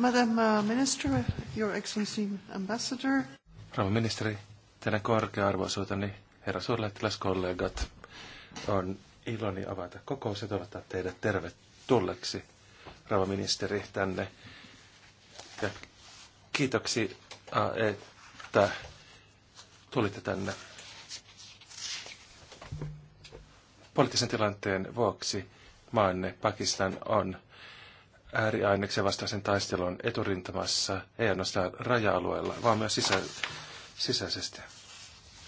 Madam uh, Minister, Your Excellency Ambassador. Rouva ministeri, teidän korkea-arvoisuuteni, herra suurlähettiläskollegat, on iloni avata kokous ja toivottaa teidät tervetulleeksi, rouva ministeri, tänne. Ja kiitoksi, että tulitte tänne. Poliittisen tilanteen vuoksi maanne Pakistan on ääriaineksen vastaisen taistelun eturintamassa, ei ainoastaan raja-alueella, vaan myös sisä, sisäisesti.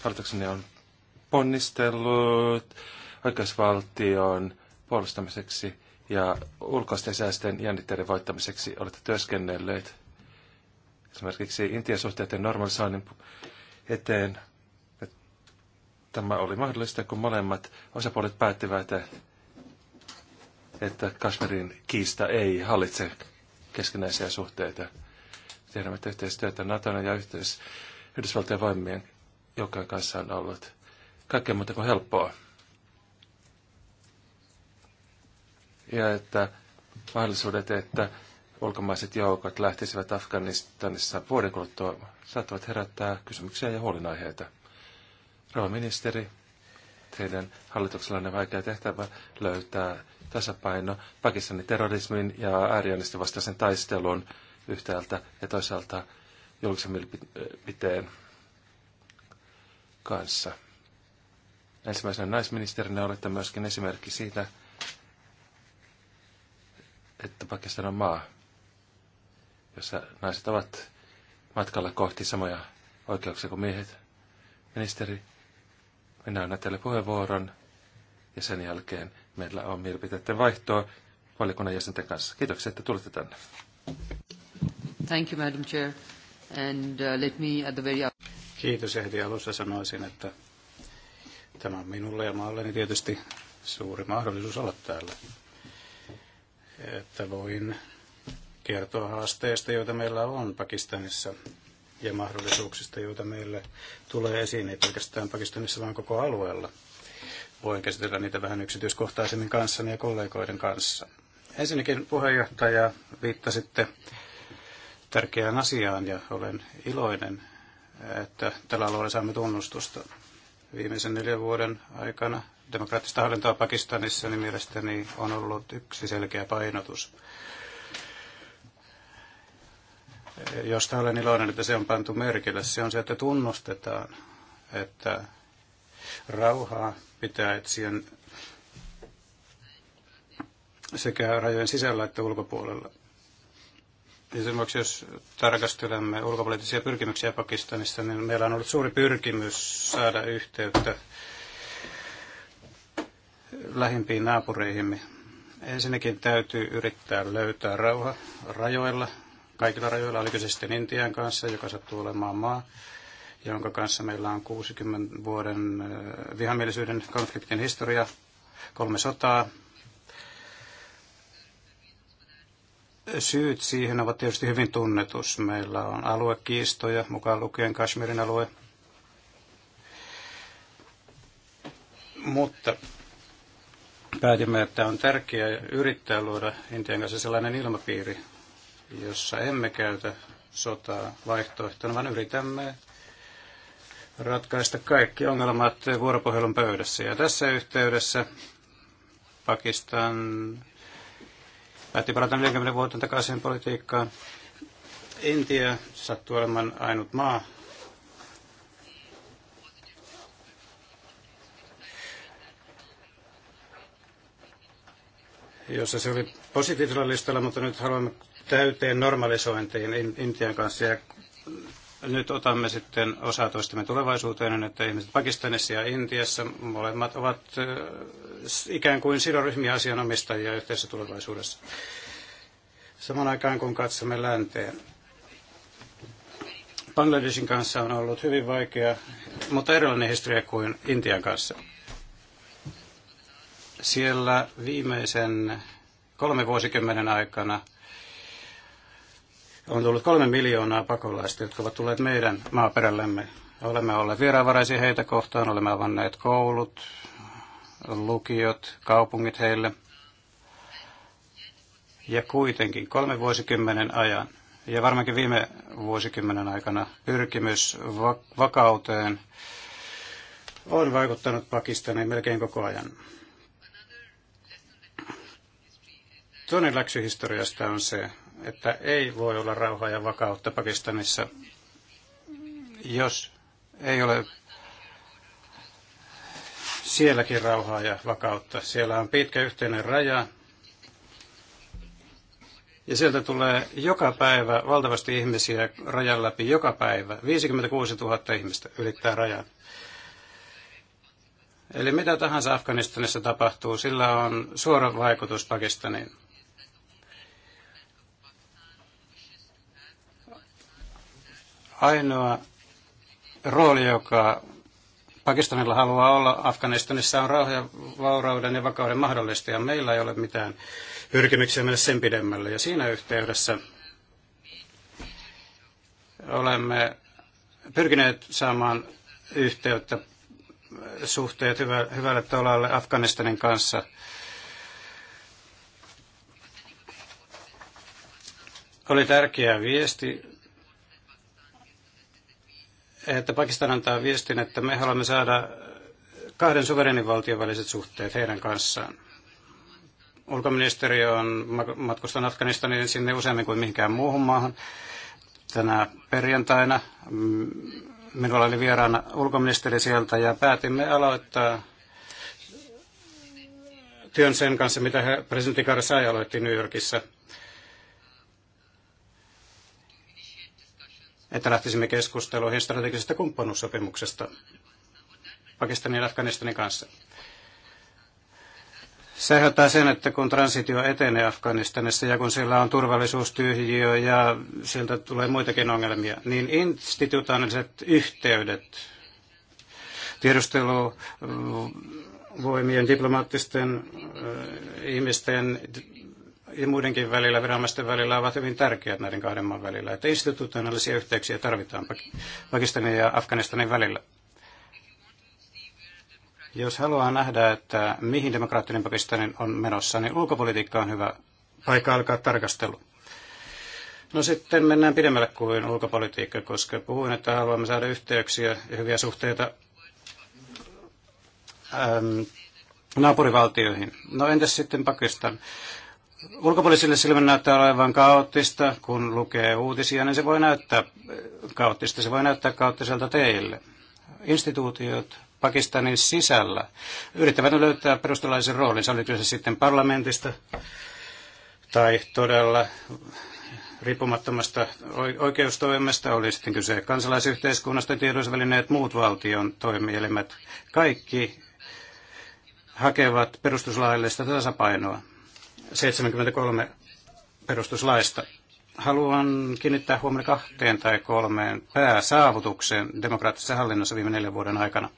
Hallitukseni on ponnistellut oikeusvaltion puolustamiseksi ja ulkoisten säästöjen jännitteiden voittamiseksi olette työskennelleet esimerkiksi Intian suhteiden normalisoinnin eteen. Tämä oli mahdollista, kun molemmat osapuolet päättivät, että että Kashmirin kiista ei hallitse keskinäisiä suhteita. Tiedämme, että yhteistyötä Natona ja yhteys Yhdysvaltojen voimien joukkojen kanssa on ollut kaikkea muuta kuin helppoa. Ja että mahdollisuudet, että ulkomaiset joukot lähtisivät Afganistanissa vuoden kuluttua, saattavat herättää kysymyksiä ja huolinaiheita. Rauha ministeri, teidän hallituksellanne vaikea tehtävä löytää tasapaino Pakistanin terrorismin ja äärionistin vastaisen taistelun yhtäältä ja toisaalta julkisen mielipiteen kanssa. Ensimmäisenä naisministerinä olette myöskin esimerkki siitä, että Pakistan on maa, jossa naiset ovat matkalla kohti samoja oikeuksia kuin miehet. Ministeri, minä annan teille puheenvuoron ja sen jälkeen meillä on mielipiteiden vaihtoa valiokunnan jäsenten kanssa. Kiitoksia, että tulitte tänne. Thank you, Madam Chair. And uh, let me at the very... Kiitos. ja Heti alussa sanoisin, että tämä on minulle ja maalleni tietysti suuri mahdollisuus olla täällä. Että voin kertoa haasteista, joita meillä on Pakistanissa ja mahdollisuuksista, joita meille tulee esiin, ei pelkästään Pakistanissa, vaan koko alueella – voin käsitellä niitä vähän yksityiskohtaisemmin kanssani ja kollegoiden kanssa. Ensinnäkin puheenjohtaja viittasitte tärkeään asiaan ja olen iloinen, että tällä alueella saamme tunnustusta. Viimeisen neljän vuoden aikana demokraattista hallintoa Pakistanissa niin mielestäni on ollut yksi selkeä painotus, josta olen iloinen, että se on pantu merkille. Se on se, että tunnustetaan, että rauhaa pitää etsiä sekä rajojen sisällä että ulkopuolella. Esimerkiksi jos tarkastelemme ulkopoliittisia pyrkimyksiä Pakistanista, niin meillä on ollut suuri pyrkimys saada yhteyttä lähimpiin naapureihimme. Ensinnäkin täytyy yrittää löytää rauha rajoilla, kaikilla rajoilla, oli kyse sitten Intian kanssa, joka sattuu olemaan maa, jonka kanssa meillä on 60 vuoden äh, vihamielisyyden konfliktin historia, kolme sotaa. Syyt siihen ovat tietysti hyvin tunnetus. Meillä on aluekiistoja, mukaan lukien Kashmirin alue. Mutta päätimme, että on tärkeää yrittää luoda Intian kanssa sellainen ilmapiiri, jossa emme käytä sotaa vaihtoehtona, vaan yritämme ratkaista kaikki ongelmat vuoropuhelun pöydässä. Ja tässä yhteydessä Pakistan päätti palata 40 vuotta takaisin politiikkaan. Intia sattuu olemaan ainut maa, jossa se oli positiivisella listalla, mutta nyt haluamme täyteen normalisointiin Intian kanssa. Ja nyt otamme sitten osaa toistamme tulevaisuuteen, niin että ihmiset Pakistanissa ja Intiassa molemmat ovat eh, ikään kuin sidoryhmiä asianomistajia yhteisessä tulevaisuudessa. Samaan aikaan kun katsomme länteen, Bangladesin kanssa on ollut hyvin vaikea, mutta erilainen historia kuin Intian kanssa. Siellä viimeisen kolme vuosikymmenen aikana on tullut kolme miljoonaa pakolaista, jotka ovat tulleet meidän maaperällemme. Olemme olleet vieraanvaraisia heitä kohtaan, olemme avanneet koulut, lukiot, kaupungit heille. Ja kuitenkin kolme vuosikymmenen ajan, ja varmaankin viime vuosikymmenen aikana, pyrkimys vakauteen on vaikuttanut Pakistaniin melkein koko ajan. Toinen läksyhistoriasta on se, että ei voi olla rauhaa ja vakautta Pakistanissa, jos ei ole sielläkin rauhaa ja vakautta. Siellä on pitkä yhteinen raja, ja sieltä tulee joka päivä valtavasti ihmisiä rajan läpi, joka päivä. 56 000 ihmistä ylittää rajan. Eli mitä tahansa Afganistanissa tapahtuu, sillä on suora vaikutus Pakistaniin. Ainoa rooli, joka Pakistanilla haluaa olla Afganistanissa on rauha, vaurauden ja vakauden mahdollista, ja meillä ei ole mitään pyrkimyksiä mennä sen pidemmälle. Ja siinä yhteydessä olemme pyrkineet saamaan yhteyttä, suhteet hyvä, hyvälle tolalle Afganistanin kanssa. Oli tärkeä viesti että Pakistan antaa viestin, että me haluamme saada kahden suverenin valtion väliset suhteet heidän kanssaan. Ulkoministeriö on matkustanut Afganistaniin sinne useammin kuin mihinkään muuhun maahan. Tänä perjantaina mm, minulla oli vieraana ulkoministeri sieltä ja päätimme aloittaa työn sen kanssa, mitä presidentti Karzai aloitti New Yorkissa – että lähtisimme keskusteluihin strategisesta kumppanuussopimuksesta Pakistanin ja Afganistanin kanssa. Se aiheuttaa sen, että kun transitio etenee Afganistanissa ja kun sillä on turvallisuustyhjiö ja sieltä tulee muitakin ongelmia, niin institutionaaliset yhteydet tiedusteluvoimien, diplomaattisten äh, ihmisten, ja muidenkin välillä, viranomaisten välillä, ovat hyvin tärkeät näiden kahden maan välillä. Että institutionaalisia yhteyksiä tarvitaan Pakistanin ja Afganistanin välillä. Jos haluaa nähdä, että mihin demokraattinen Pakistanin on menossa, niin ulkopolitiikka on hyvä paikka alkaa tarkastelu. No sitten mennään pidemmälle kuin ulkopolitiikka, koska puhuin, että haluamme saada yhteyksiä ja hyviä suhteita äm, naapurivaltioihin. No entäs sitten Pakistan? ulkopuolisille silmille näyttää olevan kaoottista, kun lukee uutisia, niin se voi näyttää kaoottista, se voi näyttää kaoottiselta teille. Instituutiot Pakistanin sisällä yrittävät löytää perustalaisen se oli kyse sitten parlamentista tai todella riippumattomasta oikeustoimesta, oli sitten kyse kansalaisyhteiskunnasta, tiedotusvälineet, muut valtion toimielimet. Kaikki hakevat perustuslaillista tasapainoa 73 perustuslaista. Haluan kiinnittää huomioon kahteen tai kolmeen pääsaavutukseen demokraattisessa hallinnossa viime neljän vuoden aikana.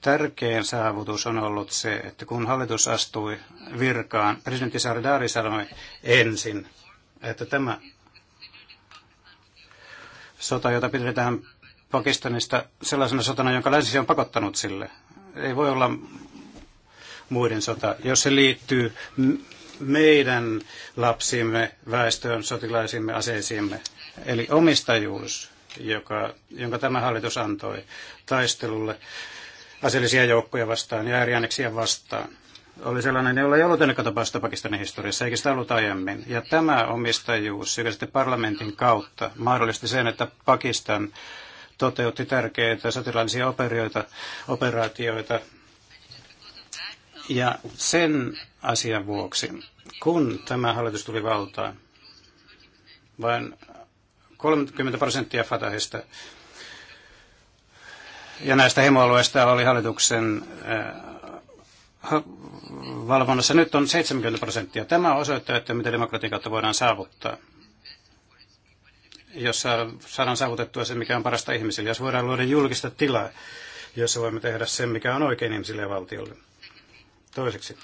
Tärkein saavutus on ollut se, että kun hallitus astui virkaan, presidentti Sardari sanoi ensin, että tämä sota, jota pidetään Pakistanista sellaisena sotana, jonka länsi on pakottanut sille, ei voi olla muiden sota, jos se liittyy meidän lapsimme, väestöön, sotilaisimme, aseisiimme. Eli omistajuus, joka, jonka tämä hallitus antoi taistelulle aseellisia joukkoja vastaan ja ääriaineksia vastaan, oli sellainen, jolla ei ollut ennen tapausta Pakistanin historiassa, eikä sitä ollut aiemmin. Ja tämä omistajuus, joka sitten parlamentin kautta mahdollisti sen, että Pakistan toteutti tärkeitä sotilaallisia operaatioita ja sen asian vuoksi, kun tämä hallitus tuli valtaan, vain 30 prosenttia Fatahista ja näistä hemoalueista oli hallituksen äh, valvonnassa. Nyt on 70 prosenttia. Tämä osoittaa, että mitä demokratian kautta voidaan saavuttaa jossa saadaan saavutettua se, mikä on parasta ihmisille. Jos voidaan luoda julkista tilaa, jossa voimme tehdä sen, mikä on oikein ihmisille ja valtiolle. Toiseksi.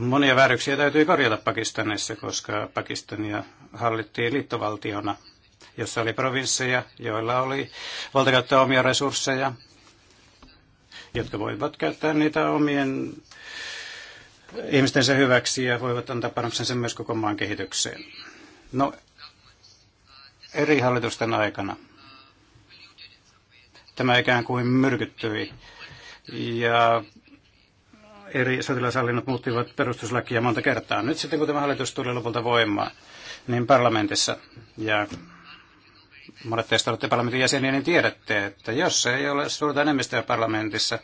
Monia vääryksiä täytyy korjata Pakistanissa, koska Pakistania hallittiin liittovaltiona, jossa oli provinsseja, joilla oli valta käyttää omia resursseja, jotka voivat käyttää niitä omien ihmistensä hyväksi ja voivat antaa panoksensa myös koko maan kehitykseen. No, eri hallitusten aikana tämä ikään kuin myrkyttyi. Ja eri sotilashallinnot muuttivat perustuslakia monta kertaa. Nyt sitten kun tämä hallitus tuli lopulta voimaan, niin parlamentissa ja monet teistä olette parlamentin jäseniä, niin tiedätte, että jos ei ole suurta enemmistöä parlamentissa,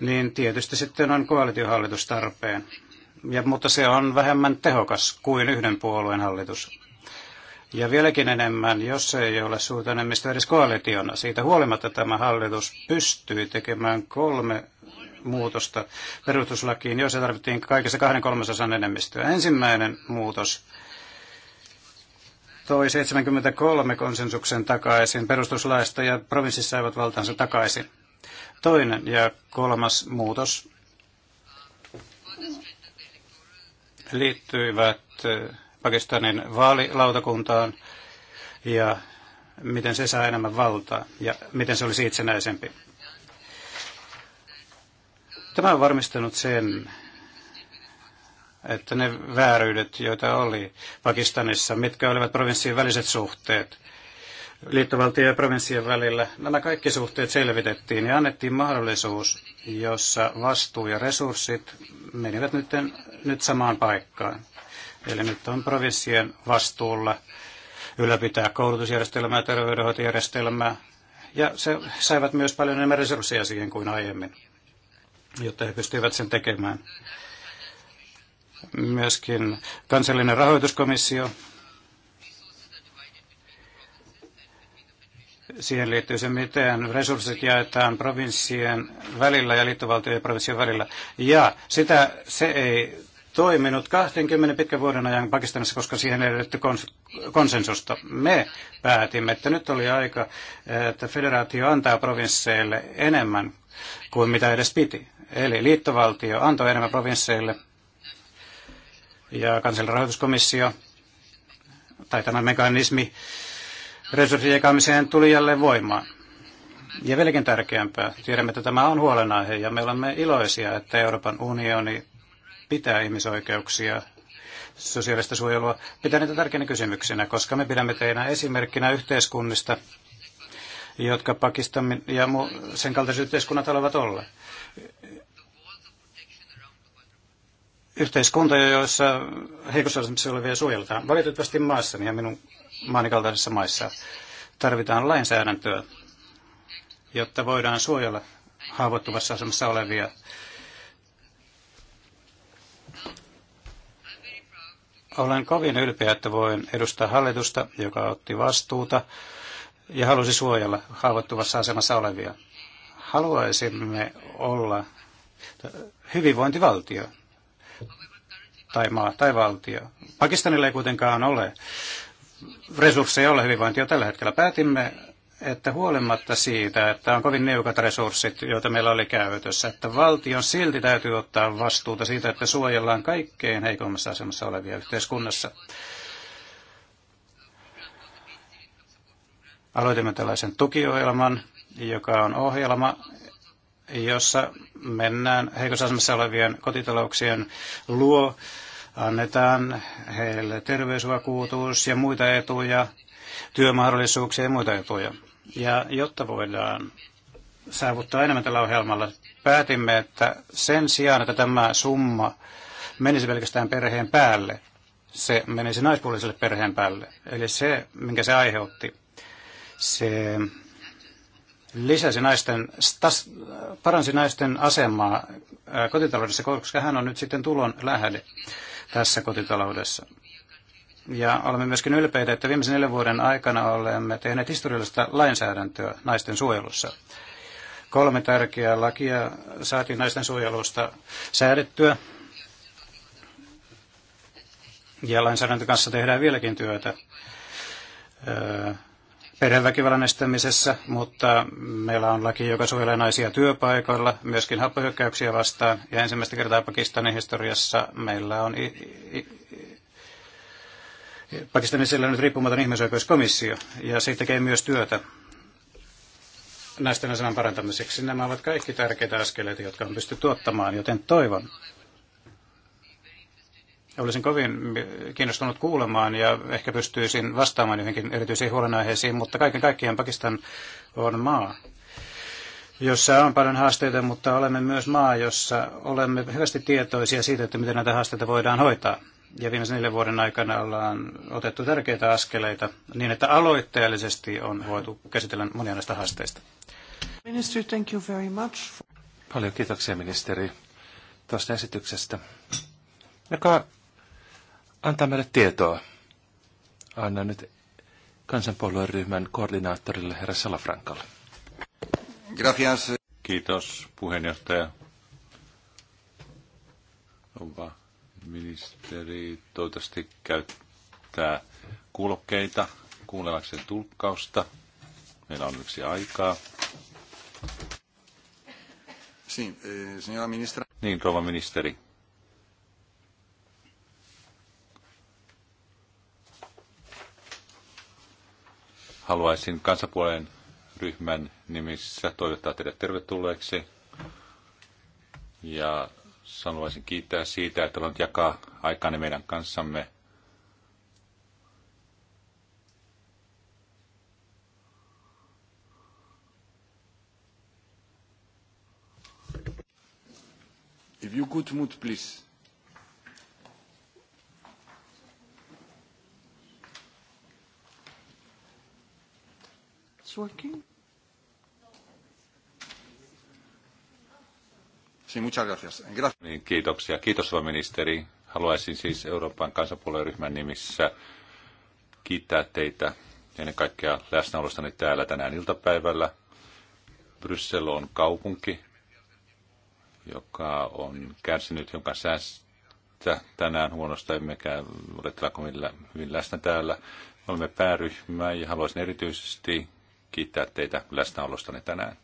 niin tietysti sitten on koalitiohallitus tarpeen. Ja, mutta se on vähemmän tehokas kuin yhden puolueen hallitus. Ja vieläkin enemmän, jos se ei ole suurta enemmistö edes koalitiona. Siitä huolimatta tämä hallitus pystyi tekemään kolme muutosta perustuslakiin, joissa tarvittiin kaikessa kahden kolmasosan enemmistöä. Ensimmäinen muutos toi 73 konsensuksen takaisin perustuslaista ja provinssissa saivat valtaansa takaisin. Toinen ja kolmas muutos liittyivät eh, Pakistanin vaalilautakuntaan ja miten se saa enemmän valtaa ja miten se olisi itsenäisempi. Tämä on varmistanut sen, että ne vääryydet, joita oli Pakistanissa, mitkä olivat provinssien väliset suhteet, liittovaltio ja provinssien välillä, nämä kaikki suhteet selvitettiin ja annettiin mahdollisuus, jossa vastuu ja resurssit menivät nyt, nyt samaan paikkaan. Eli nyt on provinssien vastuulla ylläpitää koulutusjärjestelmää, terveydenhoitojärjestelmää, ja se saivat myös paljon enemmän resursseja siihen kuin aiemmin, jotta he pystyivät sen tekemään. Myöskin kansallinen rahoituskomissio, siihen liittyy se, miten resurssit jaetaan provinssien välillä ja liittovaltioiden ja provinssien välillä. Ja sitä, se ei toiminut 20 pitkän vuoden ajan Pakistanissa, koska siihen ei kons- konsensusta. Me päätimme, että nyt oli aika, että federaatio antaa provinsseille enemmän kuin mitä edes piti. Eli liittovaltio antoi enemmän provinsseille ja kansanrahoituskomissio tai tämä mekanismi resurssien jakamiseen tuli jälleen voimaan. Ja vieläkin tärkeämpää, tiedämme, että tämä on huolenaihe ja me olemme iloisia, että Euroopan unioni pitää ihmisoikeuksia, sosiaalista suojelua, pitää niitä tärkeänä kysymyksenä, koska me pidämme teidän esimerkkinä yhteiskunnista, jotka Pakistan ja sen kaltaiset yhteiskunnat haluavat olla. Yhteiskunta, joissa heikossa asemassa olevia suojeltaan. Valitettavasti maassani niin ja minun maani maissa tarvitaan lainsäädäntöä, jotta voidaan suojella haavoittuvassa asemassa olevia Olen kovin ylpeä, että voin edustaa hallitusta, joka otti vastuuta ja halusi suojella haavoittuvassa asemassa olevia. Haluaisimme olla hyvinvointivaltio tai maa tai valtio. Pakistanilla ei kuitenkaan ole resursseja olla hyvinvointia tällä hetkellä. Päätimme että huolimatta siitä, että on kovin niukat resurssit, joita meillä oli käytössä, että valtion silti täytyy ottaa vastuuta siitä, että suojellaan kaikkein heikommassa asemassa olevia yhteiskunnassa. Aloitimme tällaisen tukiohjelman, joka on ohjelma, jossa mennään heikossa asemassa olevien kotitalouksien luo, annetaan heille terveysvakuutus ja muita etuja, työmahdollisuuksia ja muita etuja. Ja jotta voidaan saavuttaa enemmän tällä ohjelmalla, päätimme, että sen sijaan, että tämä summa menisi pelkästään perheen päälle, se menisi naispuoliselle perheen päälle. Eli se, minkä se aiheutti, se lisäsi naisten, stas, paransi naisten asemaa kotitaloudessa, koska hän on nyt sitten tulon lähde tässä kotitaloudessa. Ja olemme myöskin ylpeitä, että viimeisen neljän vuoden aikana olemme tehneet historiallista lainsäädäntöä naisten suojelussa. Kolme tärkeää lakia saatiin naisten suojelusta säädettyä. Ja lainsäädäntö kanssa tehdään vieläkin työtä perheväkivallan estämisessä, mutta meillä on laki, joka suojelee naisia työpaikoilla, myöskin happohyökkäyksiä vastaan. Ja ensimmäistä kertaa Pakistanin historiassa meillä on Pakistanisilla on nyt riippumaton ihmisoikeuskomissio ja se tekee myös työtä naisten aseman parantamiseksi. Nämä ovat kaikki tärkeitä askeleita, jotka on pystytty tuottamaan. joten toivon. Olisin kovin kiinnostunut kuulemaan ja ehkä pystyisin vastaamaan johonkin erityisiin huolenaiheisiin, mutta kaiken kaikkiaan Pakistan on maa, jossa on paljon haasteita, mutta olemme myös maa, jossa olemme hyvästi tietoisia siitä, että miten näitä haasteita voidaan hoitaa ja viimeisen neljän vuoden aikana ollaan otettu tärkeitä askeleita niin, että aloitteellisesti on voitu käsitellä monia näistä haasteista. Ministeri, thank you very much. Paljon kiitoksia ministeri tuosta esityksestä, joka antaa meille tietoa. Anna nyt kansanpuolueen ryhmän koordinaattorille herra Salafrankalle. Gracias. Kiitos puheenjohtaja. Onpa Ministeri toivottavasti käyttää kuulokkeita kuunnellakseen tulkkausta. Meillä on yksi aikaa. Eh, niin, rouva ministeri. Haluaisin kansapuolen ryhmän nimissä toivottaa teidät tervetulleeksi. Ja haluaisin kiittää siitä, että olet jakaa aikaanne meidän kanssamme. If you could mood, please. It's working. Sí, muchas gracias. gracias. Niin, kiitoksia. Kiitos, hyvä ministeri. Haluaisin siis Euroopan kansanpuolueryhmän nimissä kiittää teitä ennen kaikkea läsnäolostani täällä tänään iltapäivällä. Bryssel on kaupunki, joka on kärsinyt jonka säästä tänään huonosta, emmekä ole täällä hyvin läsnä täällä. Olemme pääryhmä ja haluaisin erityisesti kiittää teitä läsnäolostani tänään.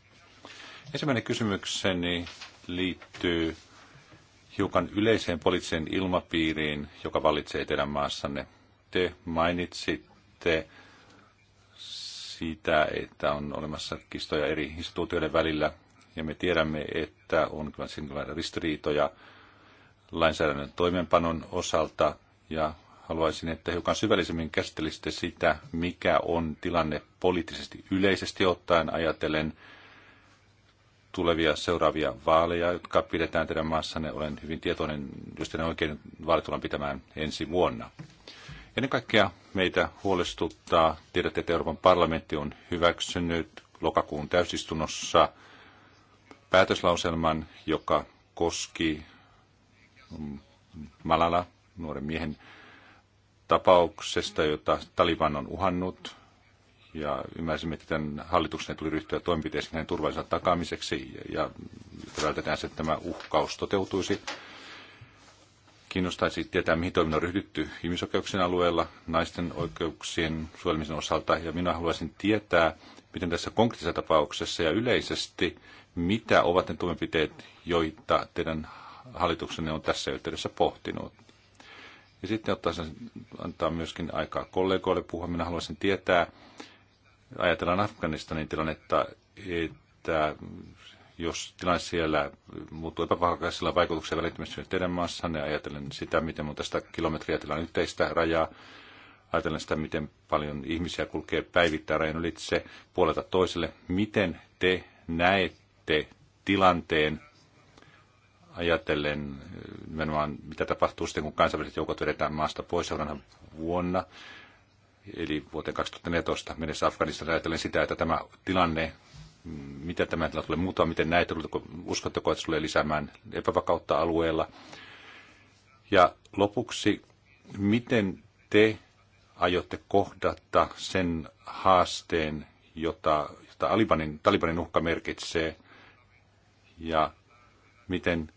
Ensimmäinen kysymykseni liittyy hiukan yleiseen poliittiseen ilmapiiriin, joka vallitsee teidän maassanne. Te mainitsitte sitä, että on olemassa kistoja eri instituutioiden välillä, ja me tiedämme, että on kyllä ristiriitoja lainsäädännön toimenpanon osalta, ja haluaisin, että hiukan syvällisemmin käsittelisitte sitä, mikä on tilanne poliittisesti yleisesti ottaen ajatellen – tulevia seuraavia vaaleja, jotka pidetään teidän maassanne. Olen hyvin tietoinen, jos teidän oikein vaalit tullaan pitämään ensi vuonna. Ennen kaikkea meitä huolestuttaa, tiedätte, että Euroopan parlamentti on hyväksynyt lokakuun täysistunnossa päätöslauselman, joka koski Malala, nuoren miehen tapauksesta, jota Taliban on uhannut ja ymmärsimme, että tämän hallituksen tuli ryhtyä toimenpiteisiin hänen turvallisuuden takaamiseksi ja vältetään se, että tämä uhkaus toteutuisi. Kiinnostaisi tietää, mihin toiminnan on ryhdytty ihmisoikeuksien alueella, naisten oikeuksien suojelmisen osalta, ja minä haluaisin tietää, miten tässä konkreettisessa tapauksessa ja yleisesti, mitä ovat ne toimenpiteet, joita teidän hallituksenne on tässä yhteydessä pohtinut. Ja sitten ottaisin antaa myöskin aikaa kollegoille puhua. Minä haluaisin tietää, ajatellaan Afganistanin tilannetta, että jos tilanne siellä muuttuu epävakaisella vaikutuksella välittömästi teidän niin ajatellen sitä, miten monta sitä kilometriä teillä yhteistä rajaa, ajatellen sitä, miten paljon ihmisiä kulkee päivittäin rajan ylitse puolelta toiselle. Miten te näette tilanteen ajatellen eh, nimenomaan, mitä tapahtuu sitten, kun kansainväliset joukot vedetään maasta pois seuraavana vuonna? eli vuoteen 2014 mennessä Afganistan ajatellen sitä, että tämä tilanne, mm, mitä tämä tilanne tulee muuttaa, miten näitä, uskotteko, että se tulee lisäämään epävakautta alueella. Ja lopuksi, miten te aiotte kohdata sen haasteen, jota, jota Alibanin, Talibanin uhka merkitsee, ja miten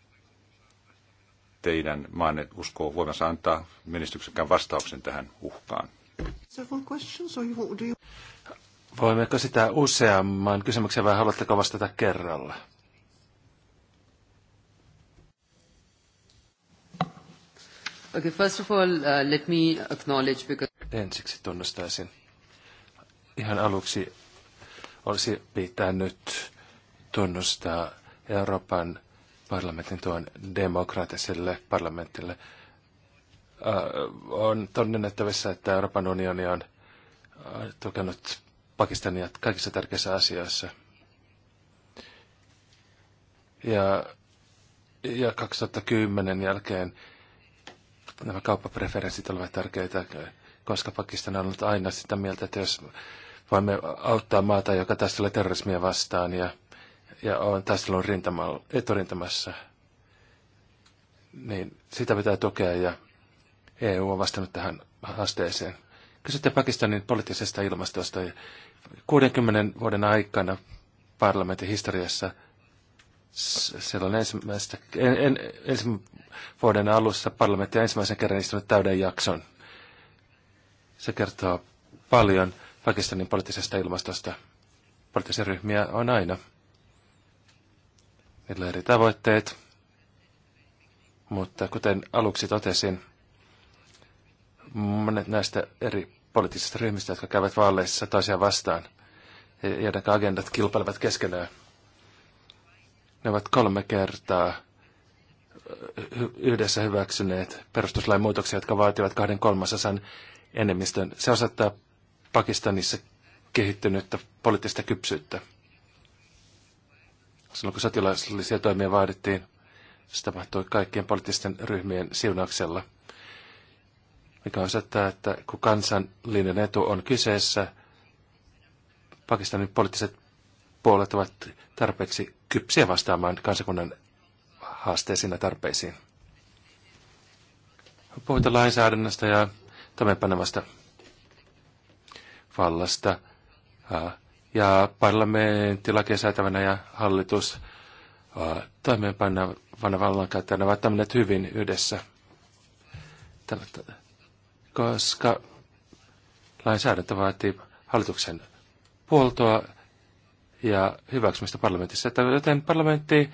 teidän maanne uskoo voimassa antaa menestyksekään vastauksen tähän uhkaan? Voimmeko sitä useamman kysymyksen vai haluatteko vastata kerralla? Okay, first of all, uh, let me acknowledge because... Ensiksi tunnustaisin. Ihan aluksi olisi pitänyt tunnustaa Euroopan parlamentin tuon demokraattiselle parlamentille – Äh, on tonninnettavissa, että Euroopan unioni on äh, tukenut Pakistania kaikissa tärkeissä asioissa. Ja, ja 2010 jälkeen nämä kauppapreferenssit olivat tärkeitä, koska Pakistan on ollut aina sitä mieltä, että jos voimme auttaa maata, joka taistelee terrorismia vastaan ja, ja on taistelun rintamalla, eturintamassa, niin sitä pitää tukea ja EU on vastannut tähän haasteeseen. Kysytte Pakistanin poliittisesta ilmastosta. 60 vuoden aikana parlamentin historiassa on ensimmäistä, en, en, ensi vuoden alussa parlamentti ensimmäisen kerran istunut täyden jakson. Se kertoo paljon Pakistanin poliittisesta ilmastosta. Poliittisia ryhmiä on aina. Niillä on eri tavoitteet, mutta kuten aluksi totesin, monet näistä eri poliittisista ryhmistä, jotka käyvät vaaleissa toisiaan vastaan, joiden agendat kilpailevat keskenään. Ne ovat kolme kertaa yhdessä hyväksyneet perustuslain muutoksia, jotka vaativat kahden kolmasosan enemmistön. Se osoittaa Pakistanissa kehittynyttä poliittista kypsyyttä. Silloin kun sotilaallisia toimia vaadittiin, se tapahtui kaikkien poliittisten ryhmien siunauksella – mikä osoittaa, että kun kansallinen etu on kyseessä, Pakistanin poliittiset puolet ovat tarpeeksi kypsiä vastaamaan kansakunnan haasteisiin ja tarpeisiin. Puhutaan lainsäädännöstä ja toimeenpanevasta vallasta ja parlamentti lakisäätävänä ja hallitus toimeenpanevana vallankäyttäjänä ovat toimineet hyvin yhdessä koska lainsäädäntö vaatii hallituksen puoltoa ja hyväksymistä parlamentissa. Joten parlamentti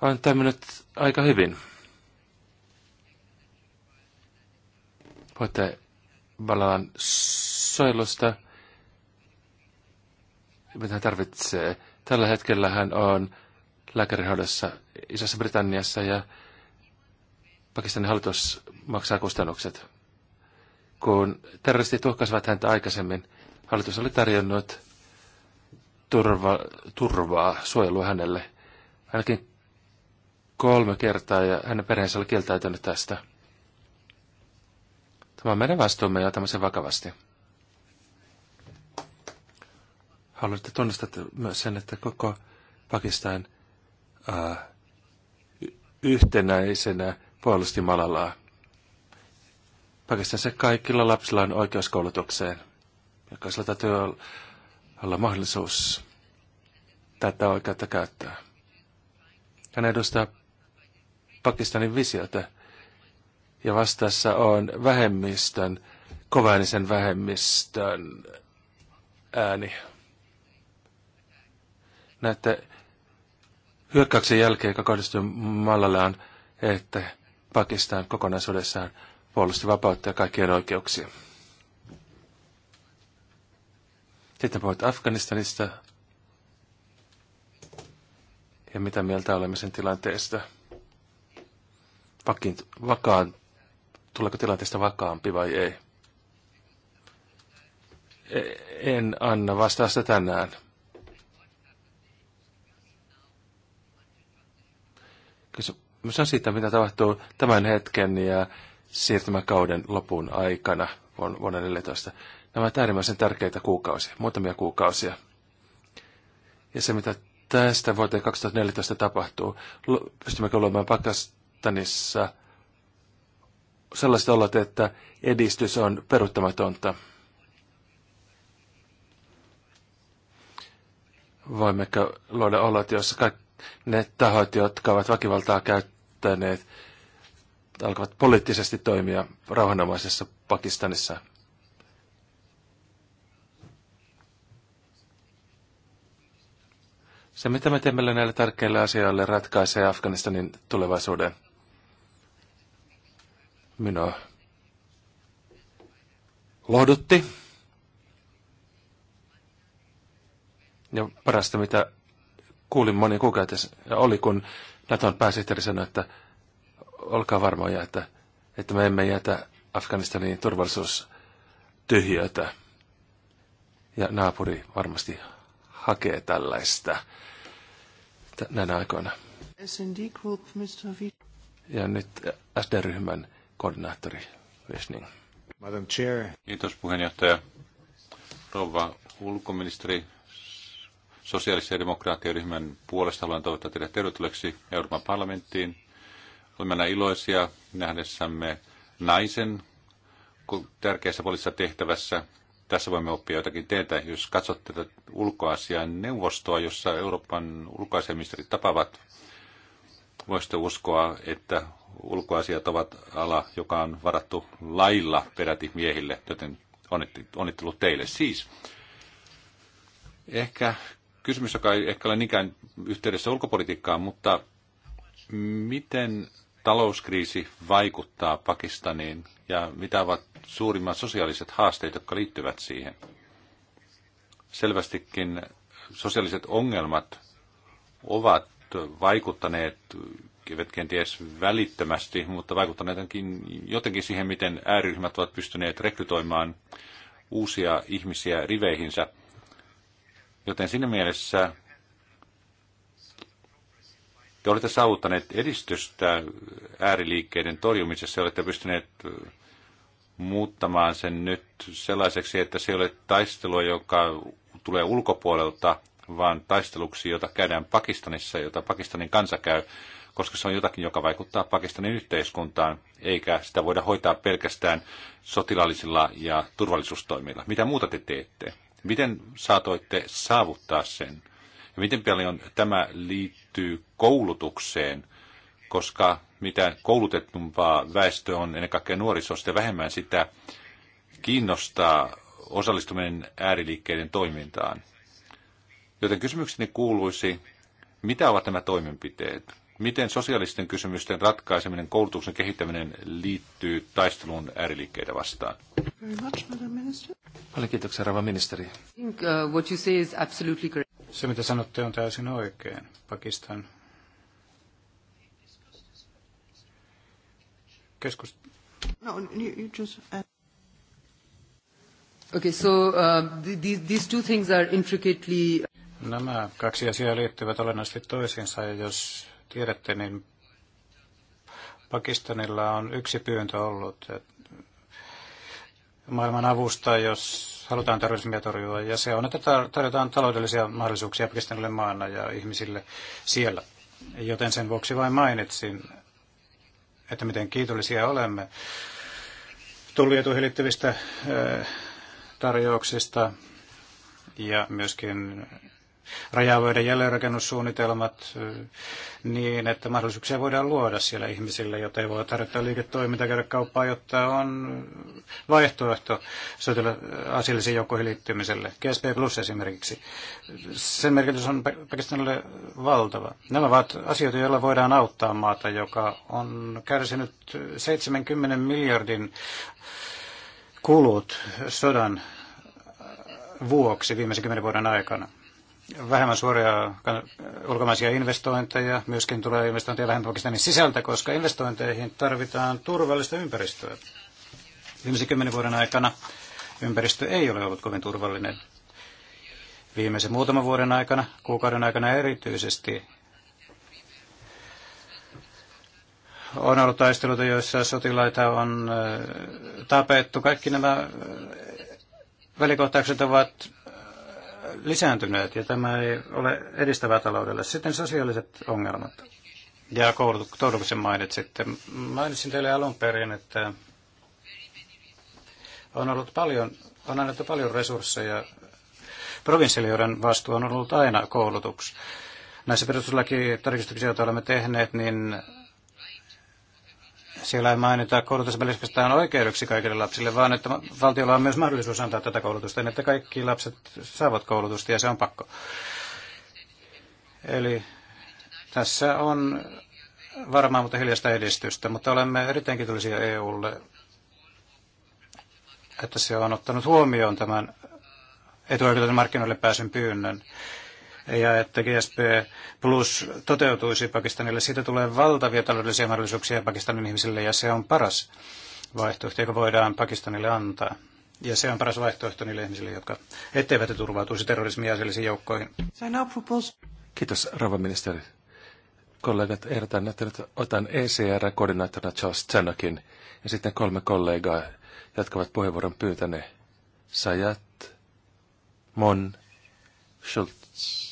on toiminut aika hyvin. Voitte Balaan soilusta, mitä hän tarvitsee. Tällä hetkellä hän on lääkärihoidossa Isossa Britanniassa ja Pakistanin hallitus maksaa kustannukset. Kun terroristit uhkasivat häntä aikaisemmin, hallitus oli tarjonnut turva, turvaa, suojelua hänelle. Ainakin kolme kertaa ja hänen perheensä oli kieltäytynyt tästä. Tämä on meidän vastuumme ja otamme sen vakavasti. Haluatte tunnistaa myös sen, että koko Pakistan ää, yhtenäisenä puolusti Malalaa. Pakistanissa kaikilla lapsilla on oikeus koulutukseen. Jokaisella täytyy olla mahdollisuus tätä oikeutta käyttää. Hän edustaa Pakistanin visiota ja vastassa on vähemmistön, kovainisen vähemmistön ääni. Näette hyökkäyksen jälkeen, joka kohdistui Mallalle, on, että Pakistan kokonaisuudessaan puolusti vapautta ja kaikkien oikeuksia. Sitten puhuit Afganistanista ja mitä mieltä olemme sen tilanteesta. Vakiin, vakaan, tuleeko tilanteesta vakaampi vai ei? E- en anna vastausta tänään. Kysymys on siitä, mitä tapahtuu tämän hetken ja siirtymäkauden lopun aikana vuonna 2014. Nämä ovat äärimmäisen tärkeitä kuukausia, muutamia kuukausia. Ja se, mitä tästä vuoteen 2014 tapahtuu, pystymmekö luomaan Pakistanissa sellaiset olot, että edistys on peruuttamatonta. Voimmeko luoda olot, joissa kaikki ne tahot, jotka ovat väkivaltaa käyttäneet, alkavat poliittisesti toimia rauhanomaisessa Pakistanissa. Se, mitä me teemme näille tärkeille asioille, ratkaisee Afganistanin tulevaisuuden. Minua lohdutti. Ja parasta, mitä kuulin moni kuukautta, oli kun Naton pääsihteeri sanoi, että olkaa varmoja, että, että me emme jätä Afganistanin turvallisuus tyhjötä. Ja naapuri varmasti hakee tällaista näinä aikoina. Group, Mr. Ja nyt SD-ryhmän koordinaattori Wisning. Madam Chair. Kiitos puheenjohtaja. Rouva ulkoministeri, sosiaalisen ryhmän puolesta haluan toivottaa teidät tervetulleeksi Euroopan parlamenttiin. Olemme aina iloisia nähdessämme naisen tärkeässä poliittisessa tehtävässä. Tässä voimme oppia jotakin teiltä, jos katsotte tätä ulkoasian neuvostoa, jossa Euroopan ulkoasiaministerit tapaavat. Voisitte uskoa, että ulkoasiat ovat ala, joka on varattu lailla peräti miehille, joten onnittelut teille siis. Ehkä kysymys, joka ei ehkä ole niinkään yhteydessä ulkopolitiikkaan, mutta Miten talouskriisi vaikuttaa Pakistaniin ja mitä ovat suurimmat sosiaaliset haasteet, jotka liittyvät siihen? Selvästikin sosiaaliset ongelmat ovat vaikuttaneet, eivät kenties välittömästi, mutta vaikuttaneet jotenkin siihen, miten ääryhmät ovat pystyneet rekrytoimaan uusia ihmisiä riveihinsä. Joten siinä mielessä te olette saavuttaneet edistystä ääriliikkeiden torjumisessa ja olette pystyneet muuttamaan sen nyt sellaiseksi, että se ei ole taistelua, joka tulee ulkopuolelta, vaan taisteluksi, jota käydään Pakistanissa, jota Pakistanin kansa käy, koska se on jotakin, joka vaikuttaa Pakistanin yhteiskuntaan, eikä sitä voida hoitaa pelkästään sotilaallisilla ja turvallisuustoimilla. Mitä muuta te teette? Miten saatoitte saavuttaa sen? Ja miten paljon tämä liittyy koulutukseen, koska mitä koulutetumpaa väestö on, ennen kaikkea nuoriso, sitä vähemmän sitä kiinnostaa osallistuminen ääriliikkeiden toimintaan. Joten kysymykseni kuuluisi, mitä ovat nämä toimenpiteet? Miten sosiaalisten kysymysten ratkaiseminen, koulutuksen kehittäminen liittyy taisteluun ääriliikkeitä vastaan? Paljon kiitoksia, rouva ministeri. Uh, se, mitä sanotte, on täysin oikein. Pakistan keskus... No, you just... Uh, okay, so uh, these, these two things are intricately... Nämä kaksi asiaa liittyvät olennaisesti toisiinsa, ja jos tiedätte, niin Pakistanilla on yksi pyyntö ollut että maailman avusta, jos halutaan terrorismia torjua, ja se on, että tarjotaan taloudellisia mahdollisuuksia Afganistanille maana ja ihmisille siellä. Joten sen vuoksi vain mainitsin, että miten kiitollisia olemme tullietuihin liittyvistä tarjouksista ja myöskin rajavöiden jälleenrakennussuunnitelmat eh, niin, että mahdollisuuksia voidaan luoda siellä ihmisille, jotta ei voi tarjota liiketoimintaa käydä kauppaa, jotta on vaihtoehto asiallisiin joukkoihin liittymiselle. GSP Plus esimerkiksi. Sen merkitys on Pakistanille valtava. Nämä ovat asioita, joilla voidaan auttaa maata, joka on kärsinyt 70 miljardin kulut sodan vuoksi viimeisen kymmenen vuoden aikana vähemmän suoria ulkomaisia investointeja, myöskin tulee investointeja vähemmän Pakistanin sisältä, koska investointeihin tarvitaan turvallista ympäristöä. Viimeisen kymmenen vuoden aikana ympäristö ei ole ollut kovin turvallinen. Viimeisen muutaman vuoden aikana, kuukauden aikana erityisesti, on ollut taisteluita, joissa sotilaita on äh, tapettu. Kaikki nämä äh, välikohtaukset ovat lisääntyneet ja tämä ei ole edistävää taloudelle. Sitten sosiaaliset ongelmat ja koulutuksen mainitsitte. Mainitsin teille alun perin, että on ollut paljon, on annettu paljon resursseja. Provinsilijoiden vastuu on ollut aina koulutuksessa. Näissä perustuslaki perustuslakitarkistuksissa, joita olemme tehneet, niin siellä ei mainita koulutus pelkästään oikeudeksi kaikille lapsille, vaan että valtiolla on myös mahdollisuus antaa tätä koulutusta, niin että kaikki lapset saavat koulutusta ja se on pakko. Eli tässä on varmaan mutta hiljaista edistystä, mutta olemme erittäin kiitollisia EUlle, että se on ottanut huomioon tämän etuoikeuden markkinoille pääsyn pyynnön ja että GSP Plus toteutuisi Pakistanille. Siitä tulee valtavia taloudellisia mahdollisuuksia Pakistanin ihmisille ja se on paras vaihtoehto, joka voidaan Pakistanille antaa. Ja se on paras vaihtoehto niille ihmisille, jotka etteivät turvautuisi terrorismin ja joukkoihin. Kiitos, rouva ministeri. Kollegat, ehdotan, että nyt otan ECR-koordinaattorina Charles Tanakin ja sitten kolme kollegaa jatkavat puheenvuoron pyytäne. Sajat, Mon, Schultz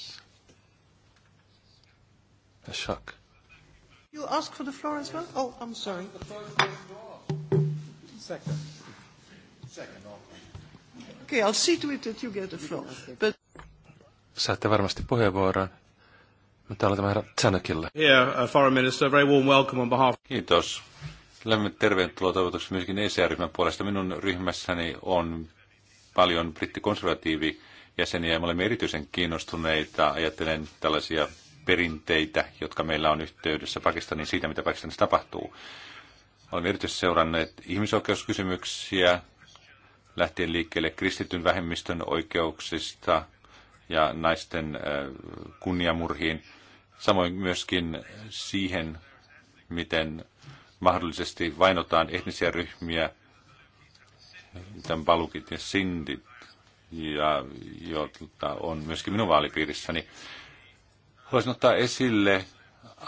Shock. You ask for the floor as well? Oh, I'm sorry. Second. Second. Okay, I'll see to it that you get the floor. But... Saatte varmasti puheenvuoroa. Mutta aloitamme herra Tsanakilla. Yeah, uh, Foreign Minister, very warm welcome on behalf... Kiitos. Lämmin tervetuloa toivotuksi myöskin ECR-ryhmän puolesta. Minun ryhmässäni on paljon brittikonservatiivi jäseniä ja me olemme erityisen kiinnostuneita. Ajattelen tällaisia perinteitä, jotka meillä on yhteydessä Pakistaniin siitä, mitä Pakistanissa tapahtuu. Olemme erityisesti seuranneet ihmisoikeuskysymyksiä, lähtien liikkeelle kristityn vähemmistön oikeuksista ja naisten äh, kunniamurhiin, samoin myöskin siihen, miten mahdollisesti vainotaan etnisiä ryhmiä, tämän palukit ja sindit, ja, jota on myöskin minun vaalipiirissäni. Haluaisin ottaa esille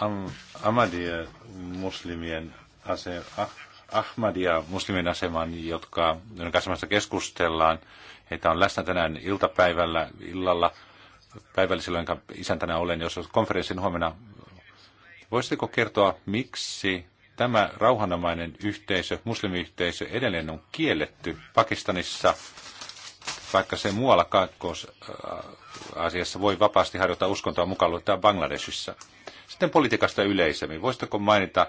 Am- Ahmadia muslimien ase- ah- Ahmadia muslimien aseman, jotka, joiden kanssa keskustellaan. Heitä on läsnä tänään iltapäivällä, illalla, päivällisellä, jonka isäntänä olen, jos on konferenssin huomenna. Voisitteko kertoa, miksi tämä rauhanomainen yhteisö, muslimiyhteisö edelleen on kielletty Pakistanissa – vaikka se muualla Kaakkois-Aasiassa voi vapaasti harjoittaa uskontoa mukaan luettaa Bangladesissa. Sitten politiikasta yleisemmin. Voisitteko mainita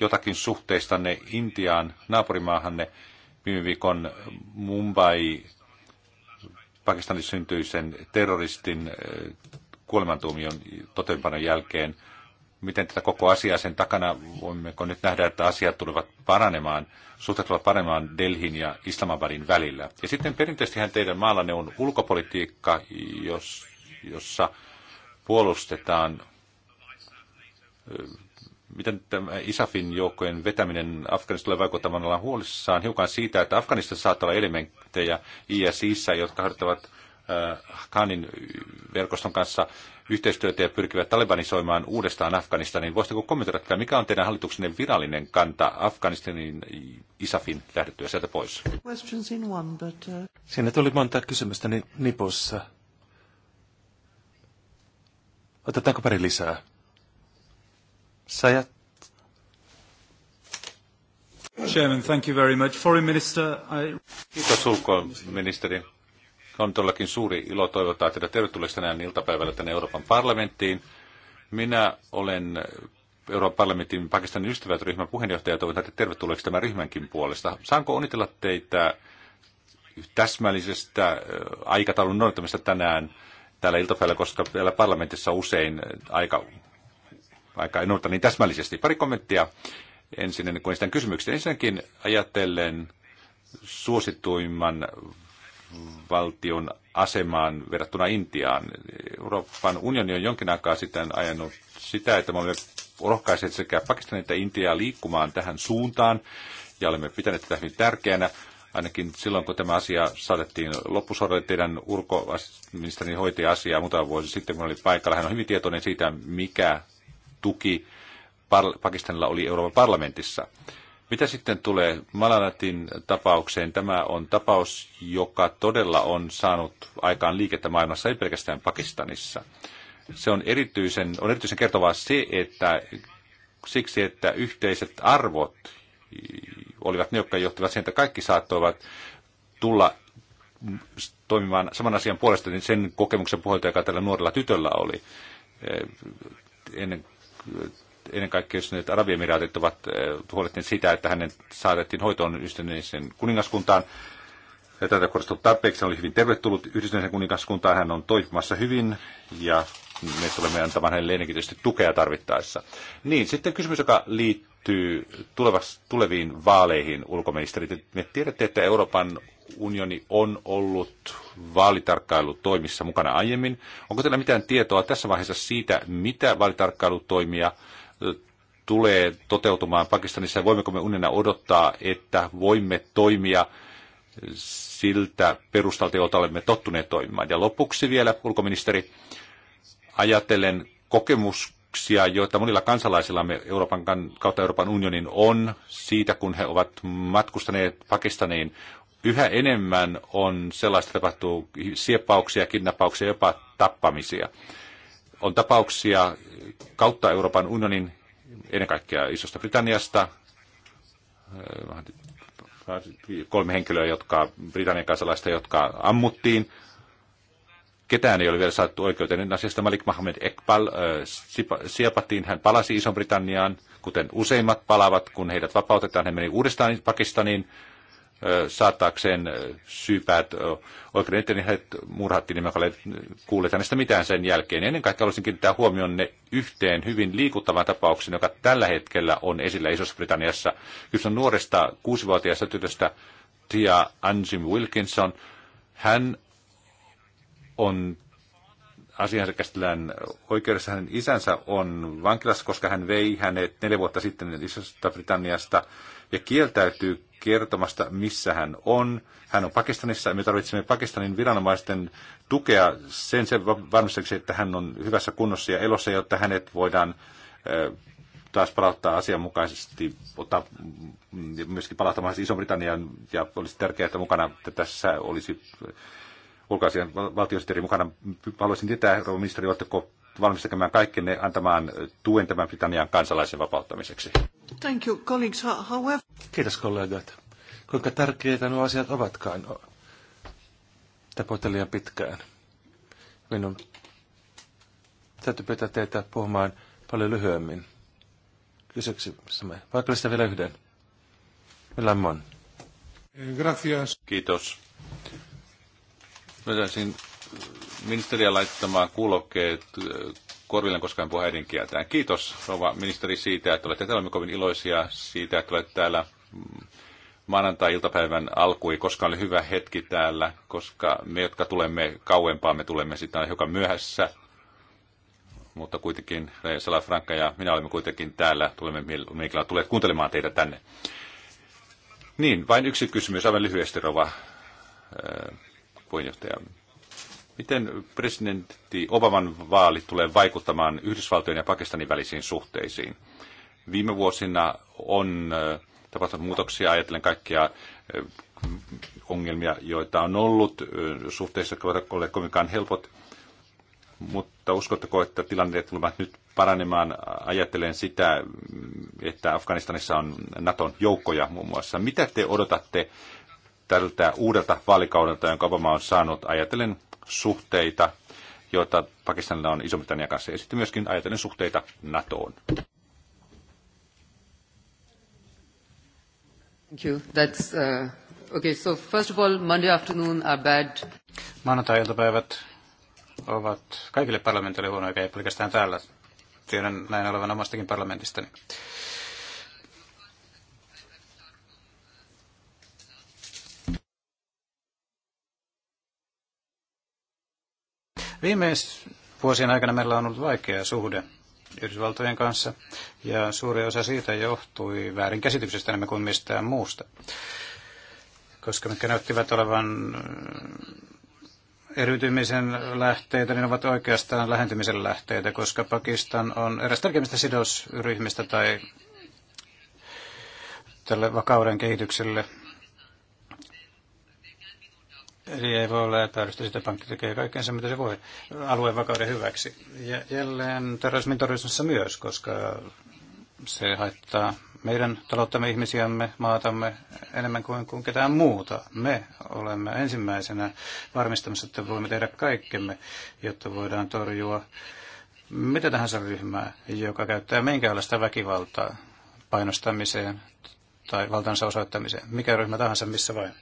jotakin suhteistanne Intiaan, naapurimaahanne, viime viikon Mumbai, Pakistanissa syntyisen terroristin eh, kuolemantuomion toteutumpanon jälkeen – miten tätä koko asiaa sen takana, voimmeko nyt nähdä, että asiat tulevat paranemaan, suhteet tulevat paranemaan Delhin ja Islamabadin välillä. Ja sitten perinteisestihän teidän maallanne on ulkopolitiikka, jos, jossa puolustetaan, miten tämä ISAFin joukkojen vetäminen Afganistan tulee vaikuttamaan, ollaan huolissaan hiukan siitä, että Afganistan saattaa olla elementtejä ISIssä, jotka harjoittavat Khanin verkoston kanssa yhteistyötä ja pyrkivät talibanisoimaan uudestaan Afganistanin. Voisitteko kommentoida että mikä on teidän hallituksenne virallinen kanta Afganistanin ISAFin lähdettyä sieltä pois? Uh, Siinä tuli monta kysymystä nipussa. Otetaanko pari lisää? Sajat. Chairman, thank you very much. Foreign Minister, I... Kiitos ulkoministeri. On todellakin suuri ilo toivottaa teidät tervetulleeksi tänään iltapäivällä tänne Euroopan parlamenttiin. Minä olen Euroopan parlamentin Pakistanin ystävät ryhmän puheenjohtaja ja toivotan teidät tervetulleeksi tämän ryhmänkin puolesta. Saanko onnitella teitä täsmällisestä aikataulun noudattamista tänään täällä iltapäivällä, koska täällä parlamentissa usein aika, aika ei noudata niin täsmällisesti. Pari kommenttia ensin ennen kuin esitän kysymyksiä. Ensinnäkin ajatellen suosituimman valtion asemaan verrattuna Intiaan. Euroopan unioni on jonkin aikaa sitten ajanut sitä, että me olemme rohkaiseet sekä Pakistanin että Intiaa liikkumaan tähän suuntaan, ja olemme pitäneet tätä hyvin tärkeänä. Ainakin silloin, kun tämä asia saatettiin loppusuoralle, teidän ulkoministerin hoitaja asiaa muutama vuosi sitten, kun oli paikalla. Hän on hyvin tietoinen siitä, mikä tuki Pakistanilla oli Euroopan parlamentissa. Mitä sitten tulee Malanatin tapaukseen? Tämä on tapaus, joka todella on saanut aikaan liikettä maailmassa, ei pelkästään Pakistanissa. Se on erityisen, on erityisen kertovaa se, että siksi, että yhteiset arvot olivat ne, jotka johtivat siihen, että kaikki saattoivat tulla toimimaan saman asian puolesta, niin sen kokemuksen puolelta, joka tällä nuorella tytöllä oli eh, ennen ennen kaikkea jos nyt Arabiemiraatit ovat eh, huolehtineet sitä, että hänen saatettiin hoitoon yhdistyneeseen kuningaskuntaan. Ja tätä korostuu tarpeeksi. Hän oli hyvin tervetullut yhdistyneeseen kuningaskuntaan. Hän on toimimassa hyvin ja me tulemme antamaan hänelle ennenkin tietysti tukea tarvittaessa. Niin, sitten kysymys, joka liittyy tulevas, tuleviin vaaleihin, ulkoministeri. Me tiedätte, että Euroopan unioni on ollut vaalitarkkailutoimissa mukana aiemmin. Onko teillä mitään tietoa tässä vaiheessa siitä, mitä vaalitarkkailutoimia tulee toteutumaan Pakistanissa? Voimmeko me unena odottaa, että voimme toimia siltä perustalta, jolta olemme tottuneet toimimaan? Ja lopuksi vielä, ulkoministeri, ajatellen kokemuksia, joita monilla kansalaisillamme Euroopan, kautta Euroopan unionin on siitä, kun he ovat matkustaneet Pakistaniin. Yhä enemmän on sellaista tapahtuu sieppauksia, kidnappauksia, jopa tappamisia. On tapauksia kautta Euroopan unionin, ennen kaikkea Isosta Britanniasta, kolme henkilöä, jotka Britannian kansalaista, jotka ammuttiin. Ketään ei ole vielä saatu oikeuteen. Nyt asiasta Malik Mohamed Ekbal äh, siepattiin. Hän palasi Iso-Britanniaan, kuten useimmat palavat, kun heidät vapautetaan. Hän meni uudestaan Pakistaniin saattaakseen syypäät oikein eteen, niin hänet murhattiin, niin mä kuulleet hänestä mitään sen jälkeen. Ennen kaikkea haluaisin kiinnittää huomioon ne yhteen hyvin liikuttavan tapauksen, joka tällä hetkellä on esillä Isossa-Britanniassa. Kyse on nuoresta kuusivuotiaasta tytöstä Tia Anjim Wilkinson. Hän on asiansa käsitellään oikeudessa. Hänen isänsä on vankilassa, koska hän vei hänet neljä vuotta sitten Isosta Britanniasta ja kieltäytyy kertomasta, missä hän on. Hän on Pakistanissa ja me tarvitsemme Pakistanin viranomaisten tukea sen, sen varmistamiseksi, että hän on hyvässä kunnossa ja elossa, jotta hänet voidaan taas palauttaa asianmukaisesti, ottaa mm, myöskin palauttamaan Iso-Britannian, ja olisi tärkeää, että mukana että tässä olisi ulkoasian valtiosihteeri mukana. Haluaisin tietää, rouva ministeri, oletteko valmis tekemään kaikkenne antamaan tuen tämän Britannian kansalaisen vapauttamiseksi? Thank you, colleagues. However... Kiitos kollegat. Kuinka tärkeitä nuo asiat ovatkaan? Tapoitte liian pitkään. Minun täytyy pyytää teitä puhumaan paljon lyhyemmin. Kysyksimme. Vaikka olisitte vielä yhden. Lemon. Gracias. Kiitos. Mä ministeriä laittamaan kuulokkeet korvilleen, koska en puhu äidinkieltään. Kiitos rouva ministeri siitä, että olette täällä. Olemme kovin iloisia siitä, että olette täällä maanantai-iltapäivän alku ei koskaan ole hyvä hetki täällä, koska me, jotka tulemme kauempaa, me tulemme sitä hiukan myöhässä. Mutta kuitenkin Sala franka ja minä olemme kuitenkin täällä, tulemme mielellä tulee kuuntelemaan teitä tänne. Niin, vain yksi kysymys, aivan lyhyesti, Rova puheenjohtaja. Miten presidentti Obaman vaali tulee vaikuttamaan Yhdysvaltojen ja Pakistanin välisiin suhteisiin? Viime vuosina on tapahtunut muutoksia, ajatellen kaikkia ongelmia, joita on ollut suhteissa, jotka ovat olleet kovinkaan helpot. Mutta uskotteko, että tilanteet tulevat nyt paranemaan, ajatellen sitä, että Afganistanissa on Naton joukkoja muun muassa. Mitä te odotatte tältä uudelta vaalikaudelta, jonka Obama on saanut, ajatellen suhteita, joita Pakistanilla on Iso-Britannian kanssa, ja sitten myöskin ajatellen suhteita NATOon. Thank you. That's, uh, okay, so first of all, Monday afternoon are bad. Maanantai-iltapäivät ovat kaikille parlamentille huonoja, ei pelkästään täällä. Tiedän näin olevan omastakin parlamentistani. Viimeis vuosien aikana meillä on ollut vaikea suhde Yhdysvaltojen kanssa, ja suuri osa siitä johtui väärinkäsityksestä enemmän kuin mistään muusta, koska mitkä näyttivät olevan äh, eriytymisen lähteitä, niin ovat oikeastaan lähentymisen lähteitä, koska Pakistan on eräs tärkeimmistä sidosryhmistä tai tälle vakauden kehitykselle Eli ei voi olla epäilystä, että pankki tekee kaikkensa, mitä se voi alueen vakauden hyväksi. Ja jälleen terrorismin torjunnassa myös, koska se haittaa meidän talouttamme, ihmisiämme, maatamme enemmän kuin, kuin ketään muuta. Me olemme ensimmäisenä varmistamassa, että voimme tehdä kaikkemme, jotta voidaan torjua mitä tahansa ryhmää, joka käyttää minkäänlaista väkivaltaa painostamiseen tai valtansa osoittamiseen, mikä ryhmä tahansa missä vain.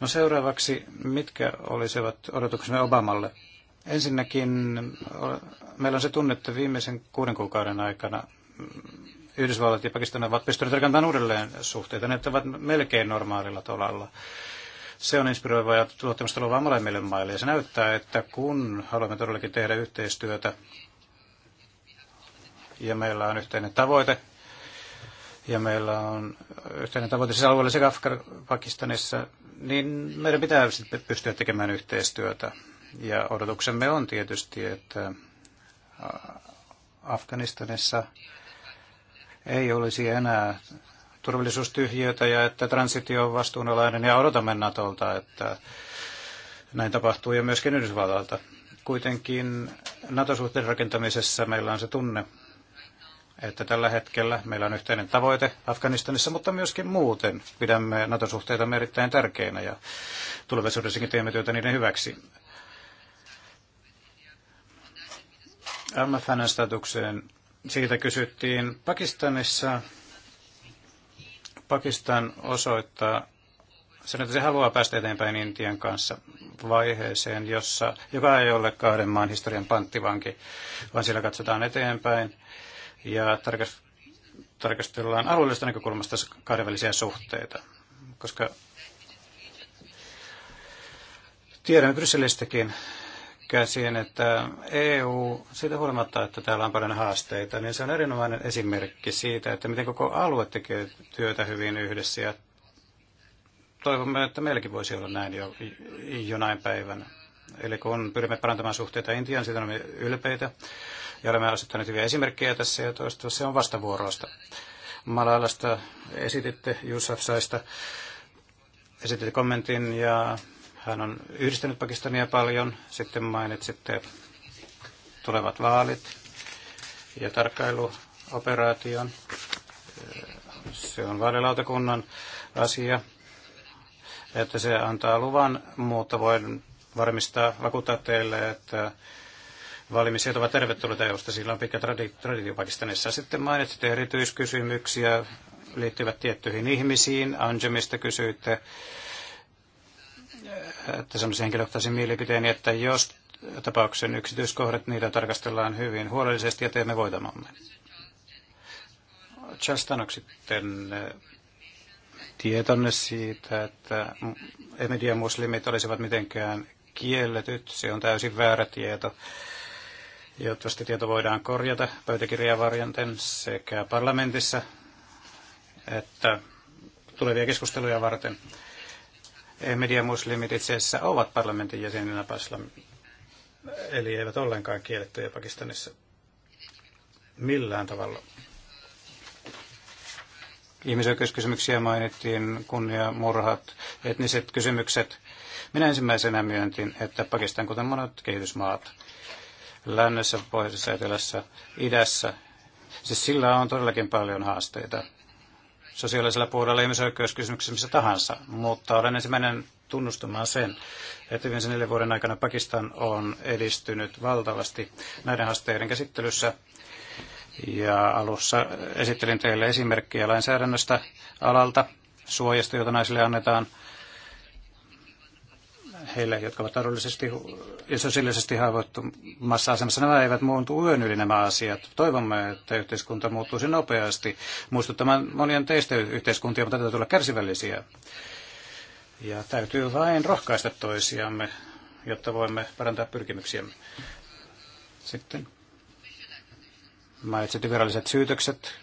No seuraavaksi, mitkä olisivat odotuksemme Obamalle? Ensinnäkin meillä on se tunne, että viimeisen kuuden kuukauden aikana Yhdysvallat ja Pakistan ovat pystyneet rakentamaan uudelleen suhteita. Ne ovat melkein normaalilla tolalla. Se on inspiroiva ja tuottamista luovaa molemmille maille. Ja se näyttää, että kun haluamme todellakin tehdä yhteistyötä ja meillä on yhteinen tavoite, ja meillä on yhteinen tavoite siis alueella sekä Afganistanissa, Pakistanissa niin meidän pitää pystyä tekemään yhteistyötä. Ja odotuksemme on tietysti, että Afganistanissa ei olisi enää turvallisuustyhjiötä ja että transitio on vastuunalainen ja odotamme Natolta, että näin tapahtuu ja myöskin Yhdysvallalta. Kuitenkin NATO-suhteen rakentamisessa meillä on se tunne, että tällä hetkellä meillä on yhteinen tavoite Afganistanissa, mutta myöskin muuten. Pidämme nato suhteita erittäin tärkeinä ja tulevaisuudessakin teemme työtä niiden hyväksi. mfn statukseen siitä kysyttiin Pakistanissa. Pakistan osoittaa sen, että se haluaa päästä eteenpäin Intian kanssa vaiheeseen, jossa, joka ei ole kahden maan historian panttivanki, vaan siellä katsotaan eteenpäin ja tarkastellaan alueellisesta näkökulmasta kahdenvälisiä suhteita, koska tiedän Brysselistäkin käsin, että EU, siitä huolimatta, että täällä on paljon haasteita, niin se on erinomainen esimerkki siitä, että miten koko alue tekee työtä hyvin yhdessä ja toivomme, että meilläkin voisi olla näin jo, jonain päivänä. Eli kun pyrimme parantamaan suhteita Intiaan, siitä olemme ylpeitä ja olemme asettaneet hyviä esimerkkejä tässä ja toista se on vastavuoroista. Malalasta esititte, Saista esititte kommentin ja hän on yhdistänyt Pakistania paljon. Sitten mainitsitte tulevat vaalit ja tarkkailuoperaation. Se on vaalilautakunnan asia, että se antaa luvan, mutta voin varmistaa, vakuuttaa teille, että valmiset ovat tervetulleita EUsta. Sillä on pitkä traditio Pakistanissa. Sitten mainitsitte erityiskysymyksiä liittyvät tiettyihin ihmisiin. Anjemista kysyitte, että semmoisen henkilökohtaisen mielipiteen, että jos tapauksen yksityiskohdat, niitä tarkastellaan hyvin huolellisesti ja teemme voitamamme. Charles Tanok sitten eh, tietonne siitä, että muslimit olisivat mitenkään kielletyt. Se on täysin väärä tieto. Jottavasti tieto voidaan korjata pöytäkirjavarjanten sekä parlamentissa että tulevia keskusteluja varten. Muslimit itse asiassa ovat parlamentin jäseninä Paslam, eli eivät ollenkaan kiellettyjä Pakistanissa millään tavalla. Ihmisoikeuskysymyksiä mainittiin, kunniamurhat, etniset kysymykset. Minä ensimmäisenä myöntin, että Pakistan, kuten monet kehitysmaat, lännessä, pohjoisessa, etelässä, idässä. Siis sillä on todellakin paljon haasteita sosiaalisella puolella ihmisoikeuskysymyksessä missä tahansa, mutta olen ensimmäinen tunnustamaan sen, että viimeisen neljän vuoden aikana Pakistan on edistynyt valtavasti näiden haasteiden käsittelyssä. Ja alussa esittelin teille esimerkkiä lainsäädännöstä alalta, suojasta, jota naisille annetaan, heille, jotka ovat taloudellisesti ja sosiaalisesti haavoittumassa asemassa. Nämä eivät muuntu yön yli nämä asiat. Toivomme, että yhteiskunta muuttuisi nopeasti. Muistuttamaan monien teistä yhteiskuntia, mutta täytyy tulla kärsivällisiä. Ja täytyy vain rohkaista toisiamme, jotta voimme parantaa pyrkimyksiämme. Sitten mainitsit viralliset syytökset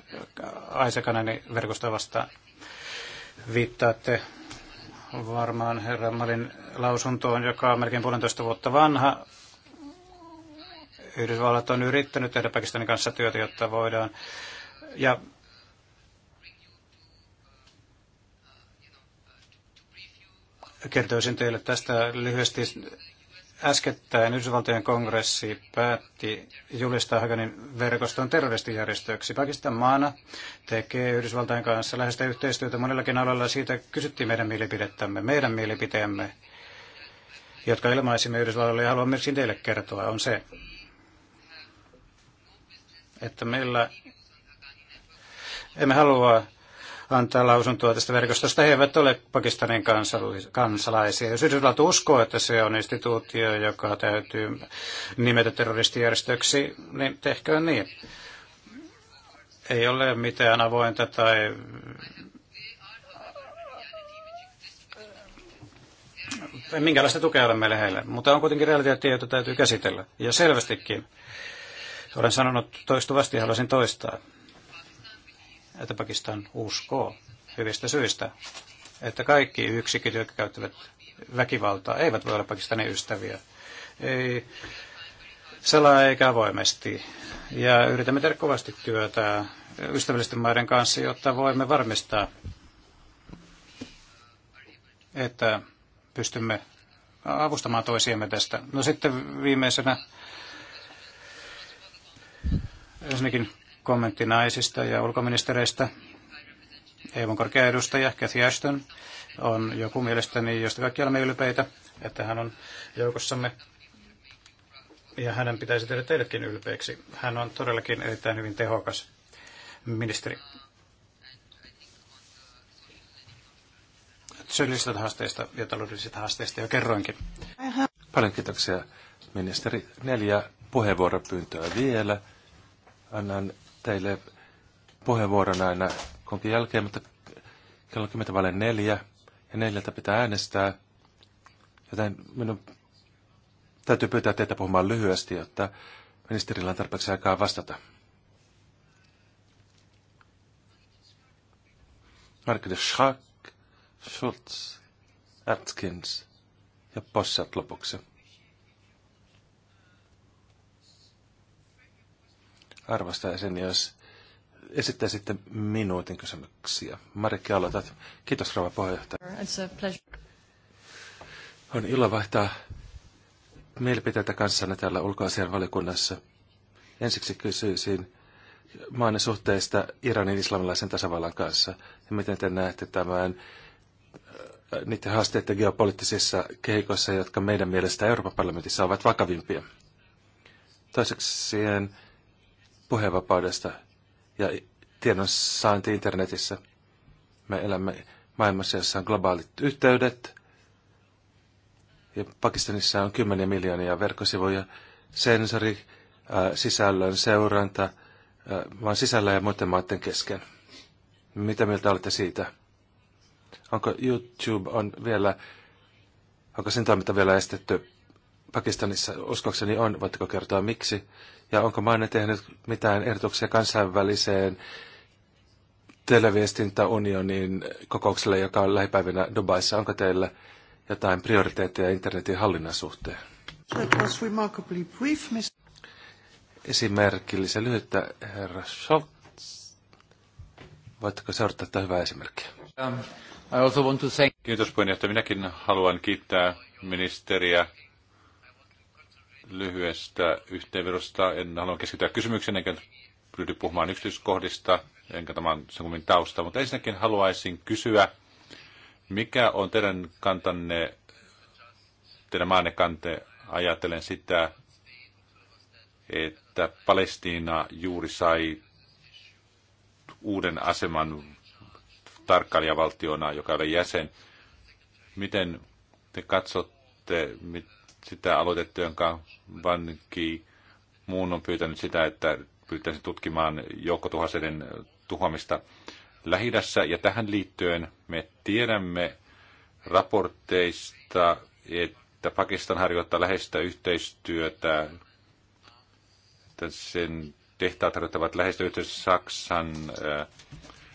Aisekanani verkosta vastaan. Viittaatte varmaan herra Malin lausuntoon, joka on melkein puolentoista vuotta vanha. Yhdysvallat on yrittänyt tehdä Pakistanin kanssa työtä, jotta voidaan. Ja kertoisin teille tästä lyhyesti Äskettäin Yhdysvaltojen kongressi päätti julistaa Haganin verkoston terroristijärjestöksi. Pakistan maana tekee Yhdysvaltain kanssa läheistä yhteistyötä monellakin alalla. Siitä kysyttiin meidän mielipidettämme, meidän mielipiteemme, jotka ilmaisimme Yhdysvalloille ja haluan myöskin teille kertoa, on se, että meillä emme halua antaa lausuntoa tästä verkostosta. He eivät ole Pakistanin kansalaisia. Jos Yhdysvallat uskoo, että se on instituutio, joka täytyy nimetä terroristijärjestöksi, niin tehköön niin. Ei ole mitään avointa tai minkälaista tukea ole meille heille, mutta on kuitenkin realiteetti, jota täytyy käsitellä. Ja selvästikin, olen sanonut toistuvasti ja haluaisin toistaa, että Pakistan uskoo hyvistä syistä, että kaikki yksiköt, jotka käyttävät väkivaltaa, eivät voi olla Pakistanin ystäviä. Ei salaa eikä avoimesti. Ja yritämme tehdä kovasti työtä ystävällisten maiden kanssa, jotta voimme varmistaa, että pystymme avustamaan toisiamme tästä. No sitten viimeisenä ensinnäkin kommentti naisista ja ulkoministereistä. EUn korkea edustaja Cathy Ashton on joku mielestäni, josta kaikki olemme ylpeitä, että hän on joukossamme. Ja hänen pitäisi tehdä teillekin ylpeiksi. Hän on todellakin erittäin hyvin tehokas ministeri. syyllisistä haasteista ja taloudellisista haasteista jo kerroinkin. Paljon kiitoksia ministeri. Neljä puheenvuoropyyntöä vielä. Annan teille puheenvuoron aina konkin jälkeen, mutta kello 10 vale neljä ja neljältä pitää äänestää. Joten minun täytyy pyytää teitä puhumaan lyhyesti, jotta ministerillä on tarpeeksi aikaa vastata. Markede Schack, Schultz, Atkins ja Possat lopuksi. sen, jos sitten minuutin kysymyksiä. Marikki, aloitat. Kiitos, rouva puheenjohtaja. It's a pleasure. On ilo vaihtaa mielipiteitä kanssanne täällä ulkoasian valikunnassa. Ensiksi kysyisin maan suhteista Iranin islamilaisen tasavallan kanssa. Ja miten te näette tämän äh, niiden haasteiden geopoliittisissa kehikoissa, jotka meidän mielestä Euroopan parlamentissa ovat vakavimpia? Toiseksi puheenvapaudesta ja tiedon saanti internetissä. Me elämme maailmassa, jossa on globaalit yhteydet. Ja Pakistanissa on kymmeniä miljoonia verkkosivuja, sensori, äh, sisällön seuranta, äh, vaan sisällä ja muiden maiden kesken. Mitä mieltä olette siitä? Onko YouTube on vielä, onko sen toiminta vielä estetty Pakistanissa uskokseni on. Voitteko kertoa miksi? Ja onko maanne tehnyt mitään ehdotuksia kansainväliseen televiestintäunionin kokoukselle, joka on lähipäivinä Dubaissa? Onko teillä jotain prioriteetteja internetin hallinnan suhteen? Esimerkillisen lyhyttä, herra Scholz. Voitteko seurata tätä hyvää esimerkkiä? Um, I also want to thank... Kiitos puheenjohtaja. Minäkin haluan kiittää ministeriä lyhyestä yhteenvedosta. En halua keskittyä kysymykseen, enkä ryhdy puhumaan yksityiskohdista, enkä tämän sen kummin tausta, mutta ensinnäkin haluaisin kysyä, mikä on teidän kantanne, teidän maanne kante, ajatellen sitä, että Palestiina juuri sai uuden aseman tarkkailijavaltiona, joka ei ole jäsen. Miten te katsotte, sitä aloitettu, jonka vanki muun on pyytänyt sitä, että pyytäisi tutkimaan joukkotuhaseiden tuhoamista lähi Ja tähän liittyen me tiedämme raporteista, että Pakistan harjoittaa läheistä yhteistyötä, että sen tehtaat harjoittavat läheistä yhteistyötä Saksan äh,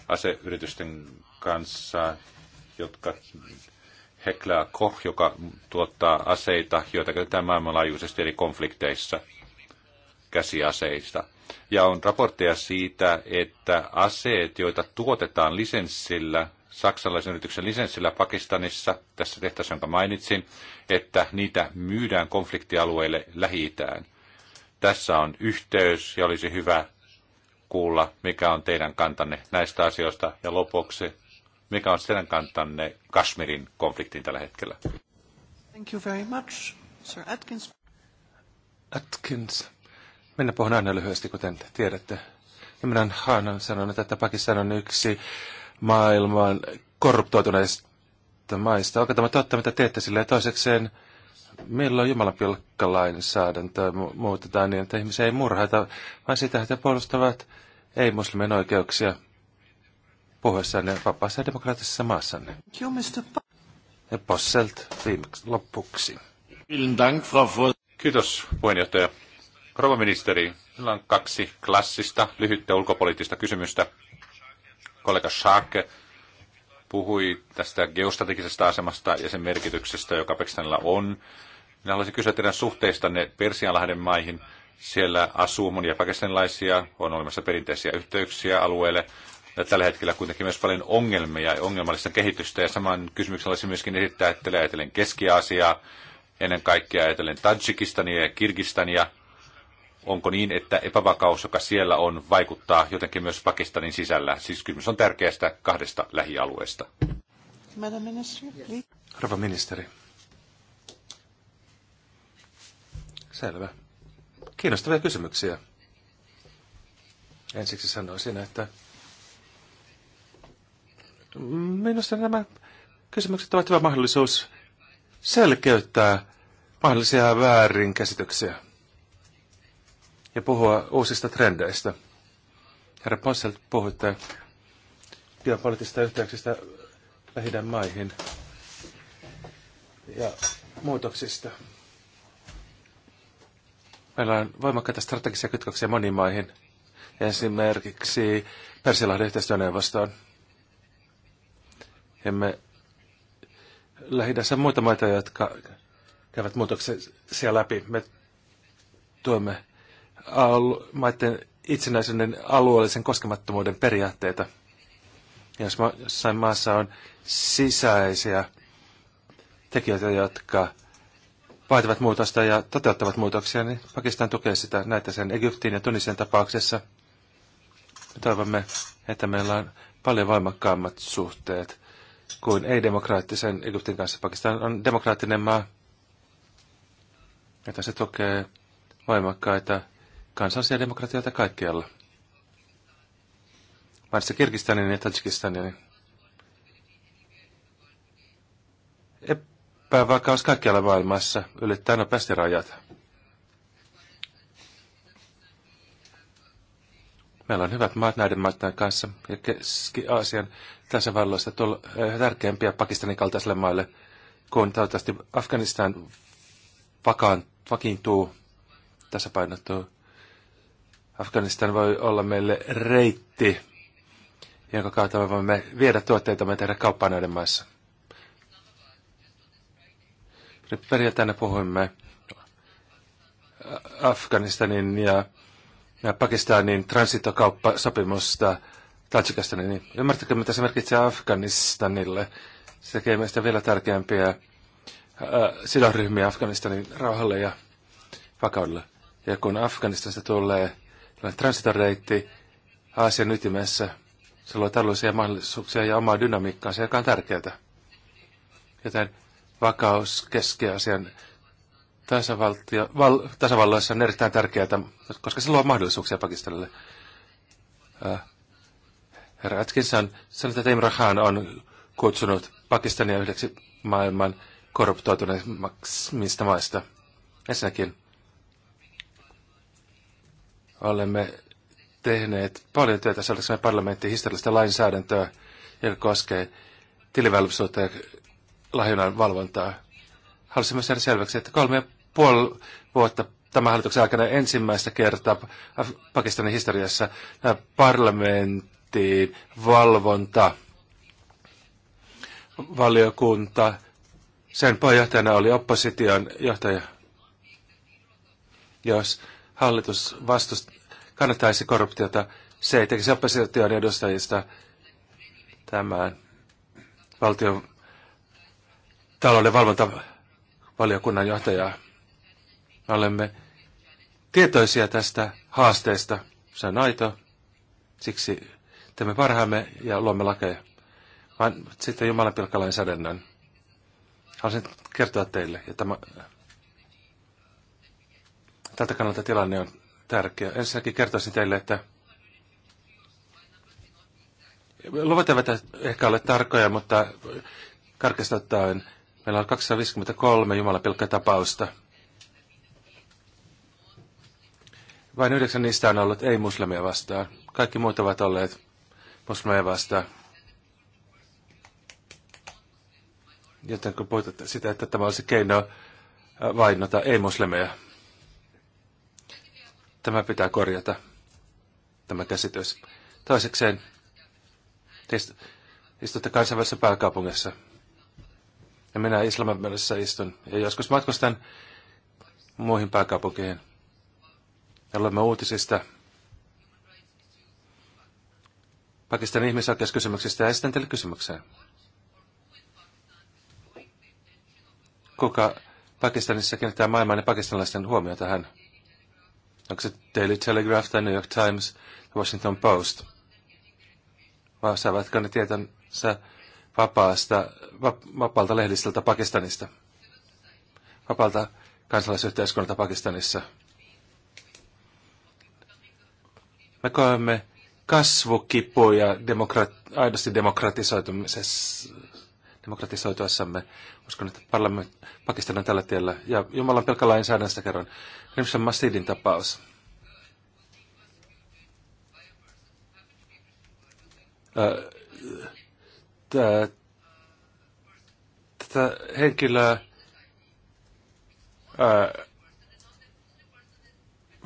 aseyritysten kanssa, jotka Hekla Koch, joka tuottaa aseita, joita käytetään maailmanlaajuisesti eri konflikteissa käsiaseista. Ja on raportteja siitä, että aseet, joita tuotetaan lisenssillä, saksalaisen yrityksen lisenssillä Pakistanissa, tässä tehtäessä, jonka mainitsin, että niitä myydään konfliktialueille lähi -Itään. Tässä on yhteys ja olisi hyvä kuulla, mikä on teidän kantanne näistä asioista. Ja lopuksi mikä on teidän kantanne Kashmirin konfliktiin tällä hetkellä? Thank you very much, Sir Atkins. Atkins. Minä puhun aina lyhyesti, kuten tiedätte. Minä Khan on sanonut, että Pakistan on yksi maailman korruptoituneista maista. Onko tämä totta, mitä teette sille? Toisekseen, milloin Jumalan pilkkalainsäädäntö muutetaan niin, että ihmisiä ei murhaita, vaan sitä, että he puolustavat ei-muslimien oikeuksia – puhuessanne vapaassa ja demokraattisessa maassanne. Joo, Mr. Ja Posselt viimeksi lopuksi. Kiitos, puheenjohtaja. Rouva ministeri, meillä on kaksi klassista, lyhyttä ulkopoliittista kysymystä. Kollega Schaake puhui tästä geostrategisesta asemasta ja sen merkityksestä, joka Pakistanilla on. Minä haluaisin kysyä teidän suhteistanne Persianlahden maihin. Siellä asuu monia pakistanilaisia, on olemassa perinteisiä yhteyksiä alueelle ja tällä hetkellä kuitenkin myös paljon ongelmia ja ongelmallista kehitystä. Ja saman kysymyksen olisi myöskin esittää, että ajatellen Keski-Aasiaa, ennen kaikkea ajatellen Tadjikistania ja Kirgistania. Onko niin, että epävakaus, joka siellä on, vaikuttaa jotenkin myös Pakistanin sisällä? Siis kysymys on tärkeästä kahdesta lähialueesta. Rouva ministeri. Selvä. Kiinnostavia kysymyksiä. Ensiksi sanoisin, että Minusta nämä kysymykset ovat hyvä mahdollisuus selkeyttää mahdollisia väärinkäsityksiä ja puhua uusista trendeistä. Herra Ponsel, puhuitte geopoliittisista yhteyksistä lähidän maihin ja muutoksista. Meillä on voimakkaita strategisia kytköksiä moniin maihin, esimerkiksi Persilahden yhteistyöneuvostoon emme lähidässä muita maita, jotka käyvät siellä läpi. Me tuemme maiden itsenäisyyden alueellisen koskemattomuuden periaatteita. Ja jos jossain maassa on sisäisiä tekijöitä, jotka vaativat muutosta ja toteuttavat muutoksia, niin Pakistan tukee sitä näitä sen Egyptin ja Tunisien tapauksessa. Me toivomme, että meillä on paljon voimakkaammat suhteet kuin ei-demokraattisen Egyptin kanssa. Pakistan on demokraattinen maa, että se tukee voimakkaita kansallisia demokratioita kaikkialla. Varsinkin Kirgistanin ja Tajikistanin. Epävakaus kaikkialla maailmassa ylittää nopeasti rajat. Meillä on hyvät maat näiden maiden kanssa ja Keski-Aasian tasavalloista äh, tärkeimpiä Pakistanin kaltaiselle maille, kun toivottavasti Afganistan vakaan, vakiintuu, tasapainottuu. Afganistan voi olla meille reitti, jonka kautta me voimme viedä tuotteita me tehdä kauppaa näiden maissa. perjantaina puhuimme Afganistanin ja ja Pakistanin transitokauppasopimusta Tatsikasta, niin ymmärtäkö, mitä se merkitsee Afganistanille? Se tekee meistä vielä tärkeämpiä ää, äh, sidosryhmiä Afganistanin rauhalle ja vakaudelle. Ja kun Afganistanista tulee transitoreitti Aasian ytimessä, se luo taloudellisia mahdollisuuksia ja omaa dynamiikkaansa, joka on tärkeää. Joten vakaus Keski-Aasian tasavaltio, val, tasavalloissa on erittäin tärkeää, koska se luo mahdollisuuksia Pakistanille. Äh, herra Atkinson sanoi, että Imran Khan on kutsunut Pakistania yhdeksi maailman korruptoituneimmista maista. Ensinnäkin olemme tehneet paljon työtä olisimme parlamenttiin historiallista lainsäädäntöä, joka koskee tilivelvollisuutta ja lahjonnan valvontaa. Halusimme saada selväksi, että kolme puoli vuotta tämän hallituksen aikana ensimmäistä kertaa Pakistanin historiassa äh, parlamenttiin valvonta valiokunta. Sen puheenjohtajana oli opposition johtaja. Jos hallitus vastust, kannattaisi korruptiota, se ei tekisi opposition edustajista tämän valtion talouden valvontavaliokunnan johtajaa. Olemme tietoisia tästä haasteesta. Se on aito. Siksi teemme parhaamme ja luomme lakeja. Vaan sitten Jumalan pilkkalain sadennän. Haluaisin kertoa teille. Ja tämä, tältä kannalta tilanne on tärkeä. Ensinnäkin kertoisin teille, että Luvat eivät ehkä ole tarkoja, mutta karkeasti ottaen meillä on 253 jumalapilkkatapausta. tapausta Vain yhdeksän niistä on ollut ei-muslimia vastaan. Kaikki muut ovat olleet muslimia vastaan. Joten kun puhutte sitä, että tämä olisi keino äh, vainota ei-muslimeja, tämä pitää korjata, tämä käsitys. Toisekseen, te istutte kansainvälisessä pääkaupungissa. Ja minä Islamilaisessa istun. Ja joskus matkustan muihin pääkaupunkeihin. Me olemme uutisista Pakistanin ihmisoikeuskysymyksistä ja esitän teille kysymykseen. Kuka Pakistanissa kiinnittää maailman ja pakistanilaisten huomio tähän? Onko se Daily Telegraph tai New York Times tai Washington Post? Vai saavatko ne tietänsä vapaasta, vapaalta lehdistöltä Pakistanista? Vapaalta kansalaisyhteiskunnalta Pakistanissa? Me koemme kasvukipuja demokrat, aidosti demokratisoituessamme. Uskon, että parlament, Pakistan on tällä tiellä. Ja Jumalan pelkä lainsäädännöstä kerran. Rimsan Masidin tapaus. Tätä henkilöä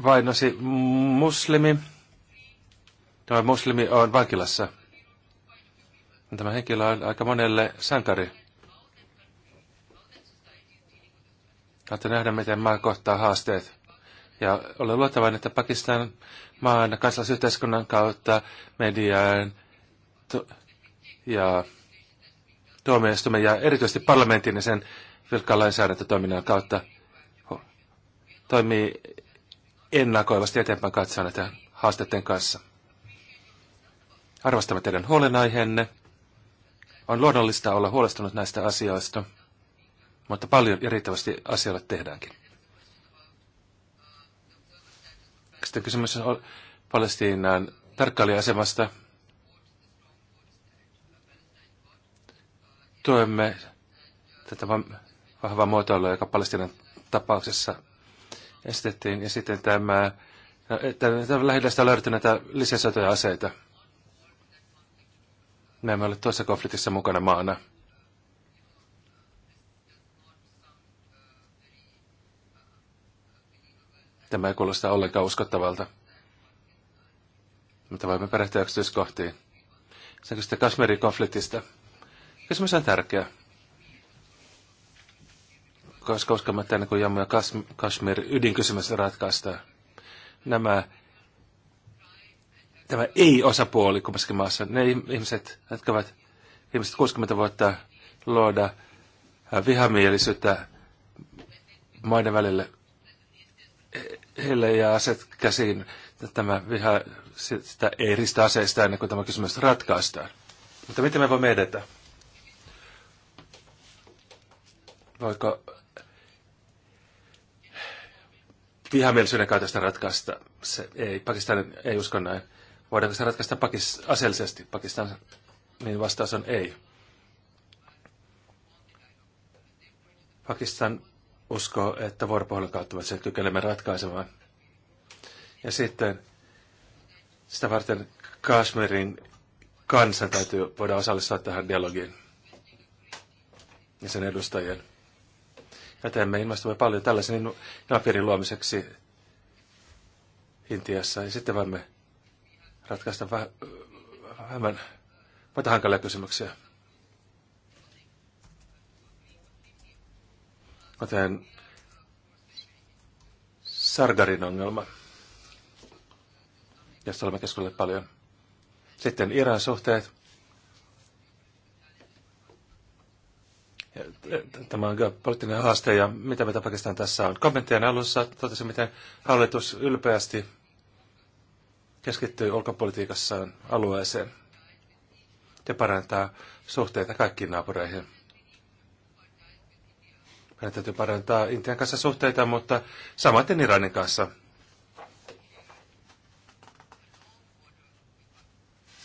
vainosi muslimi. Tämä muslimi on vankilassa. Tämä henkilö on aika monelle sankari. Haluatte nähdä, miten maa kohtaa haasteet. Ja olen luottavainen, että Pakistan maan kansalaisyhteiskunnan kautta, median to- ja tuomioistuimen ja erityisesti parlamentin ja sen vilkkaan lainsäädäntötoiminnan kautta toimii ennakoivasti eteenpäin katsoen näiden haasteiden kanssa. Arvostamme teidän huolenaiheenne. On luonnollista olla huolestunut näistä asioista, mutta paljon ja riittävästi asioille tehdäänkin. Sitten kysymys on Palestiinan tarkkailijasemasta. Tuemme tätä vahvaa muotoilua, joka Palestiinan tapauksessa estettiin. Ja sitten tämä, no, että, lähinnä sitä on näitä lisäsotoja aseita – me emme ole tuossa konfliktissa mukana maana. Tämä ei kuulosta ollenkaan uskottavalta. Mutta voimme perehtyä yksityiskohtiin. Sen kysytte Kashmirin konfliktista. Kysymys on tärkeä. Koska että ennen kuin Jammu ja Kashmir ydinkysymys ratkaistaan. Nämä tämä ei-osapuoli kummassakin maassa, ne ihmiset, jotka ovat ihmiset 60 vuotta luoda äh, vihamielisyyttä maiden välille, heille ja aset käsiin tämä viha, sitä ei ristä aseista ennen kuin tämä kysymys ratkaistaan. Mutta miten me voimme edetä? Voiko vihamielisyyden käytöstä ratkaista? Se ei, Pakistanin ei usko näin. Voidaanko se ratkaista pakis, aseellisesti Pakistan? Niin vastaus on ei. Pakistan uskoo, että vuoropuhelun kautta se kykenemme ratkaisemaan. Ja sitten sitä varten Kashmirin kansan täytyy voida osallistua tähän dialogiin ja sen edustajien. Ja teemme investoimme paljon tällaisen napirin luomiseksi Intiassa. Ja sitten voimme ratkaista vähän muita hankalia kysymyksiä. Kuten Sargarin ongelma, josta olemme keskustelleet paljon. Sitten Iran suhteet. Tämä on poliittinen haaste ja mitä me Pakistan tässä on. Kommenttien alussa totesin, miten hallitus ylpeästi keskittyy ulkopolitiikassaan alueeseen ja parantaa suhteita kaikkiin naapureihin. Meidän täytyy parantaa Intian kanssa suhteita, mutta samaten Iranin kanssa.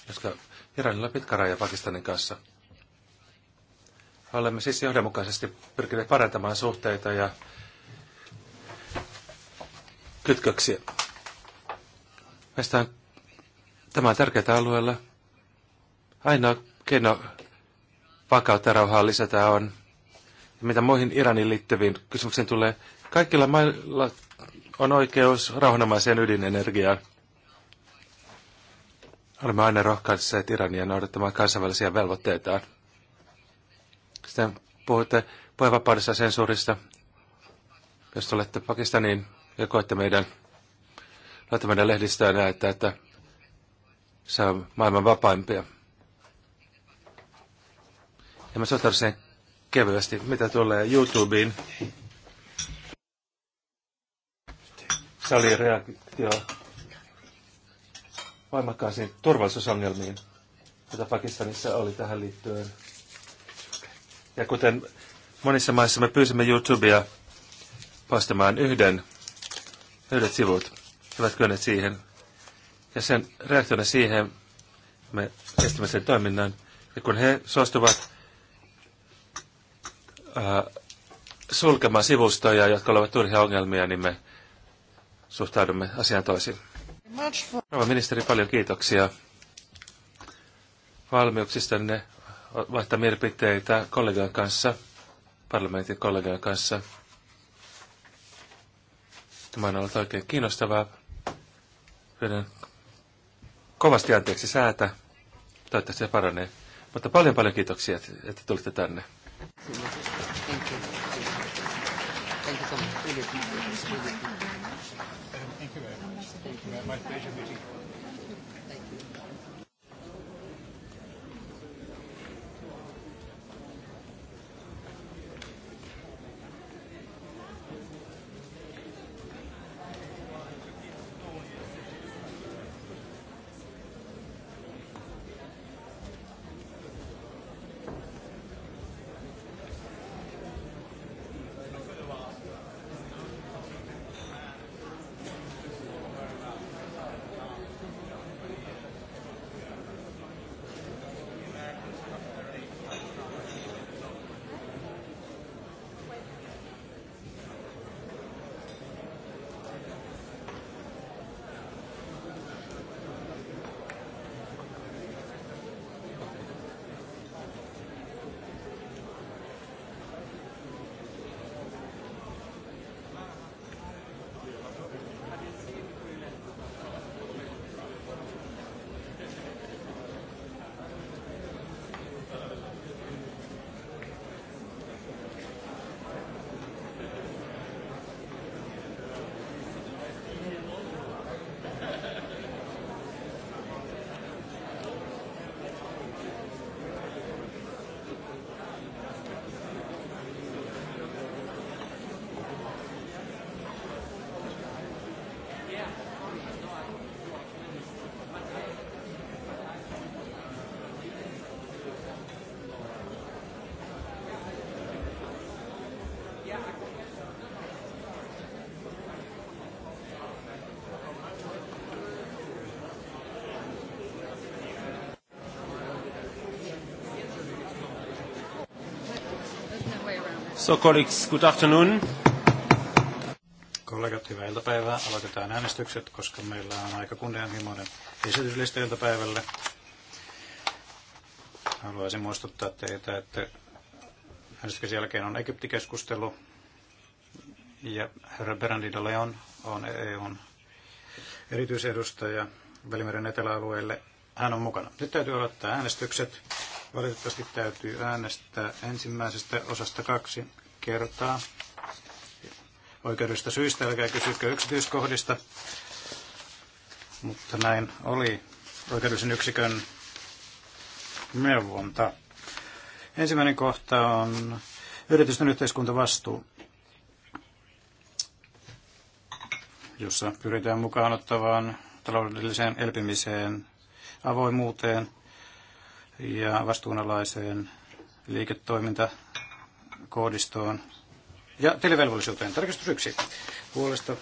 Koska Iranilla on pitkä raja Pakistanin kanssa. Olemme siis johdonmukaisesti pyrkineet parantamaan suhteita ja kytköksiä. Meistä tämän tämä alueella. Ainoa keino vakautta ja rauhaa lisätä on, ja mitä muihin Iranin liittyviin kysymyksiin tulee, kaikilla mailla on oikeus rauhanomaiseen ydinenergiaan. Olemme aina rohkaisseet Irania noudattamaan kansainvälisiä velvoitteitaan. Sitten puhutte puhevapaudessa sensuurista. Jos olette Pakistaniin ja koette meidän Laitaminen lehdistöä näyttää, että se on maailman vapaimpia. Ja mä suhtaudun sen kevyesti, mitä tulee YouTubeen. Se oli reaktio voimakkaisiin turvallisuusongelmiin, joita Pakistanissa oli tähän liittyen. Ja kuten monissa maissa me pyysimme YouTubea poistamaan yhden, yhdet sivut pystyvätkö ne siihen. Ja sen reaktiona siihen me estämme sen toiminnan. Ja kun he suostuvat ää, sulkemaan sivustoja, jotka olivat turhia ongelmia, niin me suhtaudumme asiaan toisin. Rauha ministeri, paljon kiitoksia valmiuksistanne vaihtaa mielipiteitä kollegojen kanssa, parlamentin kollegojen kanssa. Tämä on ollut oikein kiinnostavaa. Pyydän kovasti anteeksi säätä. Toivottavasti se paranee. Mutta paljon paljon kiitoksia, että, tulitte tänne. Thank you. So colleagues, good afternoon. Kollegat, hyvää iltapäivää. Aloitetaan äänestykset, koska meillä on aika kunnianhimoinen esityslista iltapäivälle. Haluaisin muistuttaa teitä, että äänestyksen jälkeen on Egyptikeskustelu. Ja herra de Leon on EUn erityisedustaja Välimeren eteläalueelle. Hän on mukana. Nyt täytyy aloittaa äänestykset. Valitettavasti täytyy äänestää ensimmäisestä osasta kaksi kertaa. Oikeudesta syistä, älkää kysykö yksityiskohdista, mutta näin oli oikeudellisen yksikön neuvonta. Ensimmäinen kohta on yritysten yhteiskuntavastuu, jossa pyritään mukaan ottavaan taloudelliseen elpimiseen, avoimuuteen, ja vastuunalaiseen liiketoimintakoodistoon ja tilivelvollisuuteen. Tarkistus yksi Puolesta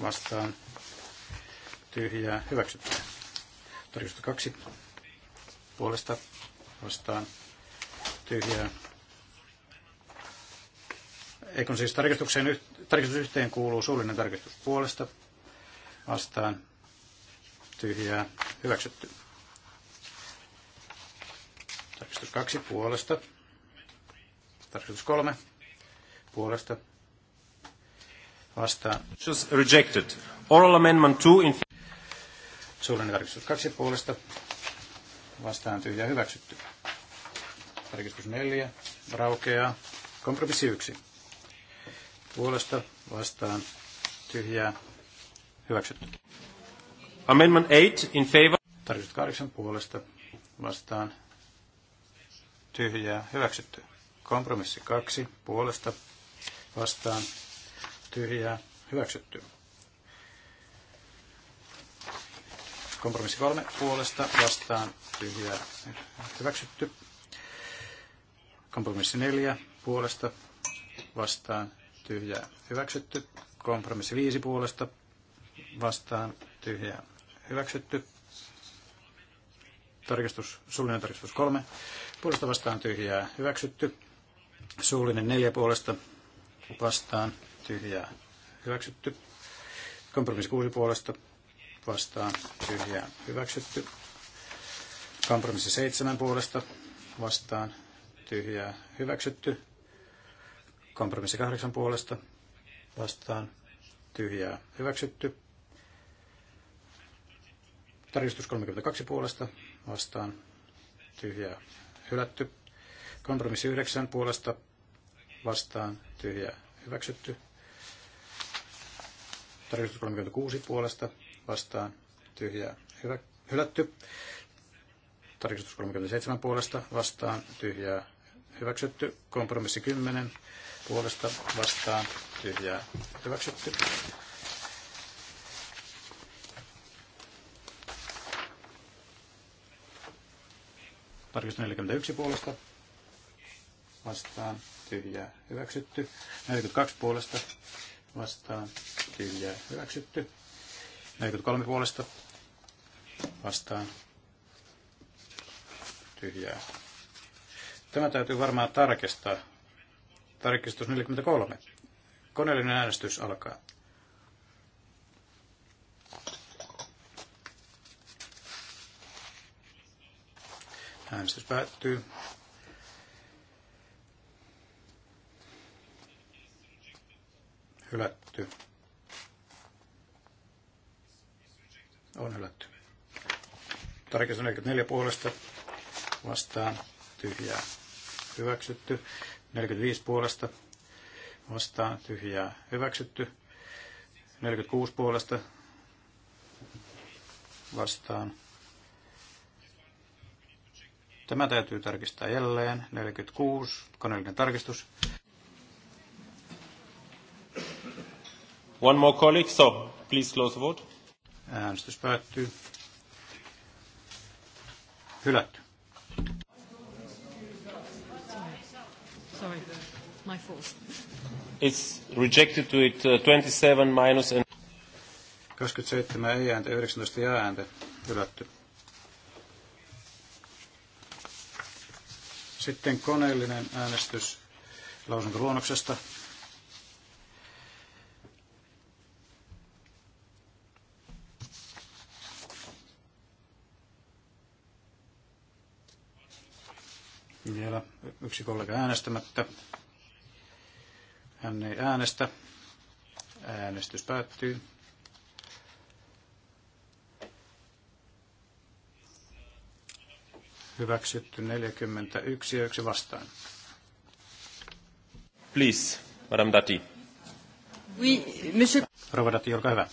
vastaan tyhjää hyväksytty. Tarkistus kaksi Puolesta vastaan tyhjää. Ei siis tarkistukseen, tarkistus yhteen kuuluu suullinen tarkistus puolesta vastaan tyhjää hyväksytty. Tarkistus kaksi puolesta. Tarkoitus kolme puolesta. Vastaan. Rejected. Oral amendment 2 in... Suullinen tarkistus kaksi puolesta. Vastaan tyhjä hyväksytty. Tarkistus neljä. Raukeaa. Kompromissi yksi. Puolesta vastaan tyhjää hyväksytty. Amendment 8 in favor. Tarkistus kahdeksan puolesta vastaan tyhjää hyväksytty. Kompromissi kaksi puolesta vastaan tyhjää hyväksytty. Kompromissi kolme puolesta vastaan tyhjää hyväksytty. Kompromissi neljä puolesta vastaan tyhjää hyväksytty. Kompromissi viisi puolesta vastaan tyhjää hyväksytty. Tarkistus, suullinen tarkistus kolme puolesta vastaan tyhjää hyväksytty. Suullinen neljä puolesta vastaan tyhjää hyväksytty. Kompromissi kuusi puolesta vastaan tyhjää hyväksytty. Kompromissi seitsemän puolesta vastaan tyhjää hyväksytty. Kompromissi kahdeksan puolesta vastaan tyhjää hyväksytty. Tarkistus 32 puolesta vastaan tyhjää hylätty. Kompromissi 9 puolesta vastaan tyhjää hyväksytty. Tarkistus 36 puolesta vastaan tyhjää hyvä, hylätty. Tarkistus 37 puolesta vastaan tyhjää hyväksytty. Kompromissi 10 puolesta vastaan tyhjää hyväksytty. Tarkistus 41 puolesta vastaan tyhjää hyväksytty. 42 puolesta vastaan tyhjää hyväksytty. 43 puolesta vastaan tyhjää. Tämä täytyy varmaan tarkistaa. Tarkistus 43. Koneellinen äänestys alkaa. Äänestys päättyy. Hylätty. On hylätty. Tarkistus 44 puolesta vastaan tyhjää hyväksytty. 45 puolesta vastaan tyhjää hyväksytty. 46 puolesta vastaan Tämä täytyy tarkistaa jälleen. 46, koneellinen tarkistus. One more colleague, so please close the vote. Äänestys päättyy. Hylätty. Sorry. My fault. It's rejected to it 27 uh, minus and... 27 ei ääntä, 19 ääntä. Hylätty. Sitten koneellinen äänestys lausuntoluonnoksesta. Vielä yksi kollega äänestämättä. Hän ei äänestä. Äänestys päättyy. hyväksytty 41 ja 1 vastaan. Please, Madame Dati. Oui, monsieur... Rouva Dati, olkaa hyvä.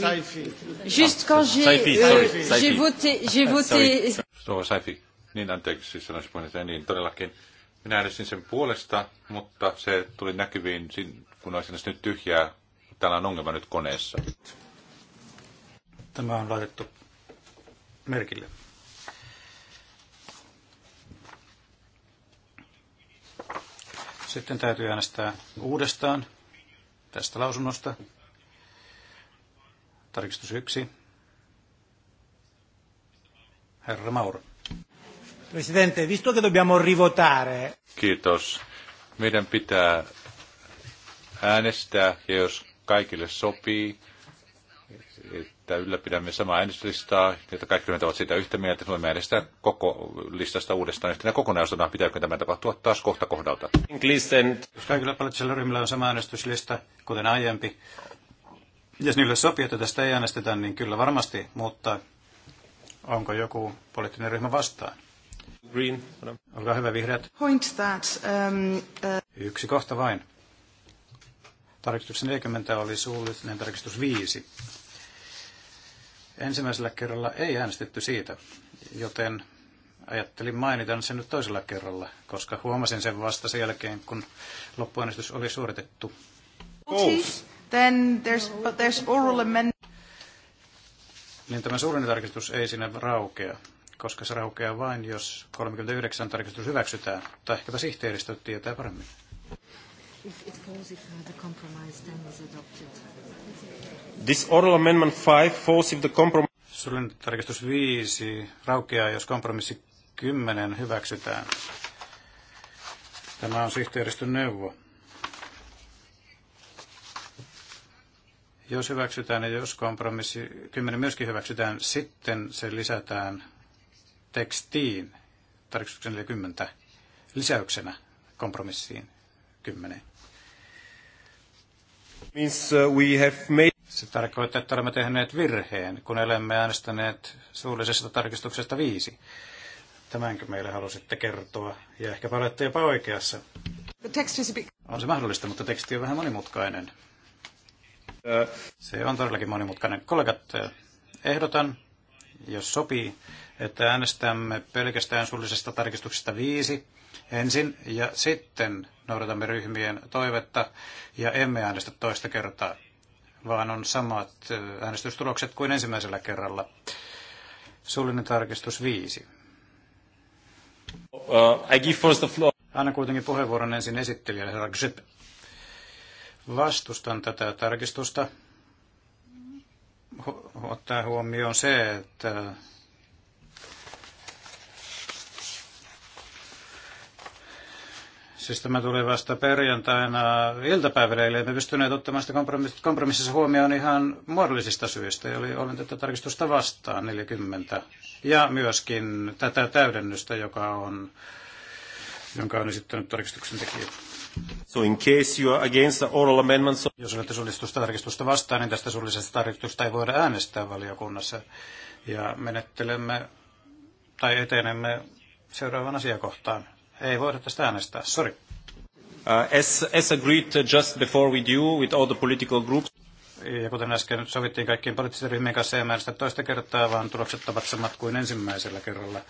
Saifi. Saifi. Just quand j'ai... Saifi, sorry. Euh, j'ai voté... J'ai voté... No, Saifi. Niin, anteeksi, siis sanoisin puheenjohtaja, niin, niin todellakin. Minä äänestin sen puolesta, mutta se tuli näkyviin, kun olisin nyt tyhjää. Täällä on ongelma nyt koneessa. Tämä on laitettu merkille. Sitten täytyy äänestää uudestaan tästä lausunnosta. Tarkistus 1. Herra Mauro. Presidente, visto che dobbiamo rivotare. Kiitos. Meidän pitää äänestää ja jos kaikille sopii, että ylläpidämme samaa äänestyslistaa, että kaikki ovat siitä yhtä mieltä, että voimme äänestää koko listasta uudestaan yhtenä kokonaisuutena. Pitääkö tämä tapahtua taas kohta kohdalta? Jos kaikilla poliittisilla ryhmillä on sama äänestyslista, kuten aiempi, jos niille sopii, että tästä ei äänestetä, niin kyllä varmasti, mutta onko joku poliittinen ryhmä vastaan? Green. Olkaa hyvä, vihreät. Point that, um, uh... Yksi kohta vain. Tarkistus 40 oli suullinen tarkistus 5. Ensimmäisellä kerralla ei äänestetty siitä, joten ajattelin mainita sen nyt toisella kerralla, koska huomasin sen vasta sen jälkeen, kun loppuäänestys oli suoritettu. Then there's, but there's oral amendment. Niin tämä suurin tarkistus ei siinä raukea, koska se raukeaa vain, jos 39 tarkistus hyväksytään, tai ehkäpä sihteeristö tietää paremmin. If it falls if the compromise then is adopted. This oral amendment 5 falls if the compromise... tarkistus 5 raukeaa, jos kompromissi 10 hyväksytään. Tämä on sihteeristön neuvo. Jos hyväksytään ja jos kompromissi 10 myöskin hyväksytään, sitten se lisätään tekstiin, tarkistuksen 40, lisäyksenä kompromissiin 10. Means uh, we have made... Se tarkoittaa, että olemme tehneet virheen, kun olemme äänestäneet suullisesta tarkistuksesta viisi. Tämänkö meille halusitte kertoa? Ja ehkä olette jopa oikeassa. On se mahdollista, mutta teksti on vähän monimutkainen. Se on todellakin monimutkainen. Kollegat, ehdotan, jos sopii, että äänestämme pelkästään suullisesta tarkistuksesta viisi ensin ja sitten noudatamme ryhmien toivetta ja emme äänestä toista kertaa vaan on samat äh, äänestystulokset kuin ensimmäisellä kerralla. Suullinen tarkistus 5. Uh, I give first the floor. Anna kuitenkin puheenvuoron ensin esittelijälle, herra Vastustan tätä tarkistusta. Ottaa huomioon se, että Siis tämä tuli vasta perjantaina iltapäivällä, eli emme pystyneet ottamaan sitä kompromississa huomioon ihan muodollisista syistä, eli olen tätä tarkistusta vastaan 40. Ja myöskin tätä täydennystä, joka on, jonka on esittänyt tarkistuksen tekijä. So in case you are against the oral amendments... Jos olette suullistusta tarkistusta vastaan, niin tästä suullisesta tarkistusta ei voida äänestää valiokunnassa. Ja menettelemme tai etenemme seuraavaan asiakohtaan. Ei voida tästä äänestää, sorry. Uh, as, as agreed uh, just before with you, with all the political groups. Ja kuten äsken sovittiin kaikkien poliittisten ryhmien kanssa, ei määrästä toista kertaa, vaan tulokset ovat samat kuin ensimmäisellä kerralla.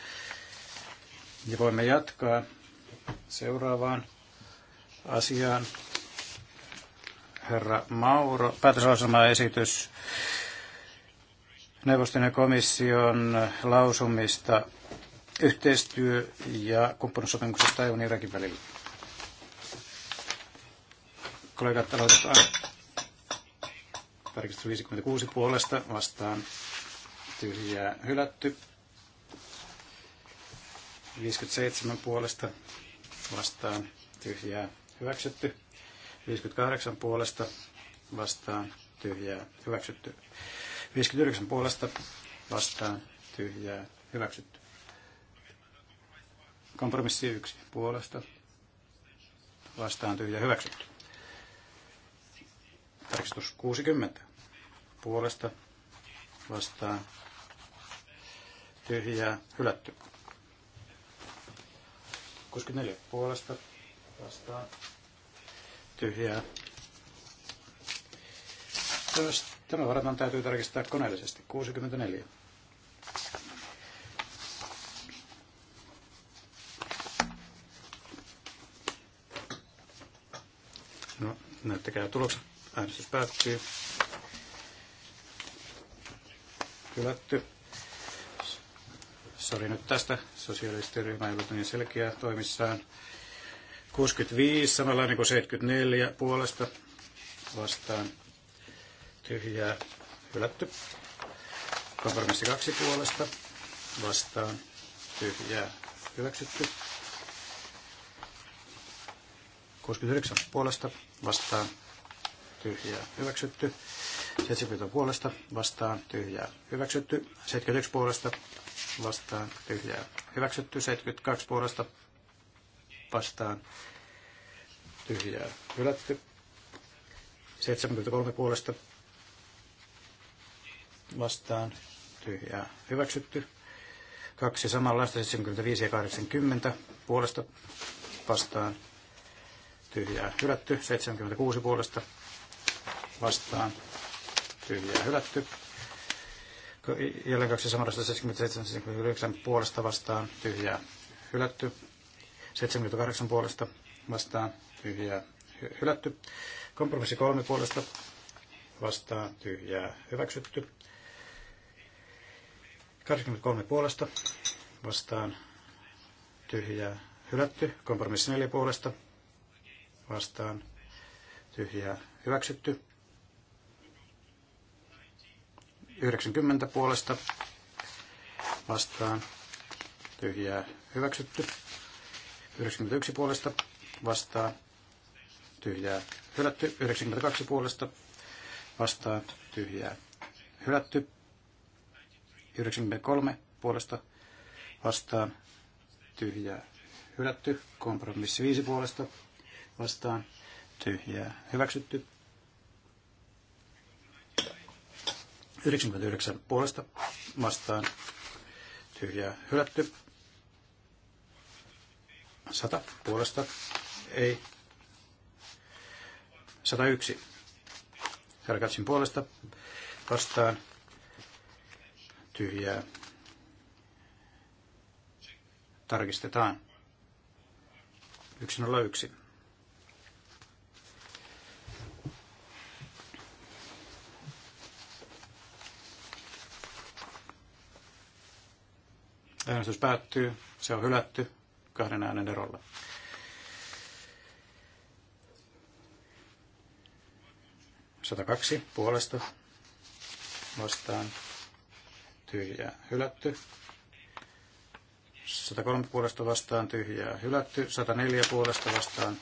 Ja voimme jatkaa seuraavaan asiaan. Herra Mauro, esitys neuvoston ja komission lausumista yhteistyö- ja kumppanuussopimuksesta EUn ja Irakin välillä. Kollegat, aloitetaan. Tarkistus 56 puolesta vastaan tyhjää hylätty. 57 puolesta vastaan tyhjää hyväksytty. 58 puolesta vastaan tyhjää hyväksytty. 59 puolesta vastaan tyhjää hyväksytty. Kompromissi yksi puolesta. Vastaan tyhjä hyväksytty. Tarkistus 60 puolesta. Vastaan tyhjä hylätty. 64 puolesta vastaan tyhjää. Tämä varataan täytyy tarkistaa koneellisesti. 64. Näyttäkää tulokset. Äänestys päättyy. Hylätty. Sori nyt tästä. ryhmä ei ollut niin selkeä toimissaan. 65, samalla niin kuin 74 puolesta vastaan tyhjää hylätty. Kompromissi kaksi puolesta vastaan tyhjää hyväksytty. 69 puolesta vastaan tyhjää hyväksytty. 70 puolesta vastaan tyhjää hyväksytty. 71 puolesta vastaan tyhjää hyväksytty. 72 puolesta vastaan tyhjää hylätty. 73 puolesta vastaan tyhjää hyväksytty. Kaksi samanlaista 75 ja 80 puolesta vastaan tyhjää hylätty. 76 puolesta vastaan tyhjää hylätty. Jälleen kaksi samanlaista 77 puolesta vastaan tyhjää hylätty. 78 puolesta vastaan tyhjää hylätty. Kompromissi kolme puolesta vastaan tyhjää hyväksytty. 83 puolesta vastaan tyhjää hylätty. Kompromissi neljä puolesta vastaan tyhjää hyväksytty. 90 puolesta vastaan tyhjää hyväksytty. 91 puolesta vastaan tyhjää hylätty. 92 puolesta vastaan tyhjää hylätty. 93 puolesta vastaan tyhjää hylätty. Kompromissi 5 puolesta vastaan tyhjää hyväksytty. 99 puolesta vastaan tyhjää hylätty. 100 puolesta ei. 101 Herkatsin puolesta vastaan tyhjää tarkistetaan. 101. Äänestys päättyy. Se on hylätty kahden äänen erolla. Satakaksi puolesta vastaan tyhjää hylätty. 103 puolesta vastaan tyhjää hylätty. 104 puolesta vastaan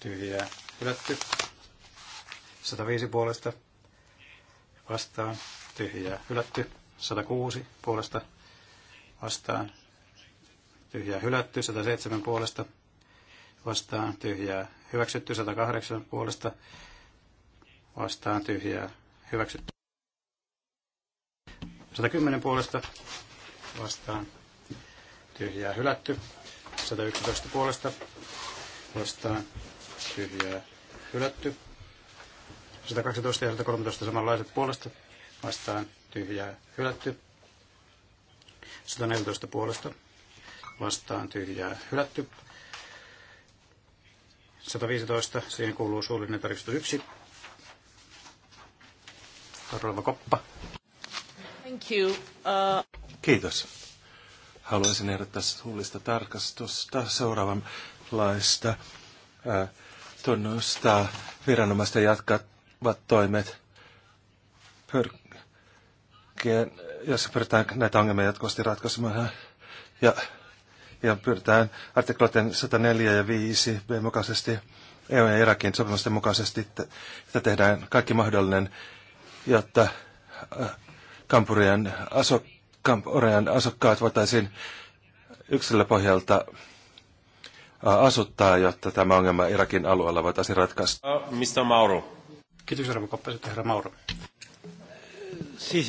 tyhjää hylätty. 105 puolesta vastaan tyhjää hylätty. 106 puolesta vastaan tyhjää hylätty, 107 puolesta vastaan tyhjää hyväksytty, 108 puolesta vastaan tyhjää hyväksytty. 110 puolesta vastaan tyhjää hylätty, 111 puolesta vastaan tyhjää hylätty, 112 ja 113 samanlaiset puolesta vastaan tyhjää hylätty. 114 puolesta vastaan tyhjää hylätty. 115, siihen kuuluu suullinen tarkistus 1. Karolva Koppa. Thank you. Uh... Kiitos. Haluaisin ehdottaa suullista tarkastusta seuraavanlaista. Äh, tunnustaa viranomaisten jatkavat toimet pyr- jälkeen, jos pyritään näitä ongelmia jatkuvasti ratkaisemaan. Ja, ja pyritään artikloiden 104 ja 5 B mukaisesti, EU ja Irakin sopimusten mukaisesti, että tehdään kaikki mahdollinen, jotta äh, kampurien aso, kampurean asukkaat voitaisiin yksilöpohjalta äh, asuttaa, jotta tämä ongelma Irakin alueella voitaisiin ratkaista. Mr. Mauro. Kiitos, herra Mauro. Siis,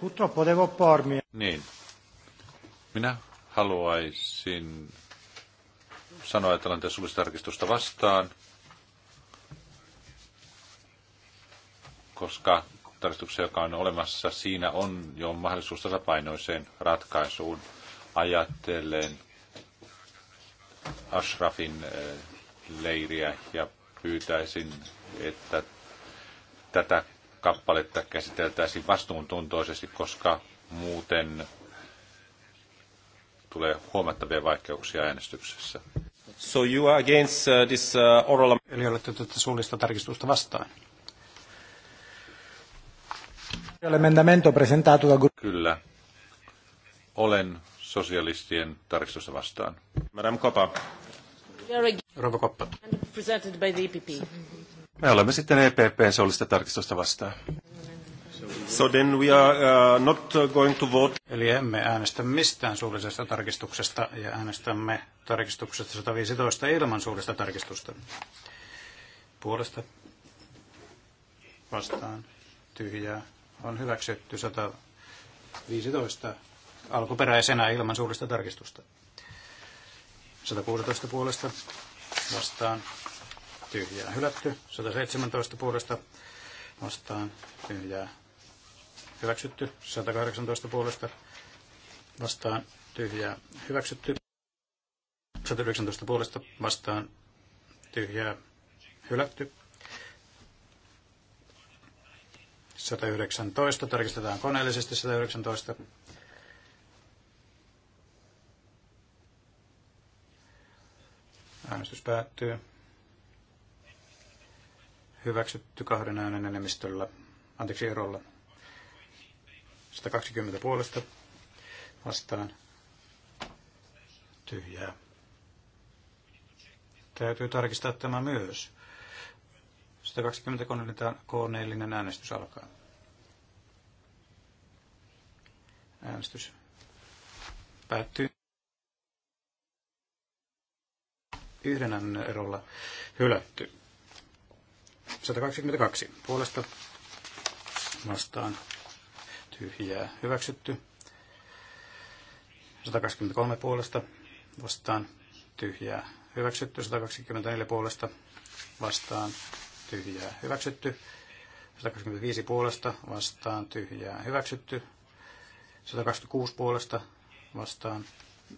purtroppo devo Niin. Minä haluaisin sanoa, että olen tässä tarkistusta vastaan, koska tarkistuksessa, joka on olemassa, siinä on jo mahdollisuus tasapainoiseen ratkaisuun ajatellen Ashrafin eh, leiriä ja pyytäisin, että tätä kappaletta käsiteltäisiin vastuuntuntoisesti, koska muuten tulee huomattavia vaikeuksia äänestyksessä. So you are against uh, this uh, oral... Eli olette tätä suunnista tarkistusta vastaan. presentato Kyllä. Olen sosialistien tarkistusta vastaan. Madame Koppa. Rouva Koppa. Presented by the EPP. Me olemme sitten EPPn sollista tarkistusta vastaan. So then we are uh, not uh, going to vote. Eli emme äänestä mistään suullisesta tarkistuksesta ja äänestämme tarkistuksesta 115 ilman suullista tarkistusta. Puolesta vastaan tyhjää on hyväksytty 115 alkuperäisenä ilman suullista tarkistusta. 116 puolesta vastaan tyhjää hylätty. 117 puolesta vastaan tyhjää hyväksytty. 118 puolesta vastaan tyhjää hyväksytty. 119 puolesta vastaan tyhjää hylätty. 119, tarkistetaan koneellisesti 119. Äänestys päättyy hyväksytty kahden äänen enemmistöllä, anteeksi erolla, 120 puolesta vastaan tyhjää. Täytyy tarkistaa tämä myös. 120 koneellinen äänestys alkaa. Äänestys päättyy. Yhden äänen erolla hylätty. 122 puolesta vastaan tyhjää hyväksytty. 123 puolesta vastaan tyhjää hyväksytty. 124 puolesta vastaan tyhjää hyväksytty. 125 puolesta vastaan tyhjää hyväksytty. 126 puolesta vastaan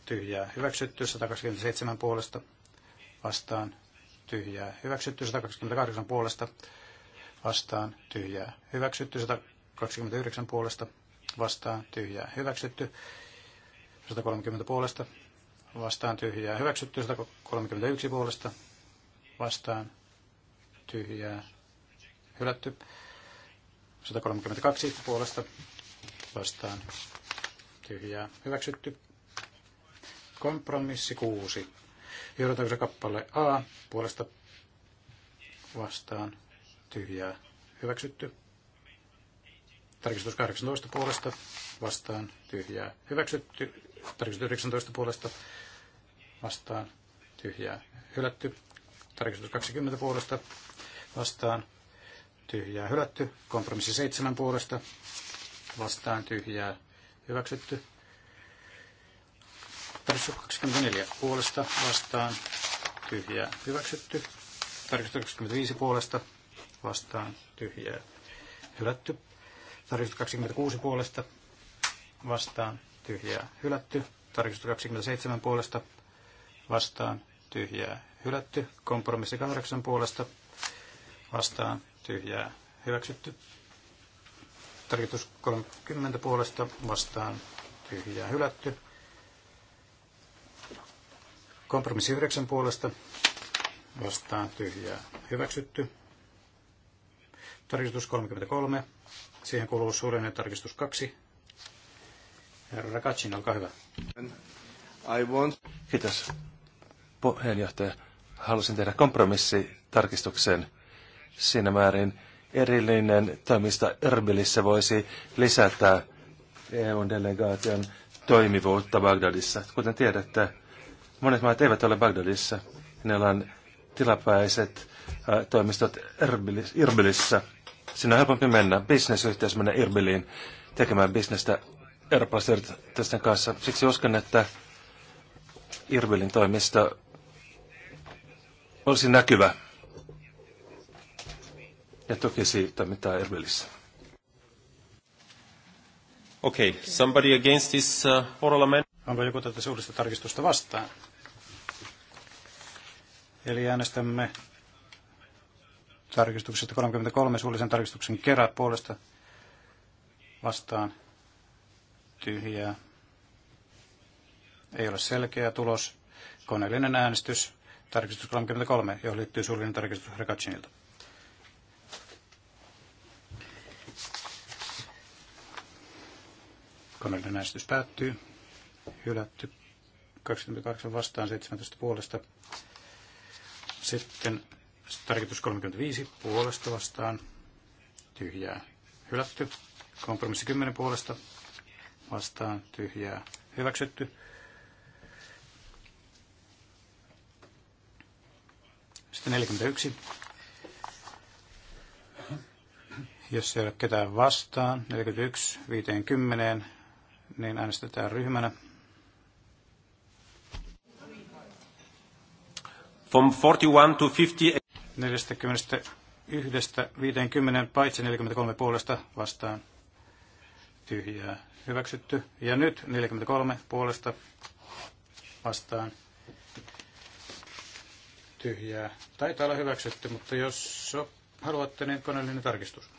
tyhjää hyväksytty. 127 puolesta vastaan tyhjää hyväksytty, 128 puolesta vastaan tyhjää hyväksytty, 129 puolesta vastaan tyhjää hyväksytty, 130 puolesta vastaan tyhjää hyväksytty, 131 puolesta vastaan tyhjää hylätty, 132 puolesta vastaan tyhjää hyväksytty, kompromissi 6 se kappale A puolesta vastaan tyhjää hyväksytty. Tarkistus 18 puolesta vastaan tyhjää hyväksytty. Tarkistus 19 puolesta vastaan tyhjää hylätty. Tarkistus 20 puolesta vastaan tyhjää hylätty. Kompromissi 7 puolesta vastaan tyhjää hyväksytty. Tarkistus 24 puolesta vastaan tyhjää hyväksytty. Tarkistus 25 puolesta vastaan tyhjää hylätty. Tarkistus 26 puolesta vastaan tyhjää hylätty. Tarkistus 27 puolesta vastaan tyhjää hylätty. Kompromissi 8 puolesta vastaan tyhjää hyväksytty. Tarkistus 30 puolesta vastaan tyhjää hylätty. Kompromissi 9 puolesta vastaan tyhjää hyväksytty. Tarkistus 33. Siihen kuuluu suurinen tarkistus 2. Herra Rakatsin, olkaa hyvä. I want... Kiitos. Puheenjohtaja, halusin tehdä kompromissitarkistuksen siinä määrin erillinen toimista Erbilissä voisi lisätä eu delegaation toimivuutta Bagdadissa. Kuten tiedätte, Monet maat eivät ole Bagdadissa. Niillä on tilapäiset ää, toimistot Erbilis, Irbilissä. Siinä on helpompi mennä. Bisnesyhteys mennä Irbiliin tekemään bisnestä eurooppalaisten kanssa. Siksi uskon, että Irbilin toimisto olisi näkyvä ja tukisi toimintaa Irbilissä. Okay, somebody against this uh, oral amendment? Onko joku tätä suullista tarkistusta vastaan? Eli äänestämme tarkistuksesta 33 suullisen tarkistuksen kerran puolesta vastaan tyhjää. Ei ole selkeä tulos. Koneellinen äänestys. Tarkistus 33, johon liittyy suullinen tarkistus Rekatsinilta. Koneellinen äänestys päättyy hylätty 28 vastaan 17 puolesta. Sitten tarkoitus 35 puolesta vastaan tyhjää hylätty. Kompromissi 10 puolesta vastaan tyhjää hyväksytty. Sitten 41. Jos ei ole ketään vastaan, 41, 50, niin äänestetään ryhmänä from 41 to 50... 41-50 paitsi 43 puolesta vastaan tyhjää hyväksytty. Ja nyt 43 puolesta vastaan tyhjää. Taitaa olla hyväksytty, mutta jos haluatte, niin koneellinen tarkistus.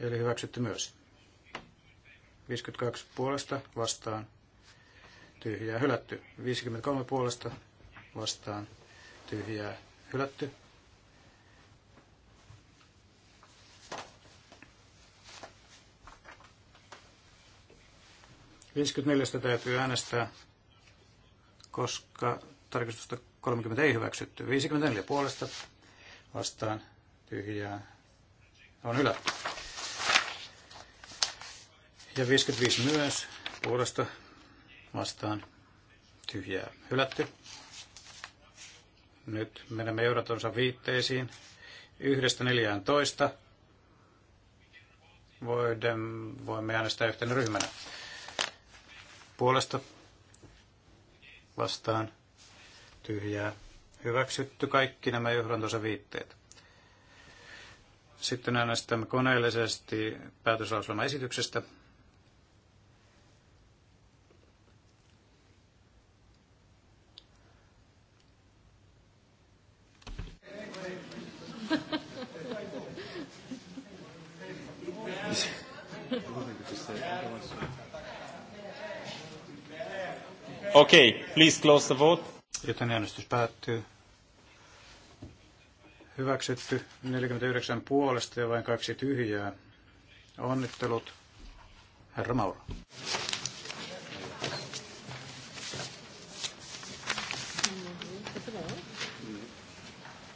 Eli hyväksytty myös. 52 puolesta vastaan tyhjää hylätty. 53 puolesta vastaan tyhjää hylätty. Viisikymmentä täytyy äänestää, koska tarkistusta 30 ei hyväksytty. 54 puolesta vastaan tyhjää on hylätty. Ja 55 myös puolesta vastaan tyhjää hylätty. Nyt menemme euratonsa viitteisiin. Yhdestä neljään toista. Voimme äänestää yhtenä ryhmänä. Puolesta vastaan tyhjää hyväksytty kaikki nämä johdantonsa viitteet. Sitten äänestämme koneellisesti päätöslauselmaesityksestä. esityksestä. Okei, okay, please close the vote. Joten äänestys päättyy. Hyväksytty 49 puolesta ja vain kaksi tyhjää. Onnittelut, herra Mauro.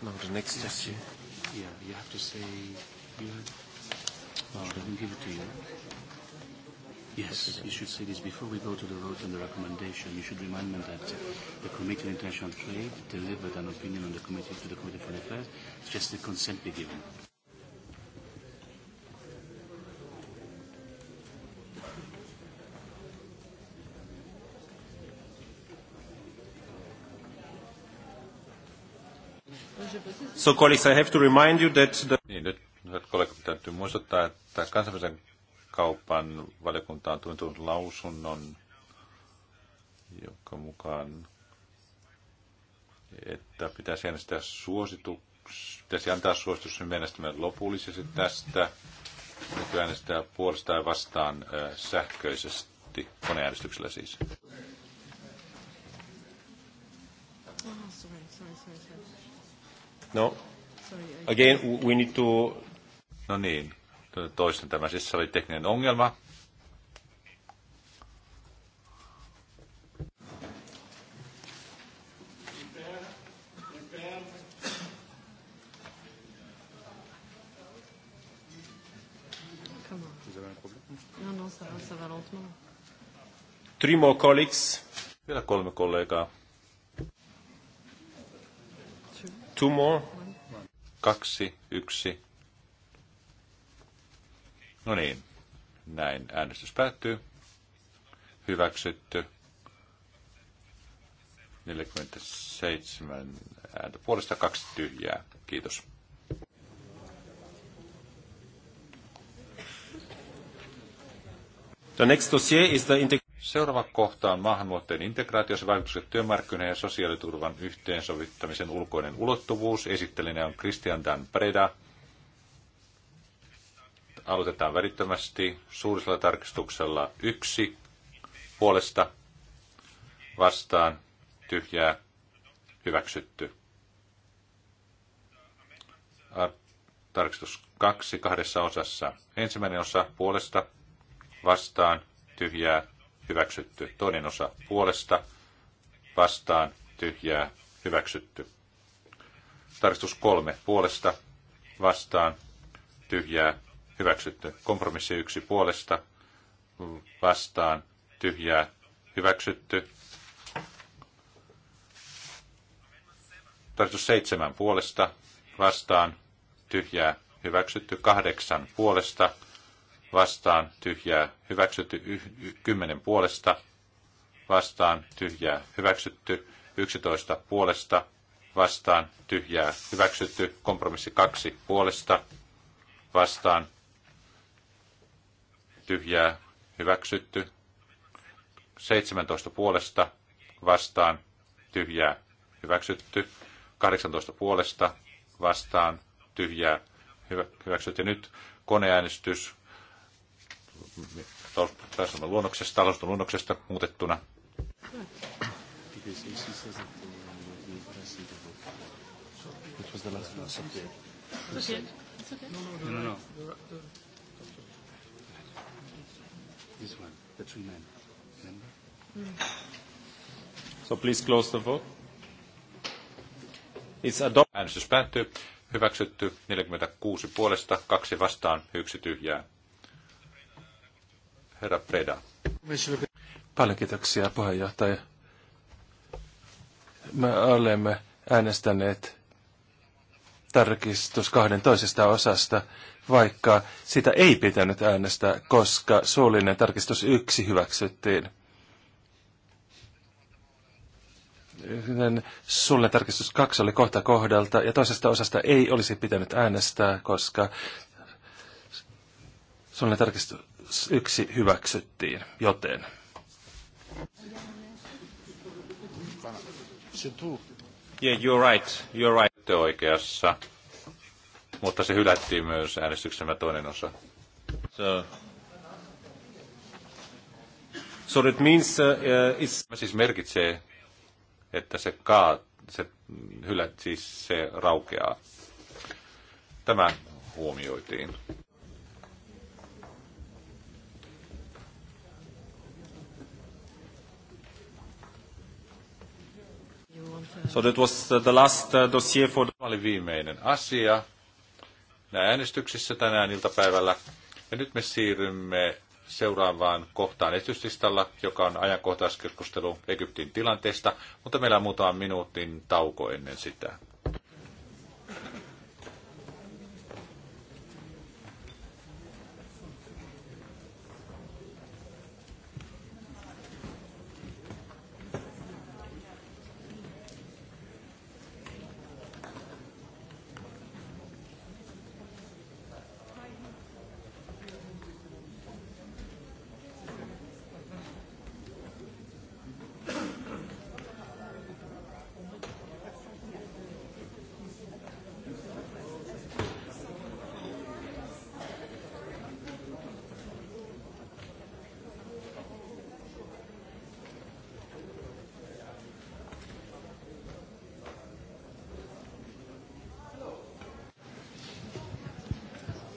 Mauro, next yes. you. Yeah, you have to say... You have... Mauro, I didn't give it to you. Yes, you should say this before we go to the vote on the recommendation. You should remind me that the Committee on International Trade delivered an opinion on the committee to the Committee for Affairs. It's just the consent be given. So colleagues, I have to remind you that the... Niin, nyt hyvät kollegat, täytyy muistuttaa, että kansainvälisen kaupan valiokuntaan tuntun lausunnon, jonka mukaan että pitäisi suosituks, pitäisi antaa suositus mielestämme lopullisesti tästä, nyt äänestää puolesta ja vastaan äh, sähköisesti, koneäänestyksellä siis. Ah, no, again we need to... No niin, Toistan tämä, siis se oli tekninen ongelma. Three more colleagues. Vielä kolme kollegaa. Two more. Kaksi, yksi. No niin, näin äänestys päättyy. Hyväksytty. 47 ääntä puolesta, kaksi tyhjää. Kiitos. Seuraava kohta on maahanmuuttajien integraatio, se vaikutukset työmarkkinoiden ja sosiaaliturvan yhteensovittamisen ulkoinen ulottuvuus. Esittelinä on Christian Dan Preda aloitetaan välittömästi suurisella tarkistuksella yksi puolesta vastaan tyhjää hyväksytty. Tarkistus kaksi kahdessa osassa. Ensimmäinen osa puolesta vastaan tyhjää hyväksytty. Toinen osa puolesta vastaan tyhjää hyväksytty. Tarkistus kolme puolesta vastaan tyhjää hyväksytty. Kompromissi yksi puolesta vastaan tyhjää hyväksytty. Tarkoitus seitsemän puolesta vastaan tyhjää hyväksytty. Kahdeksan puolesta vastaan tyhjää hyväksytty. Y- y- kymmenen puolesta vastaan tyhjää hyväksytty. Yksitoista puolesta vastaan tyhjää hyväksytty. Kompromissi kaksi puolesta vastaan tyhjää, hyväksytty. 17 puolesta, vastaan, tyhjää, hyväksytty. 18 puolesta, vastaan, tyhjää, hyvä, hyväksytty. Nyt koneäänestys on luonnoksesta, taloudellisesta luonnoksesta muutettuna. Okay. No, no, no. This one, the three men. Remember? Mm. So please close the vote. It's adopted. Äänestys päättyy. Hyväksytty 46 puolesta, kaksi vastaan, yksi tyhjää. Herra Preda. Paljon kiitoksia puheenjohtaja. Me olemme äänestäneet tarkistus kahden toisesta osasta, vaikka sitä ei pitänyt äänestää, koska suullinen tarkistus yksi hyväksyttiin. Suullinen tarkistus kaksi oli kohta kohdalta ja toisesta osasta ei olisi pitänyt äänestää, koska suullinen tarkistus yksi hyväksyttiin, joten... Yeah, you're right. You're right olitte oikeassa, mutta se hylättiin myös äänestyksemme toinen osa. So, so that means, uh, uh it's... Siis merkitsee, että se kaa, se hylät, siis se raukeaa. Tämä huomioitiin. So that was uh, the last uh, dossier for... Tämä oli viimeinen asia äänestyksissä tänään iltapäivällä. Ja nyt me siirrymme seuraavaan kohtaan esityslistalla, joka on ajankohtaiskeskustelu Egyptin tilanteesta, mutta meillä on muutaman minuutin tauko ennen sitä.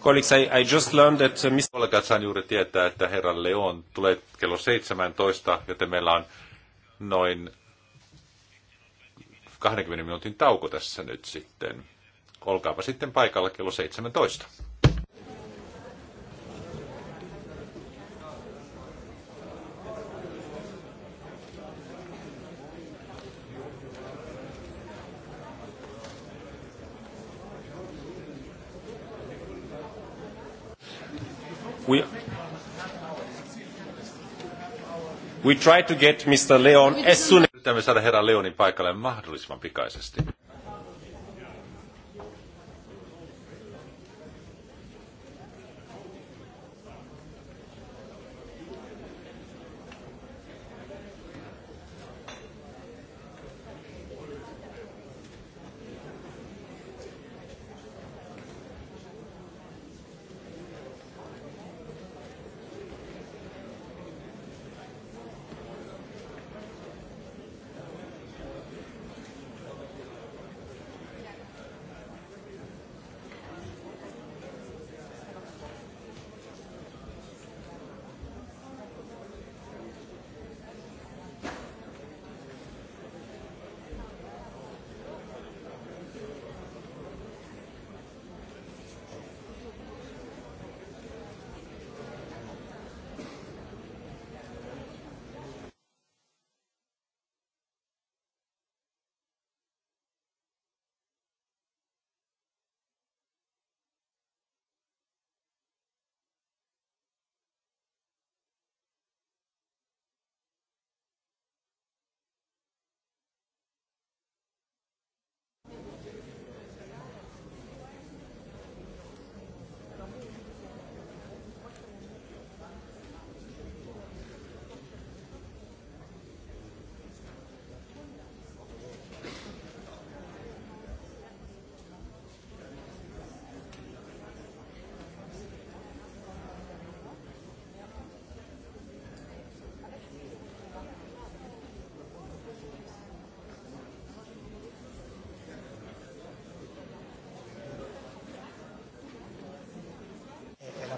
Colleagues, I, I just learned that uh, Mr. Kollegat sain juuri tietää, että herra Leon tulee kello 17, joten meillä on noin 20 minuutin tauko tässä nyt sitten. Olkaapa sitten paikalla kello 17. We try to get Mr. Leon as soon as... Yritämme saada herra Leonin paikalle mahdollisimman pikaisesti.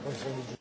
questa religione.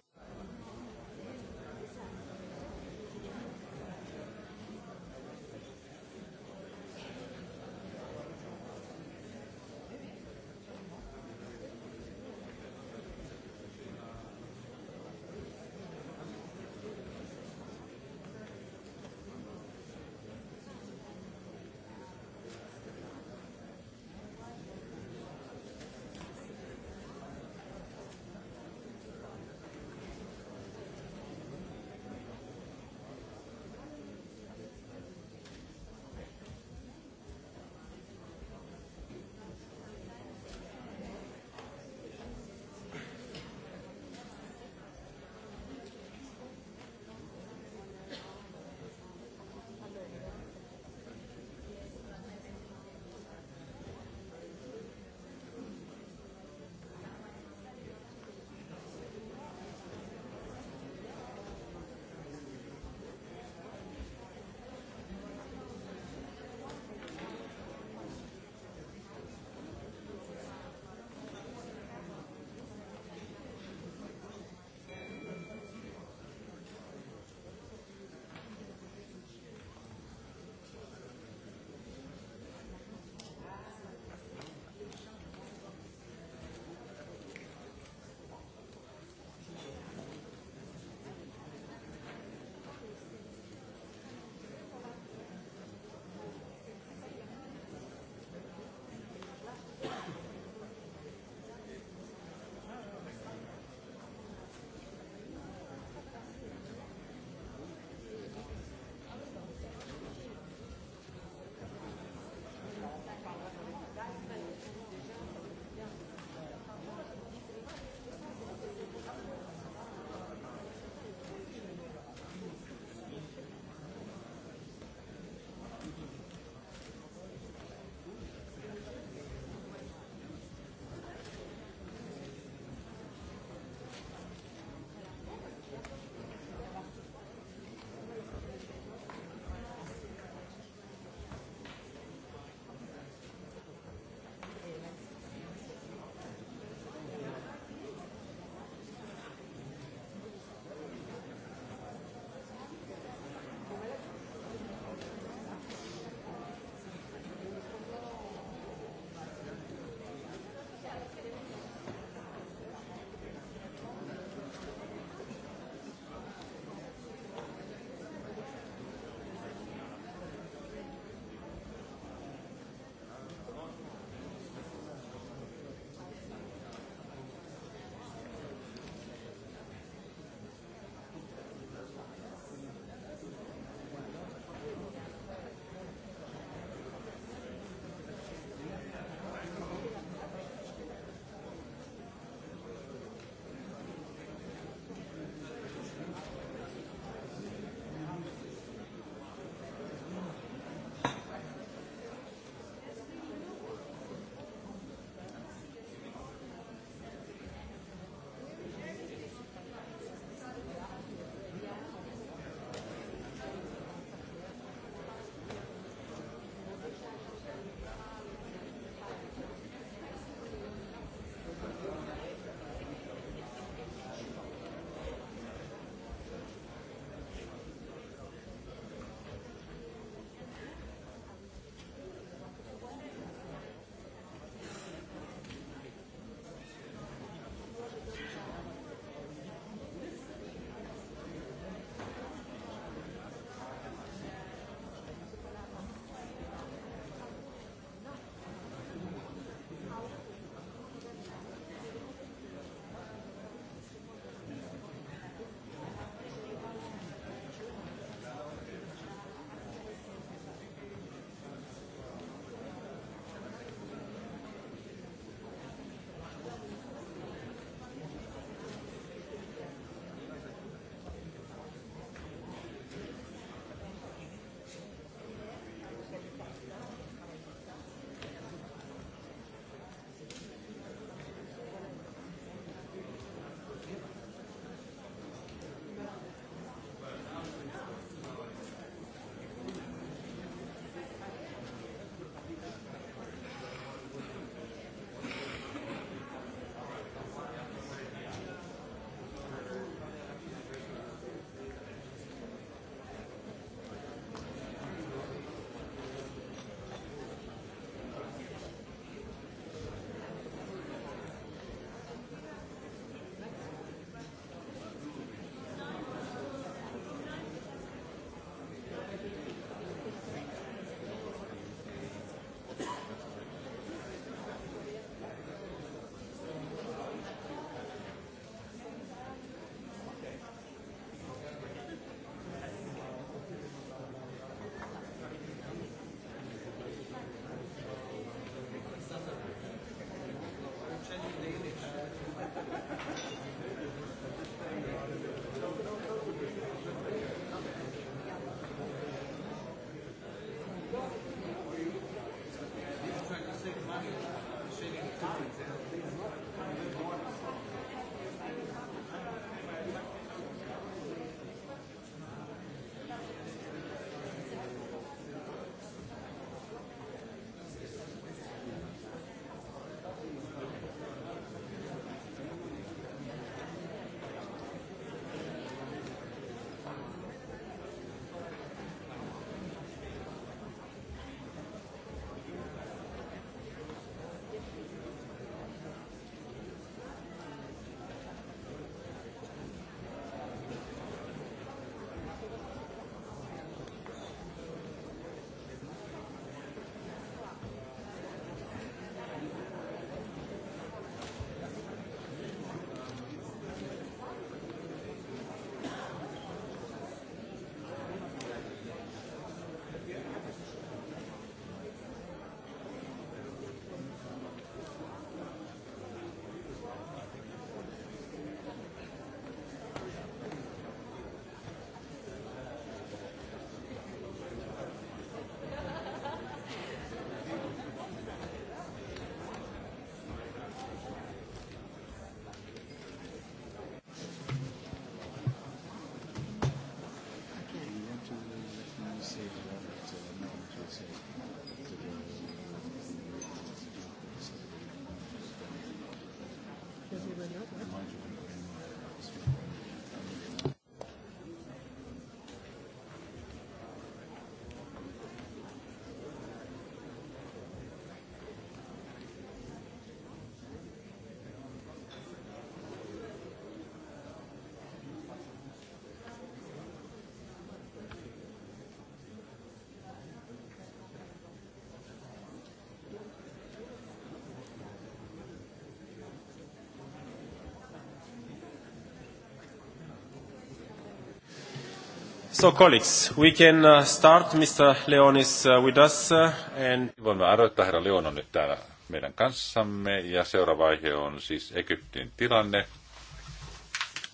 So colleagues, we can uh, start. Mr. Leon uh, with us. Uh, and... Voimme aloittaa, herra Leonon on nyt täällä meidän kanssamme ja seuraava aihe on siis Egyptin tilanne.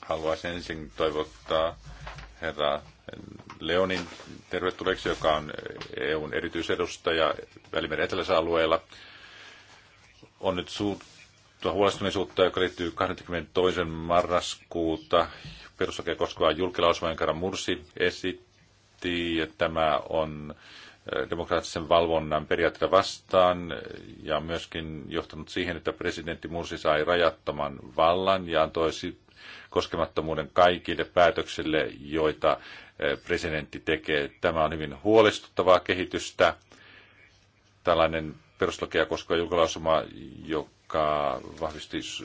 Haluaisin ensin toivottaa herra Leonin tervetulleeksi, joka on EUn erityisedustaja Välimeren eteläisellä alueella. On nyt suurta huolestuneisuutta, joka liittyy 22. marraskuuta perustuslakia koskevaa julkilausumaa, jonka Mursi esitti, että tämä on demokraattisen valvonnan periaatteita vastaan ja myöskin johtanut siihen, että presidentti Mursi sai rajattoman vallan ja antoi koskemattomuuden kaikille päätöksille, joita presidentti tekee. Tämä on hyvin huolestuttavaa kehitystä. Tällainen perustuslakia koskeva julkilausuma, joka vahvisti siis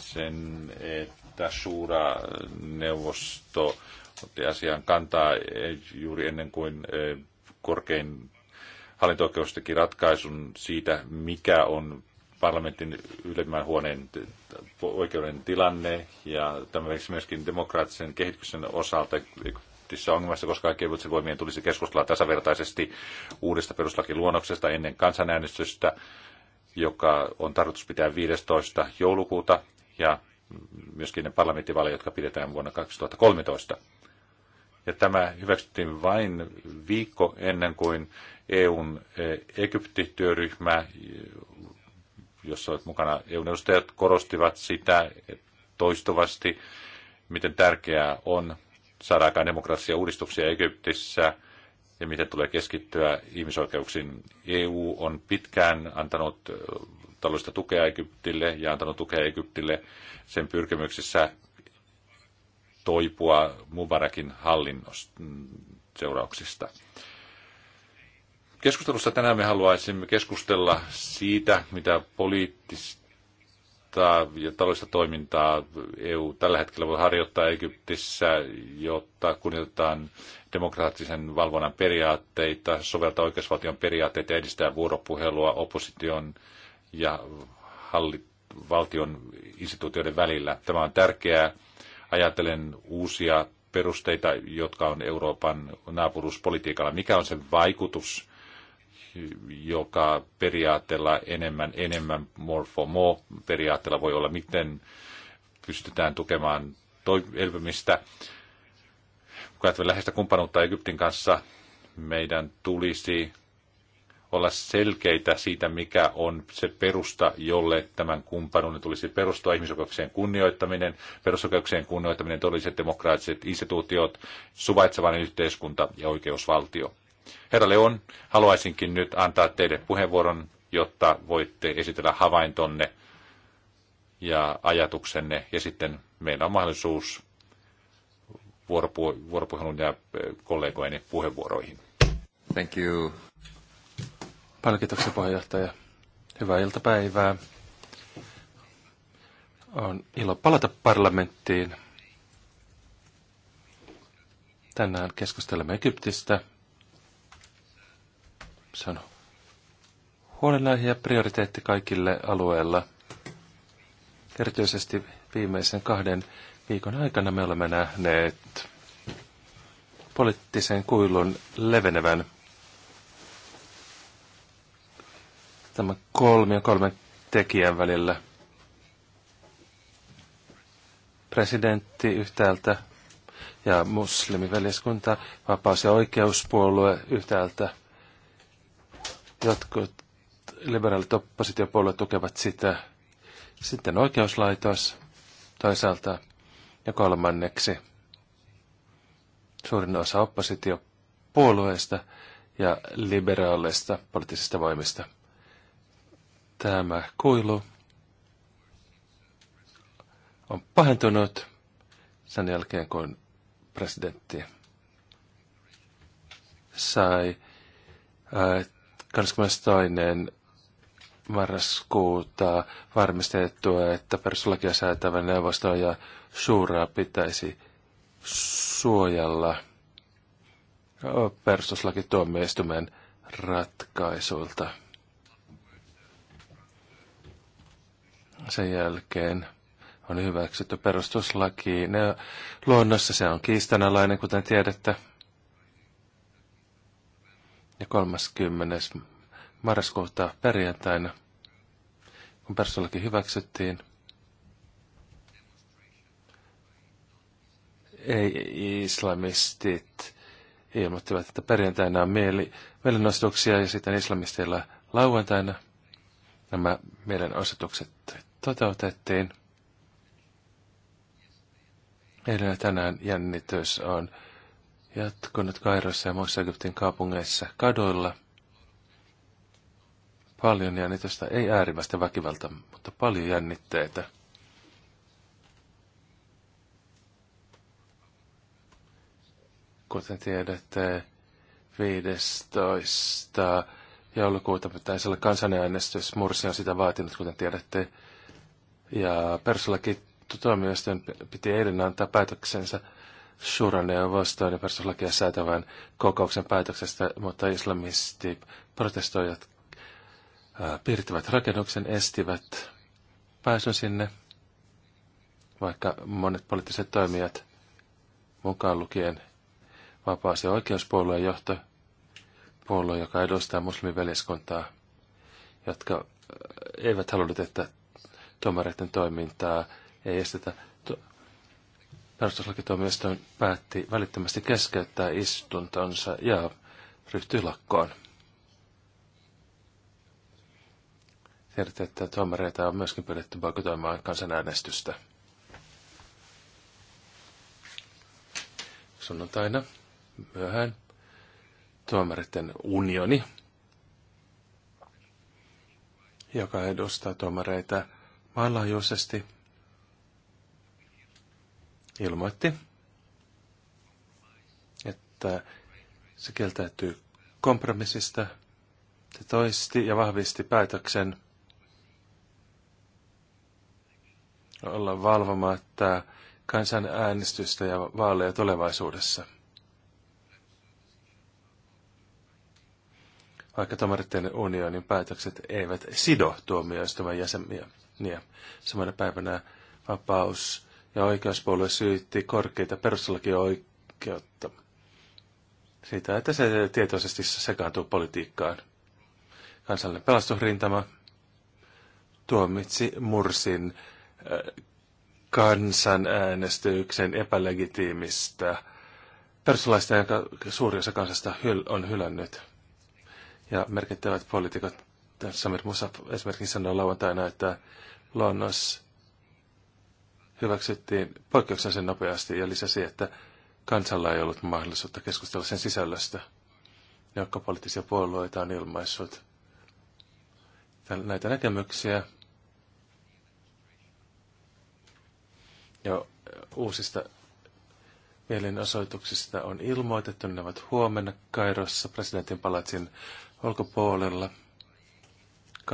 sen, että että suura neuvosto otti asian kantaa eh, juuri ennen kuin eh, korkein hallinto teki ratkaisun siitä, mikä on parlamentin ylemmän huoneen oikeuden tilanne ja tämä myöskin demokraattisen kehityksen osalta tässä ongelmassa, koska kaikkien voimien tulisi keskustella tasavertaisesti uudesta peruslakiluonnoksesta ennen kansanäänestystä, joka on tarkoitus pitää 15. joulukuuta. Ja myöskin ne parlamenttivaaleja, jotka pidetään vuonna 2013. Ja tämä hyväksyttiin vain viikko ennen kuin EUn e, Egypti-työryhmä, jossa olet mukana EUn edustajat, korostivat sitä toistuvasti, miten tärkeää on saada aikaan demokratia uudistuksia Egyptissä ja miten tulee keskittyä ihmisoikeuksiin. EU on pitkään antanut taloudellista tukea Egyptille ja antanut tukea Egyptille sen pyrkimyksessä toipua Mubarakin hallinnon seurauksista. Keskustelussa tänään me haluaisimme keskustella siitä, mitä poliittista ja taloudellista toimintaa EU tällä hetkellä voi harjoittaa Egyptissä, jotta kunnioitetaan demokraattisen valvonnan periaatteita, soveltaa oikeusvaltion periaatteita ja edistää vuoropuhelua opposition ja hallit, valtion instituutioiden välillä. Tämä on tärkeää. Ajattelen uusia perusteita, jotka on Euroopan naapuruuspolitiikalla. Mikä on se vaikutus, joka periaatteella enemmän, enemmän, more for more periaatteella voi olla, miten pystytään tukemaan elpymistä. Kun ajatellaan läheistä kumppanuutta Egyptin kanssa, meidän tulisi olla selkeitä siitä, mikä on se perusta, jolle tämän kumppanuuden tulisi perustua ihmisoikeuksien kunnioittaminen, perusoikeuksien kunnioittaminen, todelliset demokraattiset instituutiot, suvaitsevainen yhteiskunta ja oikeusvaltio. Herra Leon, haluaisinkin nyt antaa teille puheenvuoron, jotta voitte esitellä havaintonne ja ajatuksenne, ja sitten meillä on mahdollisuus vuoropuhelun ja eh, kollegoiden puheenvuoroihin. Thank you. Paljon kiitoksia puheenjohtaja. Hyvää iltapäivää. On ilo palata parlamenttiin. Tänään keskustelemme Egyptistä. Se on huolenaihe ja prioriteetti kaikille alueilla. Erityisesti viimeisen kahden viikon aikana me olemme nähneet poliittisen kuilun levenevän – tämä ja kolmen tekijän välillä. Presidentti yhtäältä ja muslimiveljeskunta, vapaus- ja oikeuspuolue yhtäältä. Jotkut liberaalit oppositiopuolueet tukevat sitä. Sitten oikeuslaitos toisaalta ja kolmanneksi suurin osa oppositiopuolueista ja liberaaleista poliittisista voimista – Tämä koilo on pahentunut sen jälkeen, kun presidentti sai 22. Äh, marraskuuta varmistettua, että perustuslakia säätävän neuvosto ja suuraa pitäisi suojella perustuslakituomioistuimen ratkaisulta. Sen jälkeen on hyväksytty perustuslaki. Ne, luonnossa se on kiistanalainen, kuten tiedätte. Ja 30. marraskuuta perjantaina, kun perustuslaki hyväksyttiin, ei-islamistit ilmoittivat, että perjantaina on mieli, mielenostuksia ja sitten islamisteilla lauantaina nämä mielenosoitukset toteutettiin. Eilen tänään jännitys on jatkunut Kairossa ja muissa Egyptin kaupungeissa kaduilla. Paljon jännitystä, ei äärimmäistä väkivalta, mutta paljon jännitteitä. Kuten tiedätte, 15. joulukuuta pitäisi olla kansanäänestys. Mursi on sitä vaatinut, kuten tiedätte. Ja perustuslakituomioisten piti eilen antaa päätöksensä suuraneuvoston ja perustuslakia säätävän kokouksen päätöksestä, mutta islamisti protestoijat piirtivät rakennuksen, estivät pääsyn sinne, vaikka monet poliittiset toimijat, mukaan lukien vapaasi oikeuspuolueen johto, puolue, joka edustaa muslimiveljeskuntaa, jotka eivät halunneet, että tuomareiden toimintaa ei estetä. Perustuslakituomioistuin päätti välittömästi keskeyttää istuntonsa ja ryhtyi lakkoon. Tiedätte, että tuomareita on myöskin pyydetty boikotoimaan kansanäänestystä. Sunnuntaina myöhään tuomareiden unioni, joka edustaa tuomareita maanlaajuisesti ilmoitti, että se kieltäytyy kompromissista. Se toisti ja vahvisti päätöksen olla valvomatta äänestystä ja vaaleja tulevaisuudessa. Vaikka tomaritteiden unionin päätökset eivät sido tuomioistuimen jäsenmiä. Niin, samana päivänä vapaus- ja oikeuspuolue syytti korkeita perustuslakioikeutta siitä, että se tietoisesti sekaantuu politiikkaan. Kansallinen pelastusrintama tuomitsi Mursin äh, kansanäänestyksen epälegitiimistä perustuslaista, jonka suuri osa kansasta on hylännyt. Ja merkittävät poliitikot, Samir Musa esimerkiksi sanoi lauantaina, että lannas hyväksyttiin sen nopeasti ja lisäsi, että kansalla ei ollut mahdollisuutta keskustella sen sisällöstä, jonka poliittisia puolueita on ilmaissut. Näitä näkemyksiä ja uusista mielenosoituksista on ilmoitettu. Ne ovat huomenna Kairossa presidentin palatsin ulkopuolella.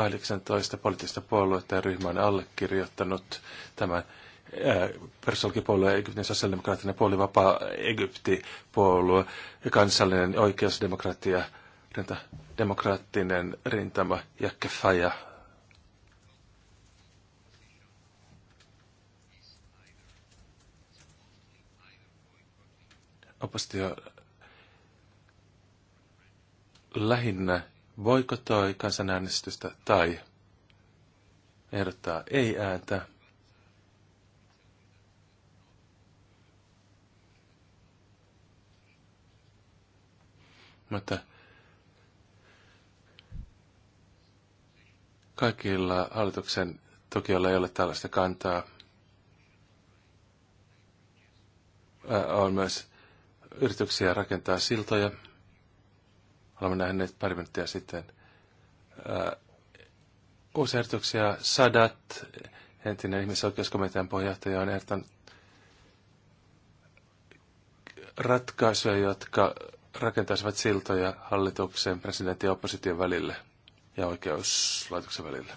18 poliittista puoluetta ja ryhmä on allekirjoittanut tämän perustuslakipuolue, Egyptin sosiaalidemokraattinen puoli, vapaa Egypti-puolue, kansallinen oikeusdemokratia, rinta, demokraattinen rintama ja kefaja. Oppositio lähinnä voiko toi kansanäänestystä tai ehdottaa ei ääntä. Mutta kaikilla hallituksen tukijoilla ei ole tällaista kantaa. Ää, on myös yrityksiä rakentaa siltoja olemme nähneet pari minuuttia sitten ää, uusia ehdotuksia. Sadat, entinen ihmisoikeuskomitean puheenjohtaja, on ehdottanut ratkaisuja, jotka rakentaisivat siltoja hallituksen, presidentin ja opposition välille ja oikeuslaitoksen välille.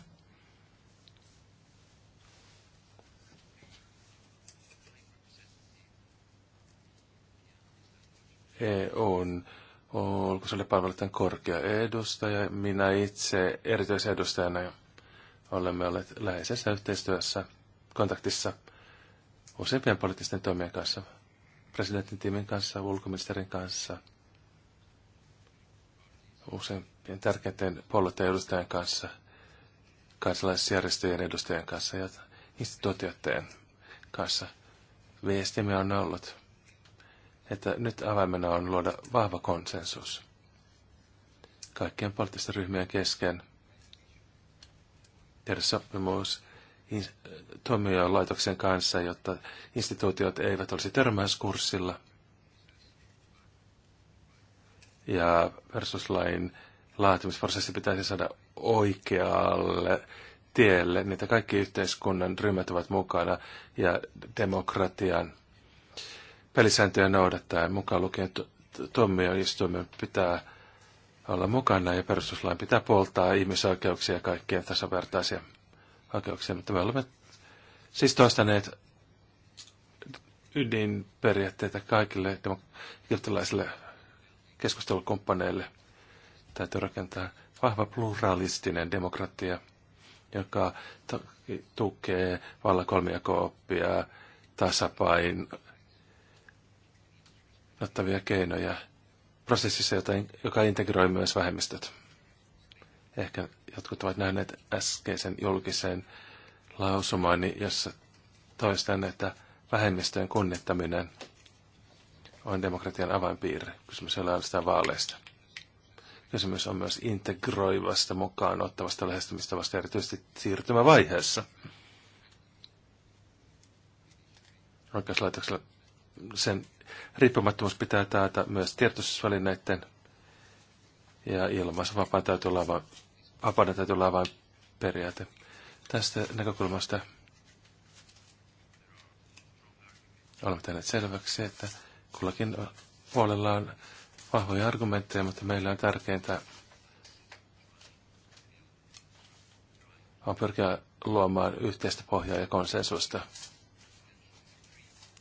on. E ulkoiselle palveluiden korkea edustaja. Minä itse erityisedustajana olemme olleet läheisessä yhteistyössä, kontaktissa useimpien poliittisten toimien kanssa, presidentin tiimin kanssa, ulkoministerin kanssa, useimpien tärkeiden puolueiden edustajien kanssa, kansalaisjärjestöjen edustajien kanssa ja instituutioiden kanssa. Viestimme on ollut että nyt avaimena on luoda vahva konsensus kaikkien poliittisten ryhmien kesken. Tehdä sopimus laitoksen kanssa, jotta instituutiot eivät olisi törmäyskurssilla. Ja versuslain laatimisprosessi pitäisi saada oikealle tielle. Niitä kaikki yhteiskunnan ryhmät ovat mukana ja demokratian pelisääntöjä noudattaa mukaan lukien tuomioistuimen pitää olla mukana ja perustuslain pitää puoltaa ihmisoikeuksia ja kaikkien tasavertaisia oikeuksia, mutta me olemme siis toistaneet ydinperiaatteita kaikille demokratialaisille keskustelukumppaneille. Täytyy rakentaa vahva pluralistinen demokratia, joka tukee vallan kolmijako-oppia, tasapain, ottavia keinoja prosessissa, jota, joka integroi myös vähemmistöt. Ehkä jotkut ovat nähneet äskeisen julkisen lausumaan, niin jossa toistan, että vähemmistöjen kunnittaminen on demokratian avainpiirre. Kysymys ei ole ainoastaan vaaleista. Kysymys on myös integroivasta, mukaan ottavasta lähestymistavasta, erityisesti siirtymävaiheessa. Oikeuslaitoksella sen riippumattomuus pitää taata myös tiedotusvälineiden ja Vapaan täytyy olla vain, vapaan täytyy olla vain periaate. Tästä näkökulmasta olemme tehneet selväksi, että kullakin puolella on vahvoja argumentteja, mutta meillä on tärkeintä on pyrkiä luomaan yhteistä pohjaa ja konsensusta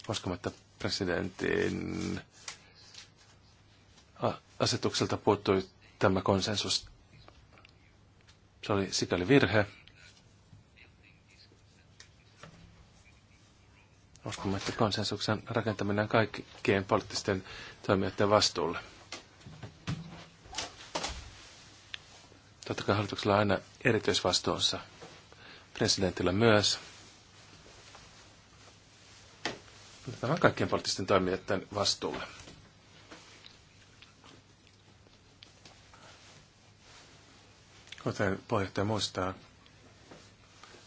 uskomatta presidentin asetukselta puuttui tämä konsensus. Se oli sikäli virhe. Uskomme, että konsensuksen rakentaminen kaikkien poliittisten toimijoiden vastuulle. Totta kai hallituksella on aina erityisvastuunsa. Presidentillä myös. Tämän tämä on kaikkien poliittisten toimijoiden vastuulle. Kuten puheenjohtaja muistaa,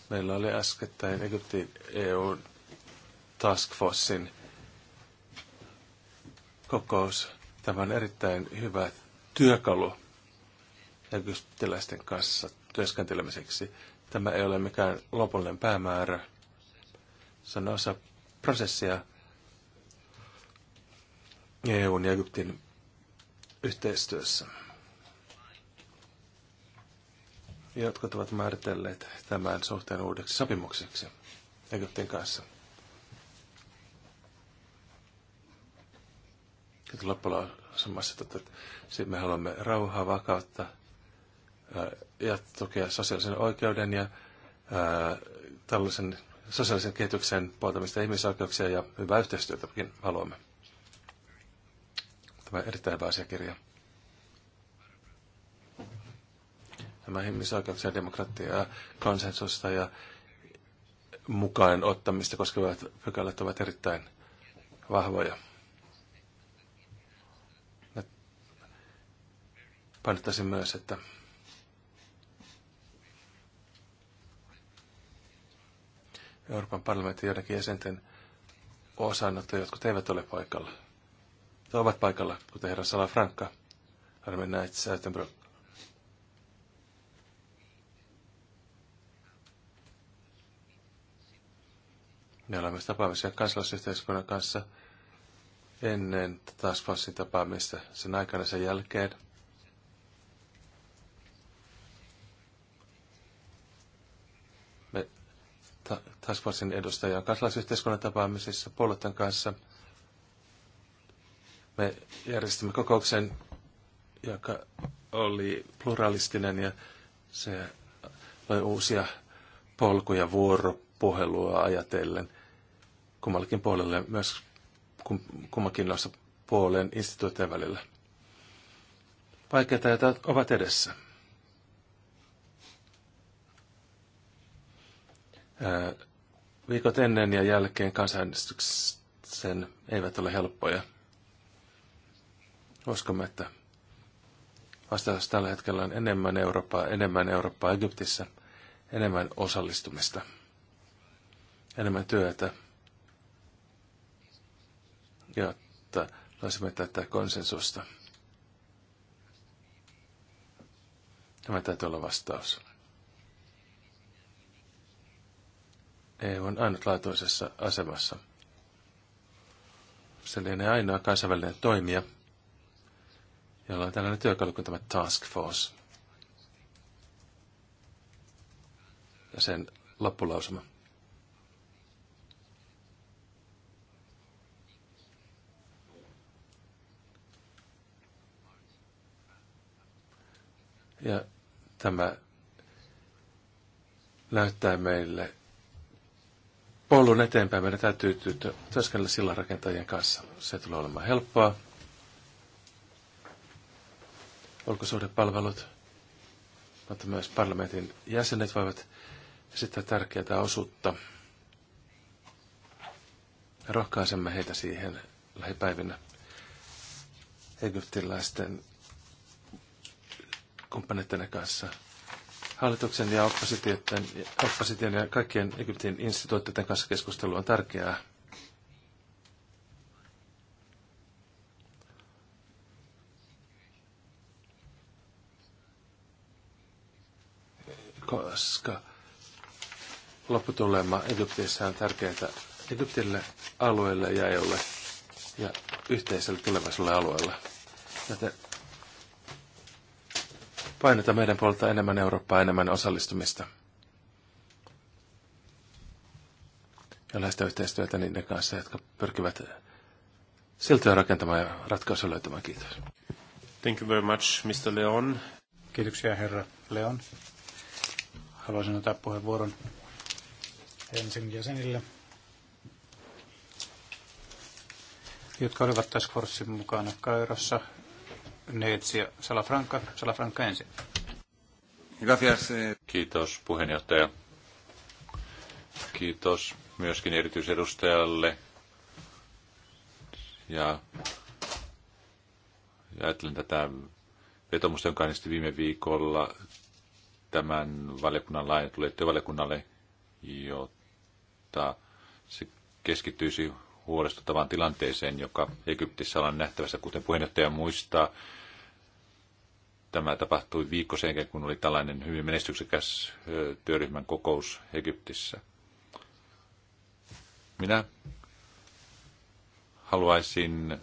meillä oli äskettäin Egyptin EU Task Forcein kokous. Tämä on erittäin hyvä työkalu egyptiläisten kanssa työskentelemiseksi. Tämä ei ole mikään lopullinen päämäärä. Se on osa prosessia, EUn ja Egyptin yhteistyössä, jotkut ovat määritelleet tämän suhteen uudeksi sopimukseksi Egyptin kanssa. on samassa, että me haluamme rauhaa, vakautta ja tukea sosiaalisen oikeuden ja tällaisen sosiaalisen kehityksen puoltamista ihmisoikeuksia ja hyvää yhteistyötäkin haluamme. Tämä on erittäin hyvä asiakirja. Tämä ihmisoikeuksia, demokratiaa, konsensusta ja mukaan ottamista koskevat pykälät ovat erittäin vahvoja. Mä painottaisin myös, että Euroopan parlamentin joidenkin jäsenten osanotto, jotka eivät ole paikalla. He ovat paikalla, kuten herra Salafranca, mennään itse Säytenbrück. Me olemme myös tapaamisia kansalaisyhteiskunnan kanssa ennen taas tapaamista, sen aikana sen jälkeen. Me Task edustajia on kansalaisyhteiskunnan tapaamisissa puolueiden kanssa – me järjestimme kokouksen, joka oli pluralistinen ja se loi uusia polkuja vuoropuhelua ajatellen kummallakin puolelle, myös kummakin noissa puolen instituutin välillä. Vaikeita ajat ovat edessä. Viikot ennen ja jälkeen kansanäänestyksen eivät ole helppoja. Uskomme, että vastaus tällä hetkellä on enemmän Eurooppaa, enemmän Eurooppaa Egyptissä, enemmän osallistumista, enemmän työtä, jotta loisimme tätä konsensusta. Tämä täytyy olla vastaus. EU on ainutlaatuisessa asemassa. Se lienee ainoa kansainvälinen toimija, jolla on tällainen työkalu kuin tämä Task Force. Ja sen loppulausuma. Ja tämä näyttää meille polun eteenpäin. Meidän täytyy työskennellä sillä rakentajien kanssa. Se tulee olemaan helppoa ulkosuhdepalvelut, mutta myös parlamentin jäsenet voivat esittää tärkeää osuutta. Rohkaisemme heitä siihen lähipäivinä egyptiläisten kumppaneiden kanssa. Hallituksen ja opposition, ja kaikkien Egyptin instituutioiden kanssa keskustelu on tärkeää. koska lopputulema Egyptissä on tärkeää Egyptille, alueelle ja EUlle ja yhteiselle tulevaisuudelle alueella. Joten painetaan meidän puolelta enemmän Eurooppaa, enemmän osallistumista. Ja läheistä yhteistyötä niiden kanssa, jotka pyrkivät siltoja rakentamaan ja ratkaisuja löytämään. Kiitos. Thank you very much, Mr. Leon. Kiitoksia, herra Leon haluaisin ottaa puheenvuoron ensin jäsenille, jotka olivat Task Forcein mukana Kairossa, Neitsi ja Salafranca. Salafranca ensin. Gracias. Eh. Kiitos puheenjohtaja. Kiitos myöskin erityisedustajalle. Ja, ja ajattelen tätä vetomusta, jonka viime viikolla tämän valiokunnan laajennetulle työvaliokunnalle, jotta se keskittyisi huolestuttavaan tilanteeseen, joka Egyptissä on nähtävässä, kuten puheenjohtaja muistaa. Tämä tapahtui viikko sen jälkeen, kun oli tällainen hyvin menestyksekäs työryhmän kokous Egyptissä. Minä haluaisin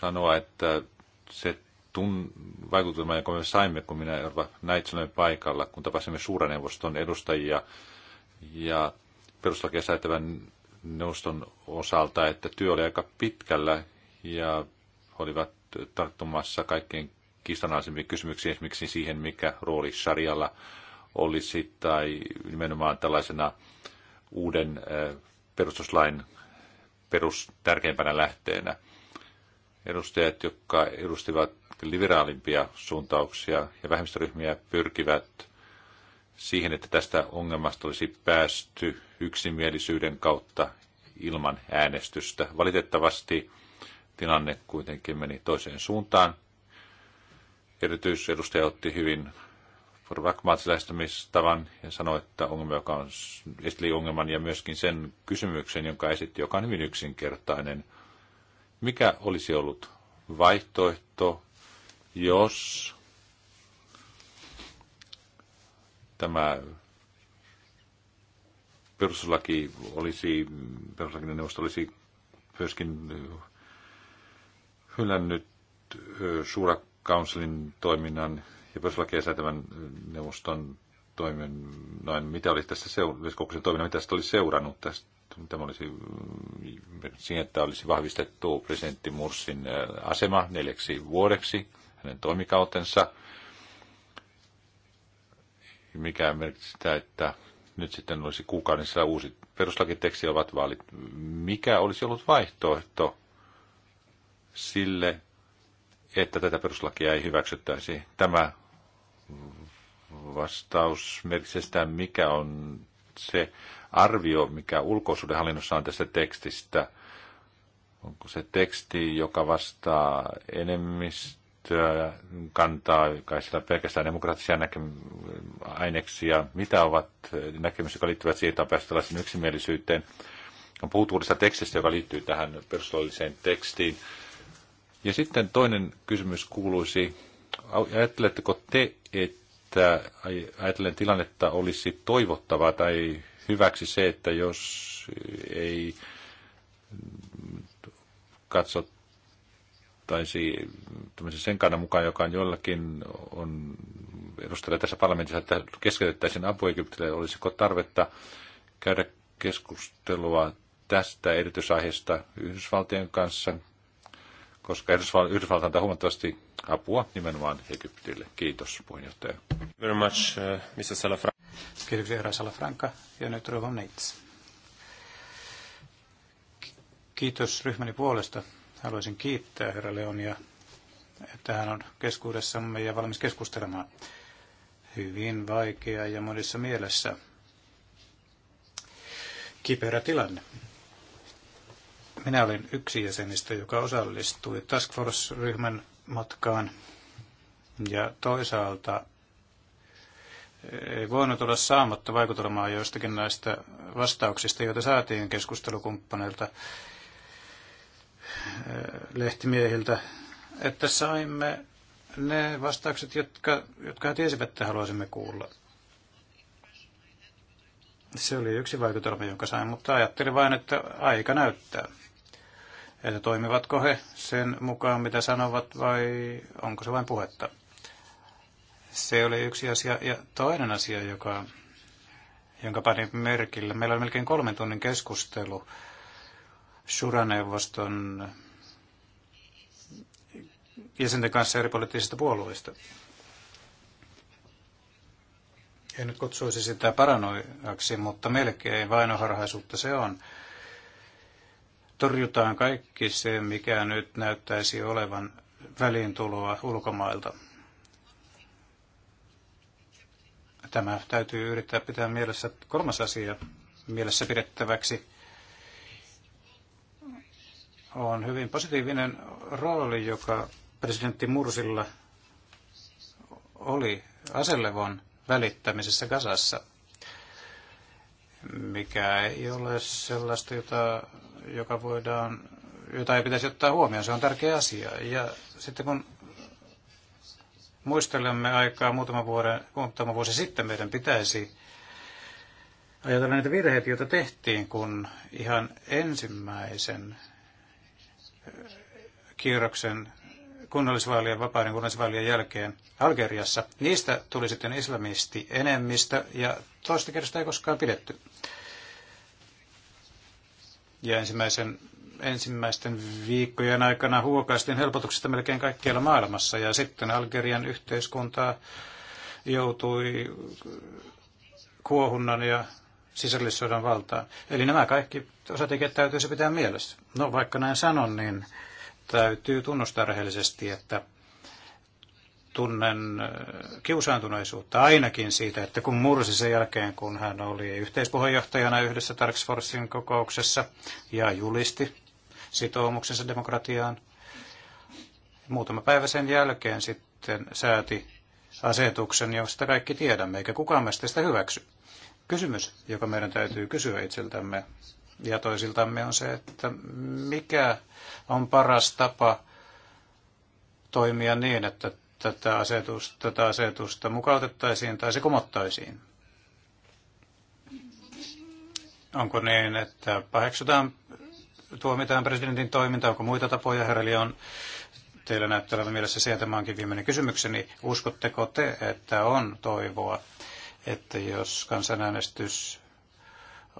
sanoa, että se tun, vaikutelma, jonka me saimme, kun minä Erva Näitsön paikalla, kun tapasimme suuraneuvoston edustajia ja perustuslakia säätävän neuvoston osalta, että työ oli aika pitkällä ja olivat tarttumassa kaikkein kiistanalaisempiin kysymyksiin, esimerkiksi siihen, mikä rooli sarjalla olisi tai nimenomaan tällaisena uuden perustuslain perustärkeimpänä lähteenä. Edustajat, jotka edustivat kohti liberaalimpia suuntauksia ja vähemmistöryhmiä pyrkivät siihen, että tästä ongelmasta olisi päästy yksimielisyyden kautta ilman äänestystä. Valitettavasti tilanne kuitenkin meni toiseen suuntaan. Erityisedustaja otti hyvin pragmaattilähestymistavan ja sanoi, että ongelma, joka on, esitli ongelman ja myöskin sen kysymyksen, jonka esitti, joka on hyvin yksinkertainen. Mikä olisi ollut vaihtoehto jos tämä perustuslaki olisi, perustuslakinen neuvosto olisi myöskin eh, hylännyt eh, suura kaunselin toiminnan ja perustuslakia säätävän eh, neuvoston toimin, noin, mitä olisi tässä seurannut, toiminnan, mitä tästä olisi seurannut tästä? Tämä olisi mm, siihen, että olisi vahvistettu presidentti Mursin asema neljäksi vuodeksi hänen toimikautensa, mikä merkitsi sitä, että nyt sitten olisi kuukauden sisällä uusi perustakiteksti ovat vaalit. Mikä olisi ollut vaihtoehto sille, että tätä peruslakia ei hyväksyttäisi? Tämä vastaus merkitsee sitä, mikä on se arvio, mikä ulkoisuudenhallinnossa on tästä tekstistä. Onko se teksti, joka vastaa enemmistö? käyttöä, kantaa, kai sillä pelkästään demokraattisia näke- aineksia, mitä ovat näkemykset, jotka liittyvät siihen, että on päästy tällaisen yksimielisyyteen. On puhuttu uudesta tekstistä, joka liittyy tähän perustuolliseen tekstiin. Ja sitten toinen kysymys kuuluisi, ajatteletteko te, että ajatellen tilannetta olisi toivottavaa tai hyväksi se, että jos ei katsot ottaisi sen kannan mukaan, joka on jollakin on edustajalla tässä parlamentissa, että keskeytettäisiin apu Egyptille, olisiko tarvetta käydä keskustelua tästä erityisaiheesta Yhdysvaltien kanssa, koska Yhdysval- Yhdysvalta antaa huomattavasti apua nimenomaan Egyptille. Kiitos, puheenjohtaja. Very much, uh, Mr. Salafranca. Kiitoksia, herra Salafranca. Ja nyt Ruvan Kiitos ryhmäni puolesta Haluaisin kiittää herra Leonia, että hän on keskuudessamme ja valmis keskustelemaan. Hyvin vaikea ja monissa mielessä kiperä tilanne. Minä olin yksi jäsenistä, joka osallistui Task Force-ryhmän matkaan ja toisaalta ei voinut olla saamatta vaikutelmaa joistakin näistä vastauksista, joita saatiin keskustelukumppaneilta Eh, lehtimiehiltä, että saimme ne vastaukset, jotka, jotka he tiesivät, että haluaisimme kuulla. Se oli yksi vaikutelma, jonka sain, mutta ajattelin vain, että aika näyttää. Että toimivatko he sen mukaan, mitä sanovat, vai onko se vain puhetta. Se oli yksi asia. Ja toinen asia, joka, jonka panin merkille, meillä oli melkein kolmen tunnin keskustelu suraneuvoston jäsenten kanssa eri poliittisista puolueista. En nyt kutsuisi sitä paranoiaksi, mutta melkein vainoharhaisuutta se on. Torjutaan kaikki se, mikä nyt näyttäisi olevan väliintuloa ulkomailta. Tämä täytyy yrittää pitää mielessä kolmas asia mielessä pidettäväksi on hyvin positiivinen rooli, joka presidentti Mursilla oli aselevon välittämisessä Gazassa, mikä ei ole sellaista, jota, joka voidaan, jota ei pitäisi ottaa huomioon. Se on tärkeä asia. Ja sitten kun muistelemme aikaa muutama, vuoden, muutama vuosi sitten, meidän pitäisi ajatella näitä virheitä, joita tehtiin, kun ihan ensimmäisen kierroksen kunnallisvaalien, vapaiden kunnallisvaalien jälkeen Algeriassa. Niistä tuli sitten islamisti enemmistö ja toista kerrosta ei koskaan pidetty. Ja ensimmäisen, ensimmäisten viikkojen aikana huokaistiin helpotuksesta melkein kaikkialla maailmassa ja sitten Algerian yhteiskunta joutui kuohunnan ja sisällissodan valtaan. Eli nämä kaikki osatekijät se pitää mielessä. No vaikka näin sanon, niin täytyy tunnustaa rehellisesti, että tunnen äh, kiusaantuneisuutta ainakin siitä, että kun mursi sen jälkeen, kun hän oli yhteispuheenjohtajana yhdessä Tarksforsin kokouksessa ja julisti sitoumuksensa demokratiaan, muutama päivä sen jälkeen sitten sääti asetuksen, josta kaikki tiedämme, eikä kukaan meistä sitä hyväksy. Kysymys, joka meidän täytyy kysyä itseltämme ja toisiltamme, on se, että mikä on paras tapa toimia niin, että tätä asetusta, tätä asetusta mukautettaisiin tai se kumottaisiin. Onko niin, että paheksutaan, tuomitaan presidentin toiminta, onko muita tapoja, herra Leon, teillä näyttää olevan mielessä se, että viimeinen kysymykseni. Uskotteko te, että on toivoa että jos kansanäänestys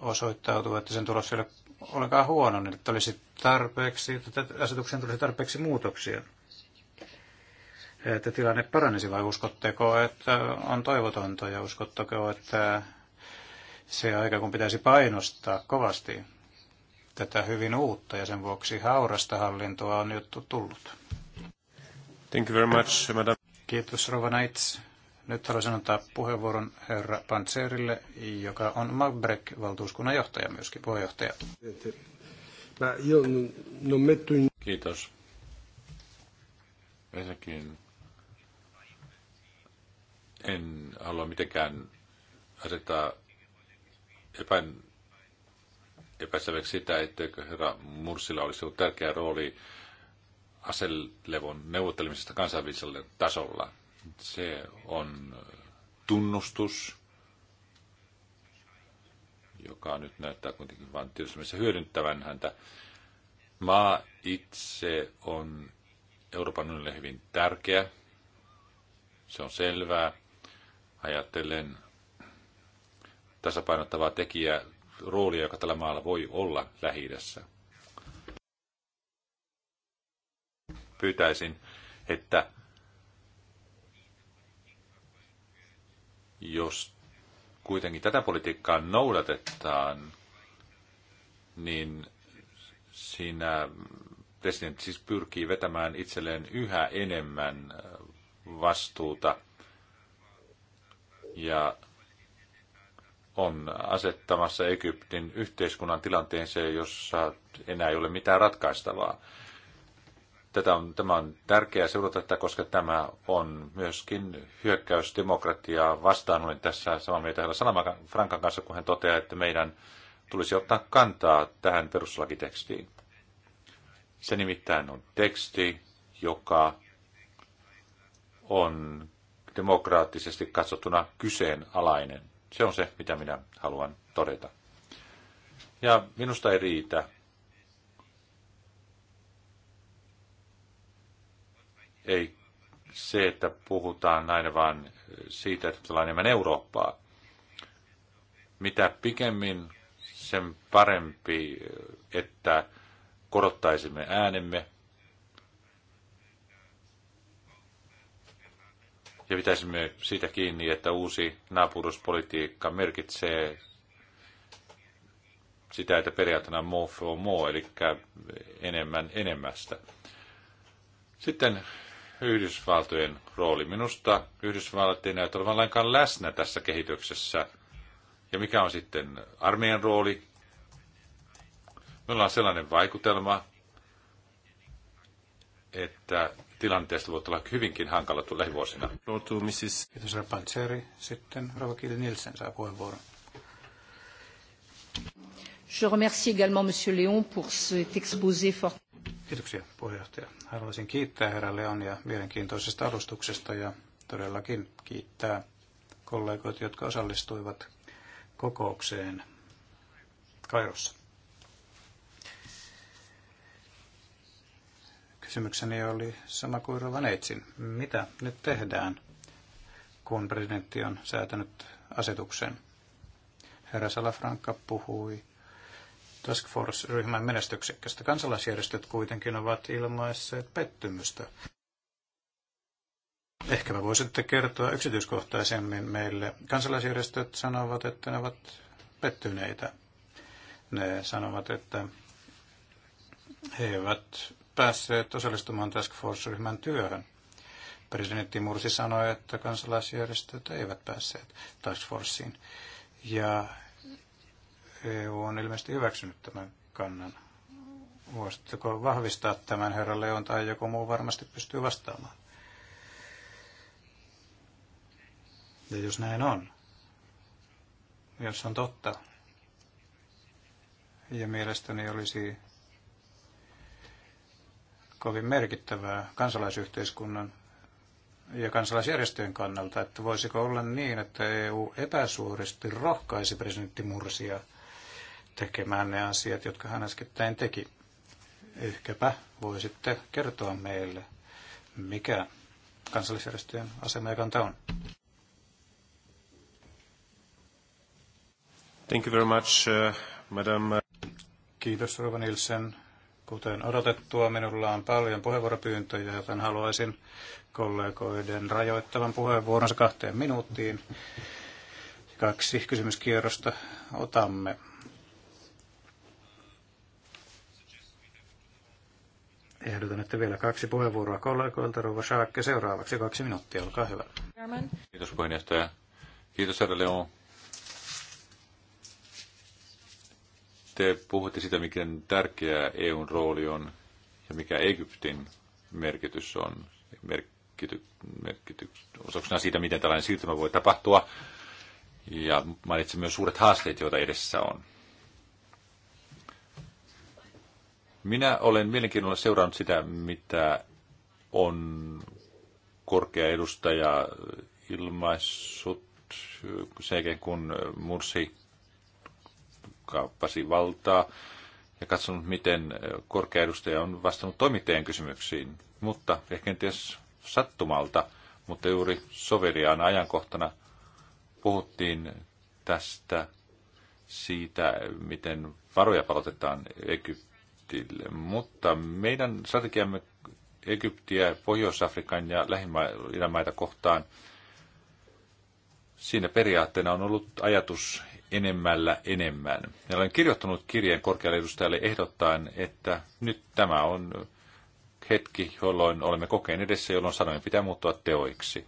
osoittautuu, että sen tulos ei ole ollenkaan huono, niin että olisi tarpeeksi, että asetukseen tulisi tarpeeksi muutoksia, että tilanne paranisi vai uskotteko, että on toivotonta ja uskotteko, että se aika, kun pitäisi painostaa kovasti tätä hyvin uutta ja sen vuoksi haurasta hallintoa on juttu tullut. Thank you very much, madam. Kiitos Rova nyt haluaisin antaa puheenvuoron herra Pantserille, joka on Magbrek-valtuuskunnan johtaja myöskin, puheenjohtaja. Kiitos. Ensinnäkin en halua mitenkään asettaa epä, epäselväksi sitä, etteikö herra Mursilla olisi ollut tärkeä rooli aselevon neuvottelemisesta kansainvälisellä tasolla. Se on tunnustus, joka nyt näyttää kuitenkin vain tietysti hyödyntävän häntä. Maa itse on Euroopan unionille hyvin tärkeä. Se on selvää. Ajattelen tasapainottavaa tekijää, roolia, joka tällä maalla voi olla lähi -idässä. Pyytäisin, että Jos kuitenkin tätä politiikkaa noudatetaan, niin siinä presidentti siis pyrkii vetämään itselleen yhä enemmän äh, vastuuta ja on asettamassa Egyptin yhteiskunnan tilanteeseen, jossa enää ei ole mitään ratkaistavaa. Tätä on, tämä on tärkeää seurata että koska tämä on myöskin hyökkäys demokratiaa vastaan. Olen tässä samaa mieltä herra Salama Frankan kanssa, kun hän toteaa, että meidän tulisi ottaa kantaa tähän peruslakitekstiin. Se nimittäin on teksti, joka on demokraattisesti katsottuna kyseenalainen. Se on se, mitä minä haluan todeta. Ja minusta ei riitä, ei se, että puhutaan aina vaan siitä, että tullaan enemmän Eurooppaa. Mitä pikemmin, sen parempi, että korottaisimme äänemme. Ja pitäisimme siitä kiinni, että uusi naapuruspolitiikka merkitsee sitä, että periaatteena more for more, eli enemmän enemmästä. Sitten Yhdysvaltojen rooli. Minusta Yhdysvallat ei näytä olevan lainkaan läsnä tässä kehityksessä. Ja mikä on sitten armeijan rooli? Meillä on sellainen vaikutelma, että tilanteesta voi olla hyvinkin hankala tulla lähivuosina. Kiitos Rapantseri. Sitten Rova Kiili Nielsen saa puheenvuoron. Je remercie également Monsieur Léon pour cet exposé fort. Kiitoksia puheenjohtaja. Haluaisin kiittää herra Leonia mielenkiintoisesta alustuksesta ja todellakin kiittää kollegoita, jotka osallistuivat kokoukseen Kairossa. Kysymykseni oli sama kuin Eitsin. Mitä nyt tehdään, kun presidentti on säätänyt asetuksen? Herra Salafranka puhui Task Force-ryhmän menestyksekkästä. Kansalaisjärjestöt kuitenkin ovat ilmaisseet pettymystä. Ehkä me voisitte kertoa yksityiskohtaisemmin meille. Kansalaisjärjestöt sanovat, että ne ovat pettyneitä. Ne sanovat, että he eivät päässeet osallistumaan Task Force-ryhmän työhön. Presidentti Mursi sanoi, että kansalaisjärjestöt eivät päässeet Task Forceen. Ja EU on ilmeisesti hyväksynyt tämän kannan. Voisitteko vahvistaa tämän herra Leon tai joku muu varmasti pystyy vastaamaan? Ja jos näin on, jos on totta, ja mielestäni olisi kovin merkittävää kansalaisyhteiskunnan ja kansalaisjärjestöjen kannalta, että voisiko olla niin, että EU epäsuoristi rohkaisi presidentti Mursia – tekemään ne asiat, jotka hän äskettäin teki. Ehkäpä voisitte kertoa meille, mikä kansallisjärjestöjen asema ja kanta on. Thank you very much, uh, madam. Kiitos, Rova Nielsen. Kuten odotettua, minulla on paljon puheenvuoropyyntöjä, joten haluaisin kollegoiden rajoittavan puheenvuoronsa kahteen minuuttiin. Kaksi kysymyskierrosta otamme. Ehdotan, että vielä kaksi puheenvuoroa kollegoilta. Rova Saakke seuraavaksi kaksi minuuttia, olkaa hyvä. Kiitos puheenjohtaja. Kiitos herra Leon. Te puhutte sitä, miten tärkeää EUn rooli on ja mikä Egyptin merkitys on. Merkity, merkity, osauksena siitä, miten tällainen siirtymä voi tapahtua. Ja mainitsin myös suuret haasteet, joita edessä on. Minä olen mielenkiinnolla seurannut sitä, mitä on korkea edustaja ilmaissut sen jälkeen, kun Mursi kauppasi valtaa ja katsonut, miten korkea edustaja on vastannut toimittajien kysymyksiin. Mutta ehkä ties sattumalta, mutta juuri soveriaan ajankohtana puhuttiin tästä siitä, miten varoja palautetaan Egyptiin Egyptille, mutta meidän strategiamme Egyptiä, Pohjois-Afrikan ja lähimaita kohtaan, siinä periaatteena on ollut ajatus enemmällä enemmän. Ja olen kirjoittanut kirjeen korkealle edustajalle ehdottaen, että nyt tämä on hetki, jolloin olemme kokeen edessä, jolloin sanoin pitää muuttua teoiksi.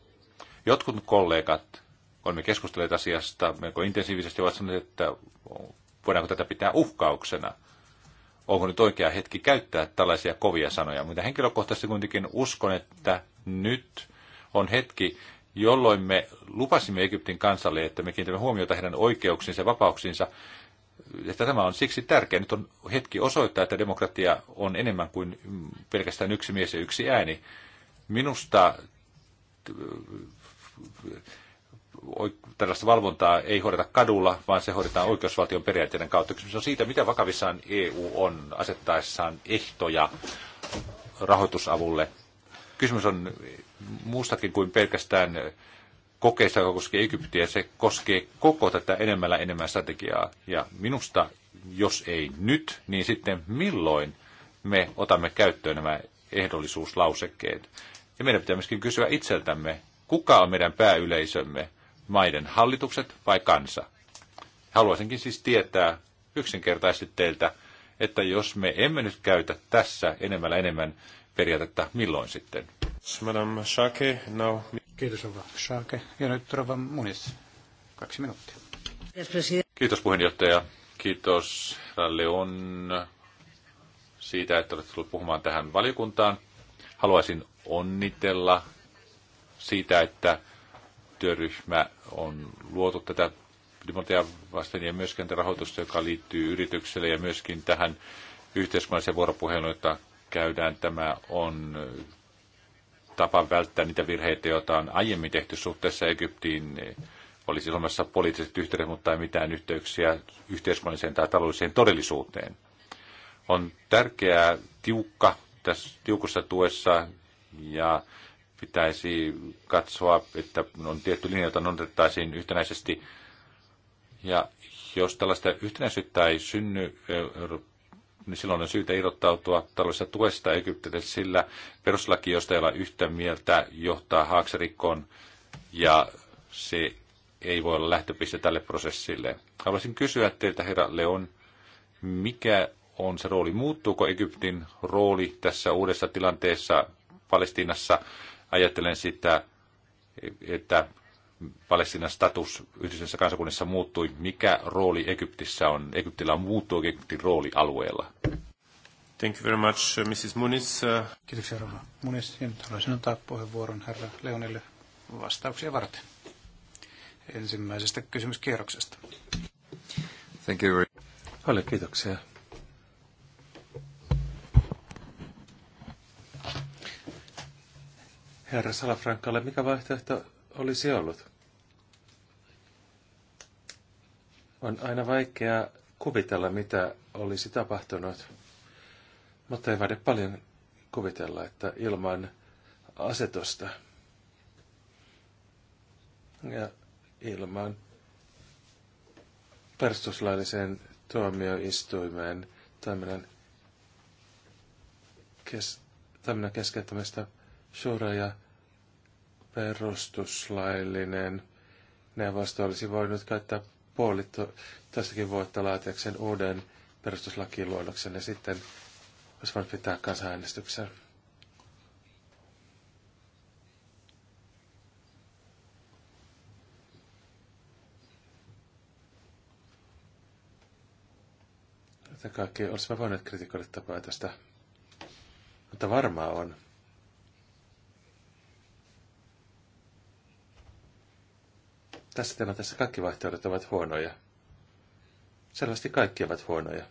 Jotkut kollegat, olemme keskustelleet asiasta melko intensiivisesti, ovat sanoneet, että voidaanko tätä pitää uhkauksena – onko nyt oikea hetki käyttää tällaisia kovia sanoja. Mutta henkilökohtaisesti kuitenkin uskon, että nyt on hetki, jolloin me lupasimme Egyptin kansalle, että me kiinnitämme huomiota heidän oikeuksiinsa ja vapauksiinsa. Että tämä on siksi tärkeä. Nyt on hetki osoittaa, että demokratia on enemmän kuin pelkästään yksi mies ja yksi ääni. Minusta tällaista valvontaa ei hoideta kadulla, vaan se hoidetaan oikeusvaltion periaatteiden kautta. Kysymys on siitä, miten vakavissaan EU on asettaessaan ehtoja rahoitusavulle. Kysymys on muustakin kuin pelkästään kokeista, joka koskee Egyptiä. Se koskee koko tätä enemmällä enemmän strategiaa. Ja minusta, jos ei nyt, niin sitten milloin me otamme käyttöön nämä ehdollisuuslausekkeet? Ja meidän pitää myöskin kysyä itseltämme, kuka on meidän pääyleisömme? maiden hallitukset vai kansa? Haluaisinkin siis tietää yksinkertaisesti teiltä, että jos me emme nyt käytä tässä enemmällä enemmän periaatetta, milloin sitten? Madame Schake, now. Kiitos, Rova Schake. Ja nyt Rova Munis, kaksi minuuttia. Kiitos puheenjohtaja. Kiitos Leon siitä, että olette tullut puhumaan tähän valiokuntaan. Haluaisin onnitella siitä, että työryhmä on luotu tätä demokratiaa vasten ja myöskin tätä rahoitusta, joka liittyy yritykselle ja myöskin tähän yhteiskunnalliseen vuoropuheluun, jota käydään. Tämä on tapa välttää niitä virheitä, joita on aiemmin tehty suhteessa Egyptiin. Olisi olemassa poliittiset yhteydet, mutta ei mitään yhteyksiä yhteiskunnalliseen tai taloudelliseen todellisuuteen. On tärkeää tiukka tässä tiukussa tuessa ja pitäisi katsoa, että on tietty linja, jota noudatettaisiin yhtenäisesti. Ja jos tällaista yhtenäisyyttä ei synny, niin silloin on syytä irrottautua taloudellisesta tuesta Egyptille, sillä peruslaki, josta ei ole yhtä mieltä, johtaa haaksirikkoon ja se ei voi olla lähtöpiste tälle prosessille. Haluaisin kysyä teiltä, herra Leon, mikä on se rooli? Muuttuuko Egyptin rooli tässä uudessa tilanteessa Palestiinassa Ajattelen sitä, että Palestinan status yhdessä kansakunnassa muuttui. Mikä rooli Egyptissä on? Egyptillä on muuttuu Egyptin rooli alueella. Thank you very much, uh, Mrs. Muniz. Uh, kiitoksia, Rova Muniz. Ja nyt haluaisin antaa puheenvuoron herra Leonille vastauksia varten ensimmäisestä kysymyskierroksesta. Thank you. very. Paljon kiitoksia. herra Salafrankalle, mikä vaihtoehto olisi ollut? On aina vaikea kuvitella, mitä olisi tapahtunut, mutta ei vaide paljon kuvitella, että ilman asetusta ja ilman perustuslailliseen tuomioistuimeen toiminnan, kes, toiminnan keskeyttämistä – suora ja perustuslaillinen neuvosto olisi voinut käyttää tästäkin vuotta laatiakseen uuden perustuslakiluonnoksen ja sitten olisi voinut pitää kansanäänestyksen. Että kaikki olisimme voineet kritikoida päätöstä. Mutta varmaa on, Tässä tilanteessa kaikki vaihtoehdot ovat huonoja. Selvästi kaikki ovat huonoja.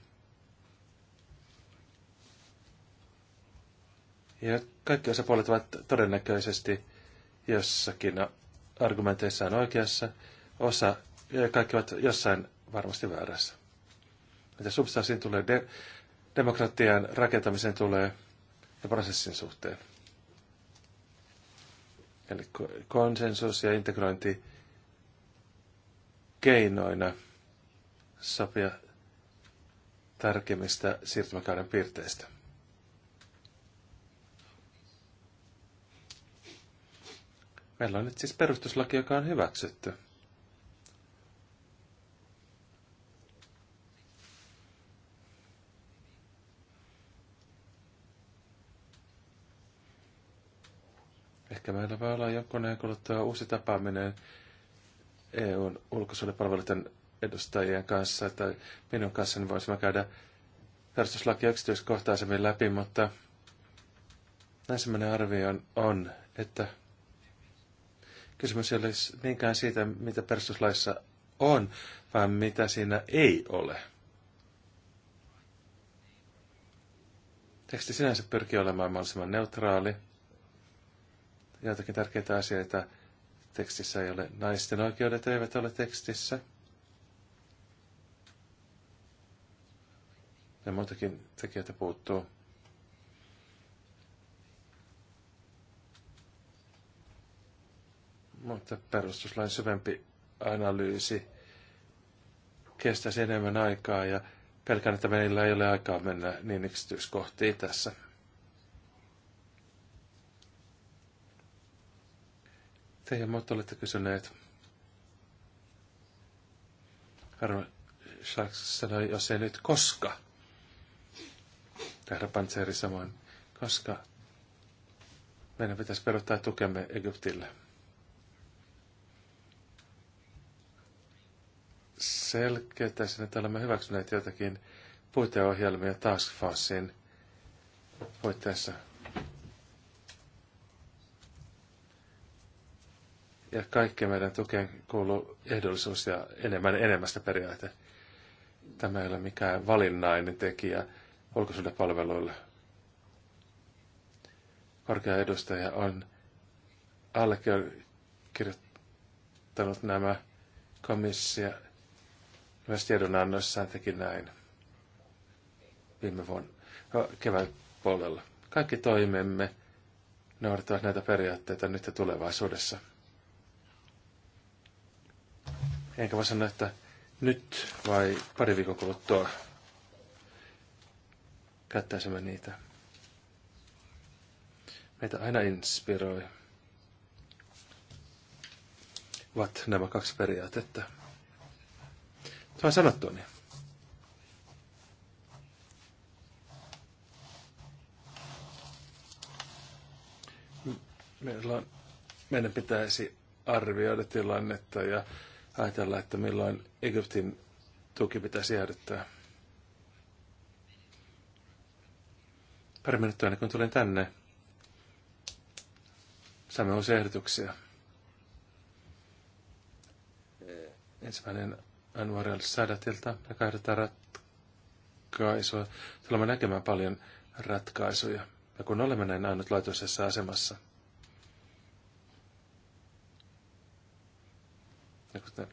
Ja kaikki osapuolet ovat todennäköisesti jossakin argumenteissaan oikeassa, osa ja kaikki ovat jossain varmasti väärässä. Mitä substanssiin tulee, de- demokratian rakentamiseen tulee ja prosessin suhteen. Eli konsensus ja integrointi keinoina sopia tarkemmista siirtymäkauden piirteistä. Meillä on nyt siis perustuslaki, joka on hyväksytty. Ehkä meillä voi olla jonkun ajan kuluttua uusi tapaaminen EUn ulkosuudepalveluiden edustajien kanssa tai minun kanssa, niin voisimme käydä perustuslaki yksityiskohtaisemmin läpi, mutta ensimmäinen arvio on, että kysymys ei olisi niinkään siitä, mitä perustuslaissa on, vaan mitä siinä ei ole. Teksti sinänsä pyrkii olemaan mahdollisimman neutraali. Joitakin tärkeitä asioita tekstissä ei ole. Naisten oikeudet eivät ole tekstissä. Ja muitakin tekijöitä puuttuu. Mutta perustuslain syvempi analyysi kestäisi enemmän aikaa ja pelkään, että meillä ei ole aikaa mennä niin yksityiskohtiin tässä. te ja muut olette kysyneet. Karl Schachs sanoi, jos ei nyt koska. Herra Pantseri samoin, koska meidän pitäisi peruttaa tukemme Egyptille. Selkeytäisin, että olemme hyväksyneet jotakin puiteohjelmia Task Forcein puitteissa – Ja kaikki meidän tukeen kuuluu ehdollisuus ja enemmän enemmästä periaate. Tämä ei ole mikään valinnainen tekijä palveluilla? Korkea edustaja on allekirjoittanut nämä komissia. myös tiedonannoissaan teki näin viime vuonna no, kevään puolella. Kaikki toimemme noudattavat näitä periaatteita nyt ja tulevaisuudessa. Enkä mä sano, että nyt vai pari viikon kuluttua käyttäisimme niitä. Meitä aina inspiroi ovat nämä kaksi periaatetta. on sanottu niin. Meillä on, meidän pitäisi arvioida tilannetta ja ajatella, että milloin Egyptin tuki pitäisi jäädyttää. Pari minuuttia ennen kuin tulin tänne, saimme uusia ehdotuksia. Ensimmäinen Anwarel sadatilta joka ehdottaa ratkaisua. Tulemme näkemään paljon ratkaisuja. Ja kun olemme näin ainutlaatuisessa asemassa – Ja kuten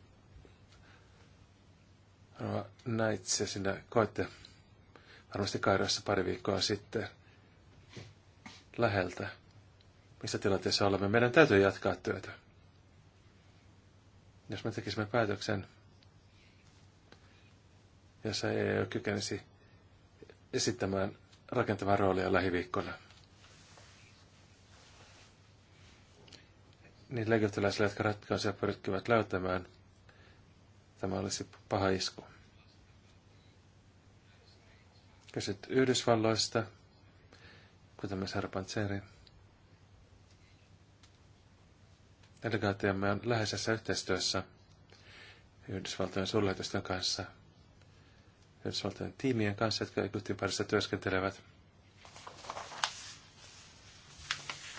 Rova Naitse, sinä koitte varmasti Kairassa pari viikkoa sitten läheltä, missä tilanteessa olemme. Meidän täytyy jatkaa työtä. Jos me tekisimme päätöksen, jossa ei ole kykenisi esittämään rakentavaa roolia lähiviikkona – Niin egyptiläisille, jotka ratkaisuja pyrkivät löytämään, tämä olisi paha isku. Kysyt Yhdysvalloista, kuten myös herra Pantseri. Delegaatiomme on läheisessä yhteistyössä Yhdysvaltojen suurlähetystön kanssa, Yhdysvaltojen tiimien kanssa, jotka Egyptin parissa työskentelevät –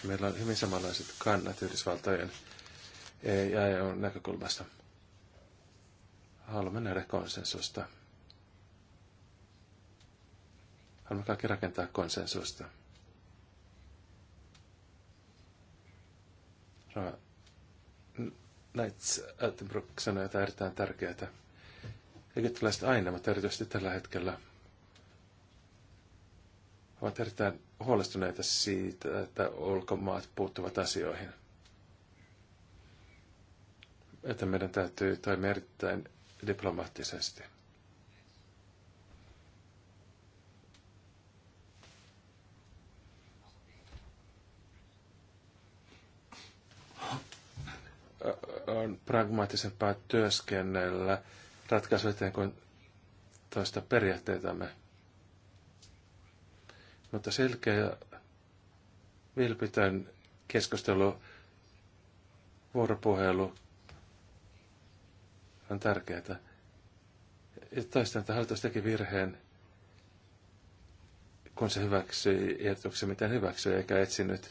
meillä on hyvin samanlaiset kannat Yhdysvaltojen ja EUn näkökulmasta. Haluamme nähdä konsensusta. Haluamme kaikki rakentaa konsensusta. Näitä Altenbrook sanoi jotain erittäin tärkeää. Egyptiläiset aina, mutta erityisesti tällä hetkellä – ovat erittäin huolestuneita siitä, että ulkomaat puuttuvat asioihin. Että meidän täytyy toimia erittäin diplomaattisesti. On pragmaattisempaa työskennellä ratkaisuja kuin toista periaatteitamme. Mutta selkeä vilpitön keskustelu, vuoropuhelu on tärkeää. Ja toistan, että hallitus teki virheen, kun se hyväksyi ehdotuksen, miten hyväksyi, eikä etsinyt,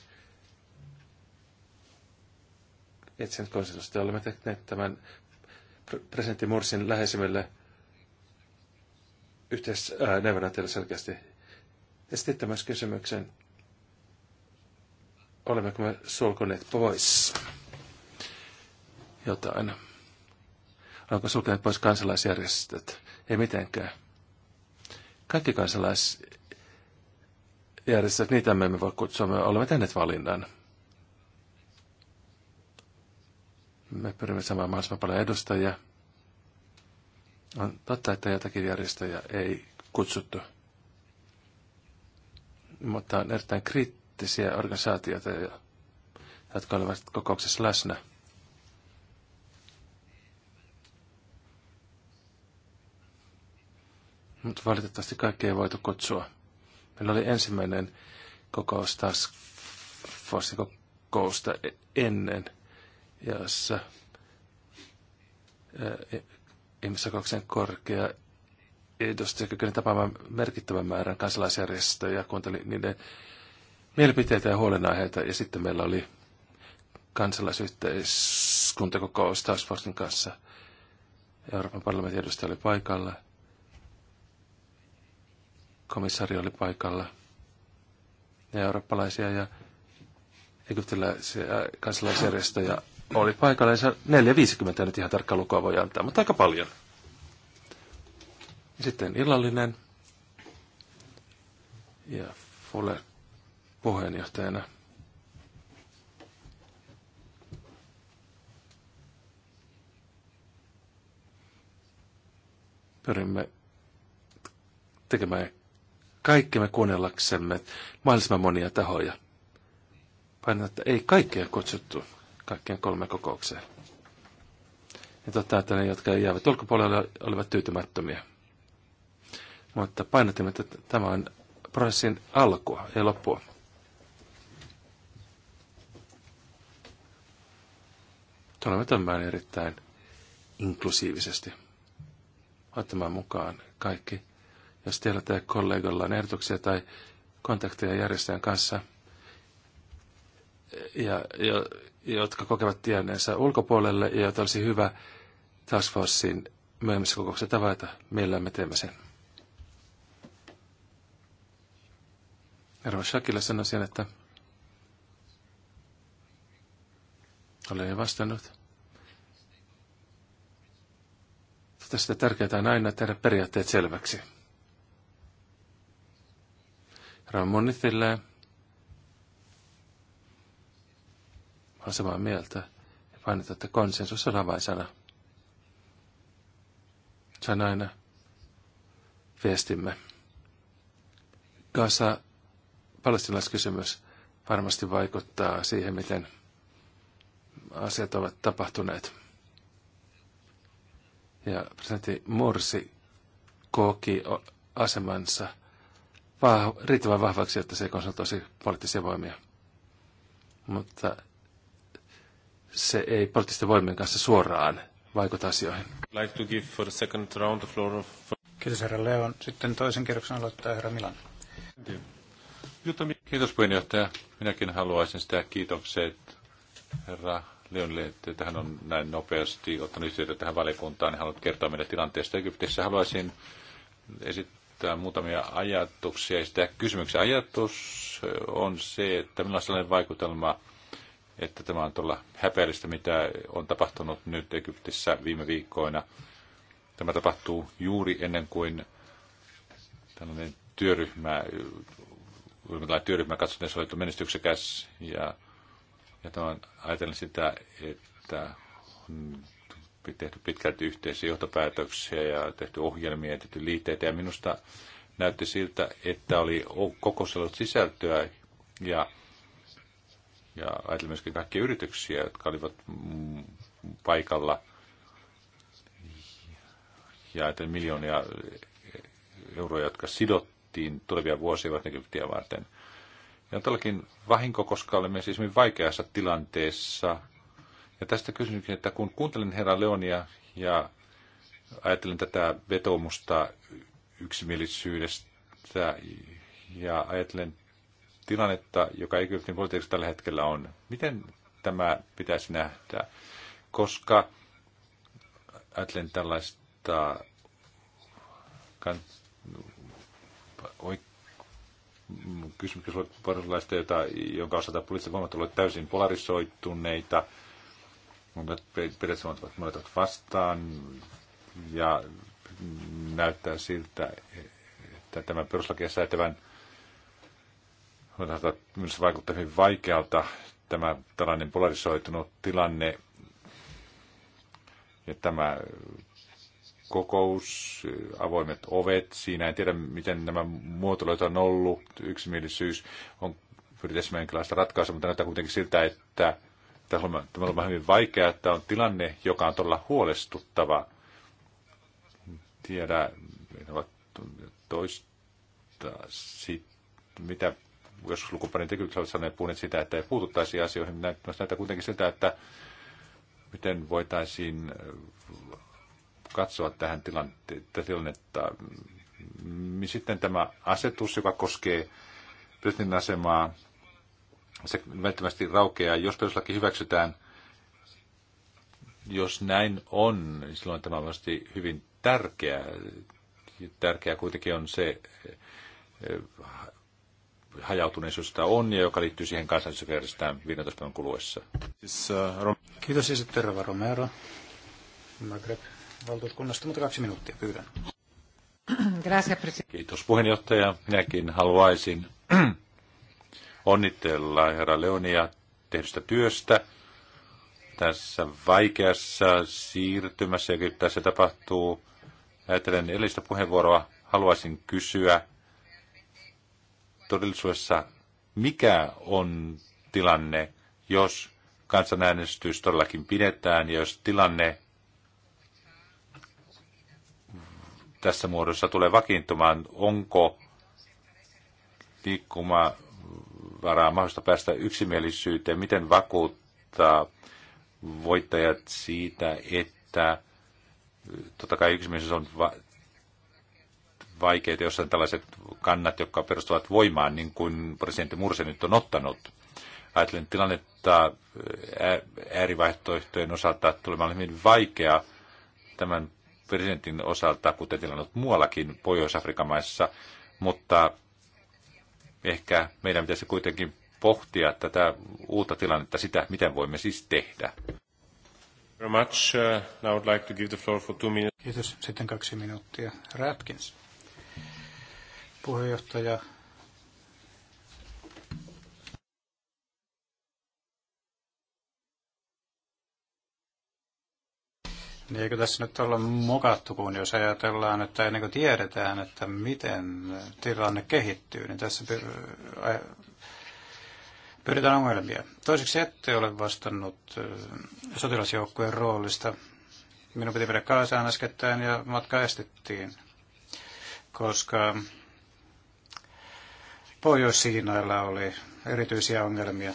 etsinyt konsensusta. Olemme tehneet tämän presidentti Mursin läheisimmille yhteisneuvonantajille äh, selkeästi esittämässä kysymyksen, olemmeko me sulkuneet pois jotain. Onko sulkeneet pois kansalaisjärjestöt? Ei mitenkään. Kaikki kansalaisjärjestöt, niitä me emme voi kutsua, me olemme tehneet valinnan. Me pyrimme saamaan mahdollisimman paljon edustajia. On totta, että jotakin järjestöjä ei kutsuttu mutta on erittäin kriittisiä organisaatioita, jotka olivat kokouksessa läsnä. Mutta valitettavasti kaikki ei voitu kutsua. Meillä oli ensimmäinen kokous taas kokousta e- ennen, jossa ihmisoikeuksien korkea edustaja kykeni tapaamaan merkittävän määrän kansalaisjärjestöjä, kuunteli niiden mielipiteitä ja huolenaiheita. Ja sitten meillä oli kansalaisyhteiskuntakokous Task kanssa. Euroopan parlamentin edustaja oli paikalla. Komissaari oli paikalla. Ja eurooppalaisia ja egyptiläisiä kansalaisjärjestöjä oli paikalla. Ja 450 nyt ihan tarkkaa lukua voi antaa, mutta aika paljon. Ja sitten illallinen ja Fuller puheenjohtajana. Pyrimme tekemään me kuunnellaksemme mahdollisimman monia tahoja. Painan, että ei kaikkea kutsuttu kaikkien kolme kokoukseen. Ja totta, että ne, jotka jäävät ulkopuolelle, olivat tyytymättömiä. Mutta painotimme, että tämä on prosessin alkua, ja loppua. Tulemme tämän erittäin inklusiivisesti ottamaan mukaan kaikki. Jos teillä tai kollegalla on ehdotuksia tai kontakteja järjestäjän kanssa, ja, ja, jotka kokevat tienneensä ulkopuolelle ja joita olisi hyvä Task Forcein myöhemmissä kokouksissa tavata, millä me teemme sen. Erva Shakille sen asian, että olen jo vastannut. Tästä tärkeää on aina tehdä periaatteet selväksi. Ramonitille on samaa mieltä ja painot, että konsensus on avaisana. Se on aina viestimme. Gaza palestinaiskysymys varmasti vaikuttaa siihen, miten asiat ovat tapahtuneet. Ja presidentti Morsi koki asemansa vah- riittävän vahvaksi, että se konsultoisi poliittisia voimia. Mutta se ei poliittisten voimien kanssa suoraan vaikuta asioihin. Like to give for second round the floor of... Kiitos herra Leon. Sitten toisen kierroksen aloittaa herra Milan. Kiitos. Kiitos puheenjohtaja. Minäkin haluaisin sitä kiitokset herra Leonille, että hän on näin nopeasti ottanut yhteyttä tähän valiokuntaan ja halunnut kertoa meille tilanteesta Egyptissä. Haluaisin esittää muutamia ajatuksia ja sitä kysymyksiä. Ajatus on se, että minulla on sellainen vaikutelma, että tämä on tuolla häpeällistä, mitä on tapahtunut nyt Egyptissä viime viikkoina. Tämä tapahtuu juuri ennen kuin tällainen työryhmä työryhmä katsotaan, se oli menestyksekäs ja, ja tämän, ajatellen sitä, että on tehty pitkälti yhteisiä johtopäätöksiä ja tehty ohjelmia ja tehty liitteitä ja minusta näytti siltä, että oli koko sisältöä ja, ja ajattelin myöskin kaikkia yrityksiä, jotka olivat mm, paikalla ja ajattelin miljoonia euroja, jotka sidottiin budjettiin tulevia vuosia varten varten. Ja on todellakin vahinko, koska olemme siis hyvin vaikeassa tilanteessa. Ja tästä kysynkin, että kun kuuntelin herra Leonia ja ajattelin tätä vetoomusta yksimielisyydestä ja ajattelen tilannetta, joka Egyptin politiikassa tällä hetkellä on. Miten tämä pitäisi nähdä? Koska ajattelen tällaista kysymys portugalaisista, jota, jonka osalta poliittiset voimat ovat täysin polarisoituneita. Periaatteessa ovat monet vastaan ja näyttää siltä, että tämä peruslakia säätävän myös vaikuttaa hyvin vaikealta tämä tällainen polarisoitunut tilanne ja tämä kokous, avoimet ovet. Siinä en tiedä, miten nämä muotoilut on ollut. Yksimielisyys on pyritessä jonkinlaista ratkaisua, mutta näyttää kuitenkin siltä, että tämä on hyvin vaikea, että on tilanne, joka on todella huolestuttava. Tiedä, ne ovat toista sitten, mitä joskus lukuparin tekyksellä olet sanoneet puhuneet sitä, että ei puututtaisi asioihin. Näyttää kuitenkin siltä, että miten voitaisiin katsoa tähän tilannetta. Mm, sitten tämä asetus, joka koskee presidentin asemaa, se välttämättä raukeaa, jos peruslaki hyväksytään. Jos näin on, niin silloin tämä on varmasti hyvin tärkeää. Tärkeää kuitenkin on se eh, hajautuneisuus, jota on ja joka liittyy siihen kansallisessa järjestetään 15 päivän kuluessa. Siis, eh, Kiitos Terva Romero. Magreb valtuuskunnasta, mutta kaksi minuuttia pyydän. Kiitos puheenjohtaja. Minäkin haluaisin onnitella herra Leonia tehdystä työstä tässä vaikeassa siirtymässä, joka tässä tapahtuu. Ajattelen edellistä puheenvuoroa, haluaisin kysyä todellisuudessa, mikä on tilanne, jos kansanäänestys todellakin pidetään ja jos tilanne tässä muodossa tulee vakiintumaan? Onko varaa mahdollista päästä yksimielisyyteen? Miten vakuuttaa voittajat siitä, että totta kai yksimielisyys on va- vaikeita, jos on tällaiset kannat, jotka perustuvat voimaan, niin kuin presidentti Murse nyt on ottanut. Ajattelen tilannetta äärivaihtoehtojen osalta tulemaan hyvin vaikea tämän presidentin osalta, kuten tilanne on muuallakin Pohjois-Afrikan maissa, mutta ehkä meidän pitäisi kuitenkin pohtia tätä uutta tilannetta, sitä, miten voimme siis tehdä. Kiitos. Sitten kaksi minuuttia. Ratkins. Puheenjohtaja, Niin eikö tässä nyt olla mokattu, kun jos ajatellaan, että ennen kuin tiedetään, että miten tilanne kehittyy, niin tässä pyritään ongelmia. Toiseksi ette ole vastannut äh, sotilasjoukkueen roolista. Minun piti viedä Kaasaan äskettäin ja matka estettiin, koska Pohjois-Siinailla oli erityisiä ongelmia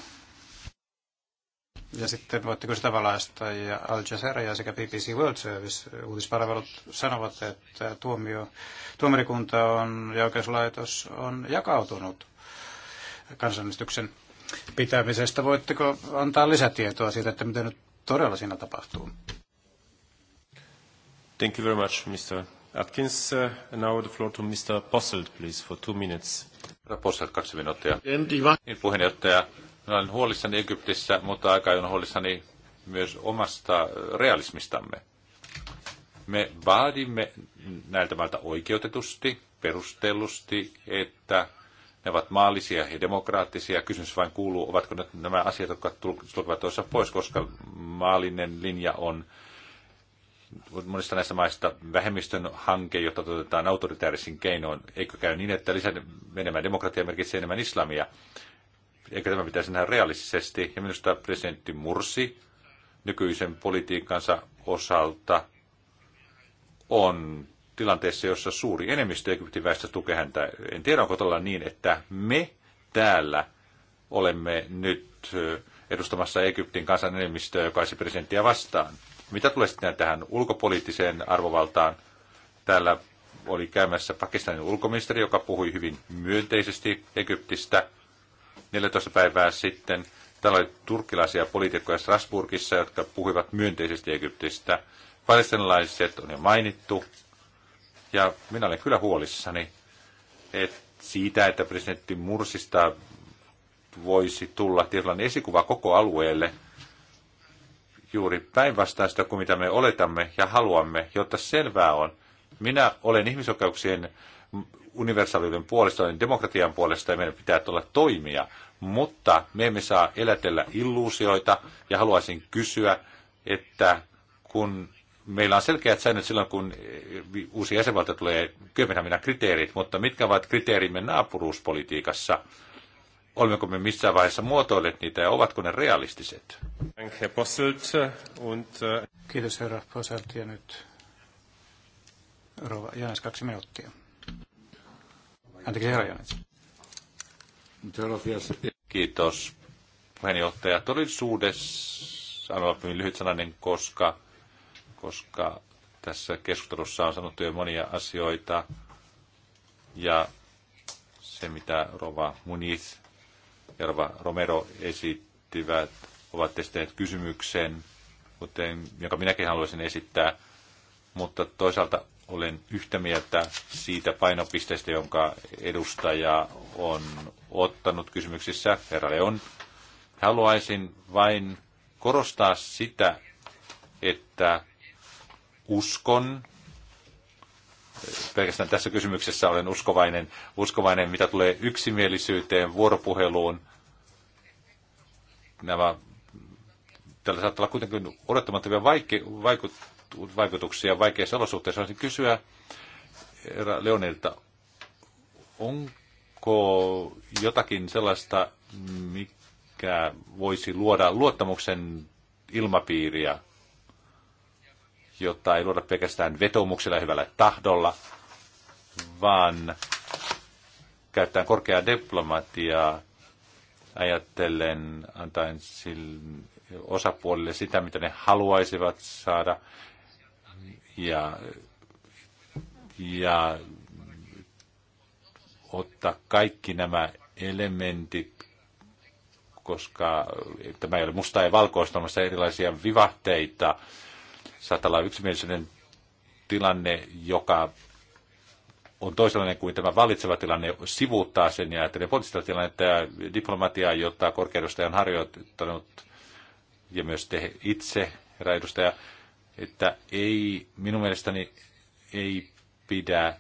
ja sitten voitteko sitä valaista, ja Al Jazeera ja sekä BBC World Service uutispalvelut sanovat, että tuomio, tuomarikunta on, ja oikeuslaitos on jakautunut kansanistuksen pitämisestä. Voitteko antaa lisätietoa siitä, että mitä nyt todella siinä tapahtuu? Thank you very much, Mr. Atkins. Uh, now the floor to Mr. Posselt, please, for two minutes. Herra Posselt, kaksi minuuttia. Niin, puheenjohtaja minä olen huolissani Egyptissä, mutta aika ajoin huolissani myös omasta äh, realismistamme. Me vaadimme näiltä mailta oikeutetusti, perustellusti, että ne ovat maallisia ja demokraattisia. Kysymys vain kuuluu, ovatko nämä asiat, jotka tulevat toisessa pois, koska maallinen linja on monista näistä maista vähemmistön hanke, jota toteutetaan autoritäärisin keinoin. Eikö käy niin, että lisää menemään demokratia merkitsee enemmän islamia? eikä tämä pitäisi nähdä realistisesti. Ja minusta presidentti Mursi nykyisen politiikkansa osalta on tilanteessa, jossa suuri enemmistö Egyptin väestöstä tukee häntä. En tiedä, onko todella niin, että me täällä olemme nyt edustamassa Egyptin kansan enemmistöä, joka olisi presidenttiä vastaan. Mitä tulee sitten tähän ulkopoliittiseen arvovaltaan? Täällä oli käymässä Pakistanin ulkoministeri, joka puhui hyvin myönteisesti Egyptistä – 14 päivää sitten täällä oli turkkilaisia poliitikkoja Strasbourgissa, jotka puhuivat myönteisesti Egyptistä. Palestinalaiset on jo mainittu. Ja minä olen kyllä huolissani että siitä, että presidentti Mursista voisi tulla tietynlainen esikuva koko alueelle juuri päinvastaista kuin mitä me oletamme ja haluamme, jotta selvää on. Minä olen ihmisoikeuksien universaalisuuden puolesta, ja niin demokratian puolesta ja meidän pitää tulla toimia, mutta me emme saa elätellä illuusioita ja haluaisin kysyä, että kun meillä on selkeät säännöt silloin, kun eh, uusi jäsenvaltio tulee Kööpenhaminan kriteerit, mutta mitkä ovat kriteerimme naapuruuspolitiikassa? Olemmeko me missään vaiheessa muotoilleet niitä ja ovatko ne realistiset? Äh, Kiitos herra Posselt ja nyt Rova Janes kaksi minuuttia. Anteeksi, herra Janets. Kiitos, puheenjohtaja. Todellisuudessa, aivan hyvin lyhyt sananen, koska, koska tässä keskustelussa on sanottu jo monia asioita. Ja se, mitä Rova Muniz ja Rova Romero esittivät, ovat esittäneet kysymyksen, kuten, jonka minäkin haluaisin esittää. Mutta toisaalta olen yhtä mieltä siitä painopisteestä, jonka edustaja on ottanut kysymyksissä. Herra Leon, haluaisin vain korostaa sitä, että uskon, pelkästään tässä kysymyksessä olen uskovainen, uskovainen mitä tulee yksimielisyyteen, vuoropuheluun. Nämä tällä saattaa olla kuitenkin odottamattomia vaike- vaikut- vaikutuksia vaikeissa olosuhteissa. Haluaisin kysyä Leonilta, onko jotakin sellaista, mikä voisi luoda luottamuksen ilmapiiriä, jotta ei luoda pelkästään vetomuksella ja hyvällä tahdolla, vaan käyttää korkeaa diplomatiaa ajatellen, antaen osapuolille sitä, mitä ne haluaisivat saada ja, ja ottaa kaikki nämä elementit, koska tämä ei ole musta ja valkoista, on erilaisia vivahteita. Saattaa olla yksimielisyyden tilanne, joka on toisenlainen kuin tämä vallitseva tilanne, sivuuttaa sen ja ajattelee poliittista tilannetta ja diplomatiaa, jota korkeudustaja on harjoittanut ja myös te itse, herra edustaja, että ei, minun mielestäni ei pidä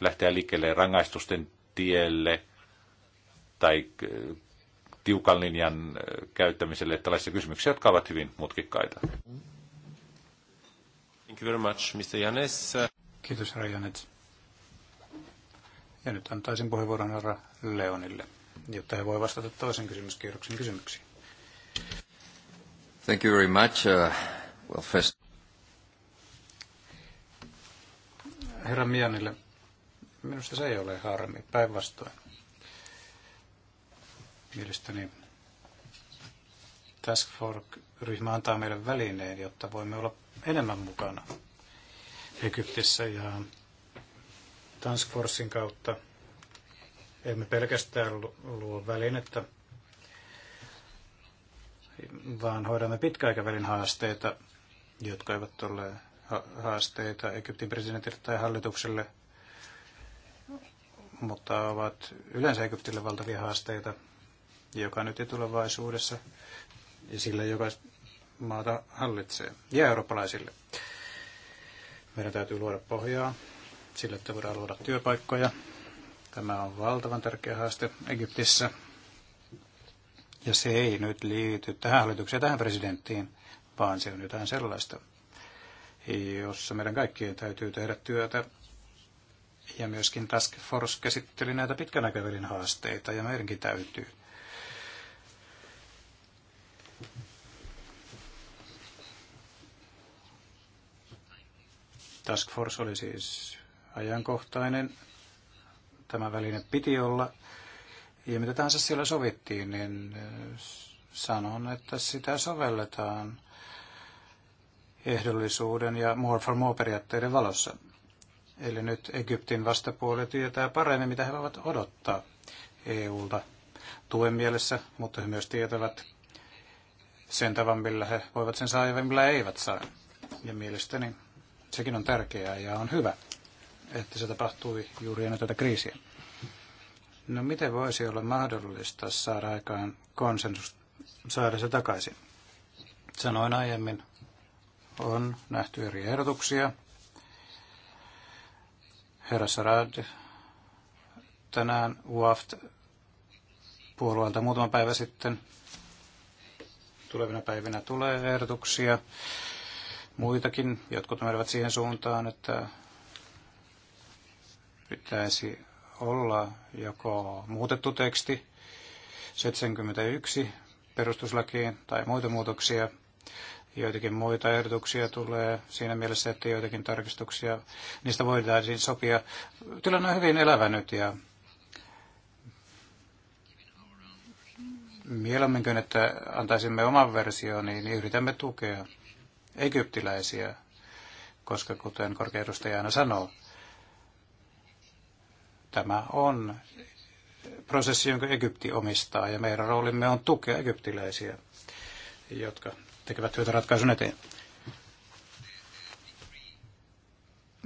lähteä liikkeelle rangaistusten tielle tai äh, tiukan linjan äh, käyttämiselle tällaisia kysymyksiä, jotka ovat hyvin mutkikkaita. Thank you very much, Mr. Janes. Kiitos, herra Janes. Ja nyt antaisin puheenvuoron herra Leonille, jotta he voi vastata toisen kysymyskierroksen kysymyksiin. Thank you very much. Uh, well, first... Herra Mianille, minusta se ei ole harmi, päinvastoin. Mielestäni Task Force-ryhmä antaa meille välineen, jotta voimme olla enemmän mukana Egyptissä ja Task Forcein kautta emme pelkästään luo välinettä vaan hoidamme pitkäaikavälin haasteita, jotka eivät ole haasteita Egyptin presidentille tai hallitukselle, mutta ovat yleensä Egyptille valtavia haasteita, joka nyt ja tulevaisuudessa ja sillä joka maata hallitsee ja eurooppalaisille. Meidän täytyy luoda pohjaa sille, että voidaan luoda työpaikkoja. Tämä on valtavan tärkeä haaste Egyptissä. Ja se ei nyt liity tähän hallitukseen tähän presidenttiin, vaan se on jotain sellaista, jossa meidän kaikkien täytyy tehdä työtä. Ja myöskin Task Force käsitteli näitä pitkän aikavälin haasteita, ja meidänkin täytyy. Task Force oli siis ajankohtainen. Tämä väline piti olla ja mitä tahansa siellä sovittiin, niin eh, sanon, että sitä sovelletaan ehdollisuuden ja more for more periaatteiden valossa. Eli nyt Egyptin vastapuoli tietää paremmin, mitä he voivat odottaa EUlta tuen mielessä, mutta he myös tietävät sen tavan, millä he voivat sen saada ja millä eivät saa. Ja mielestäni sekin on tärkeää ja on hyvä, että se tapahtui juuri ennen tätä kriisiä. No miten voisi olla mahdollista saada aikaan konsensus, saada se takaisin? Sanoin aiemmin, on nähty eri ehdotuksia. Herra Sarad tänään UAFT puolueelta muutama päivä sitten. Tulevina päivinä tulee ehdotuksia. Muitakin, jotkut menevät siihen suuntaan, että pitäisi olla joko muutettu teksti 71 perustuslakiin tai muita muutoksia. Joitakin muita ehdotuksia tulee siinä mielessä, että joitakin tarkistuksia, niistä voidaan siis sopia. Tilanne on hyvin elävä nyt ja mieluummin kuin, että antaisimme oman versioon, niin yritämme tukea egyptiläisiä, koska kuten korkea aina sanoo, Tämä on prosessi, jonka Egypti omistaa, ja meidän roolimme on tukea egyptiläisiä, jotka tekevät työtä ratkaisun eteen.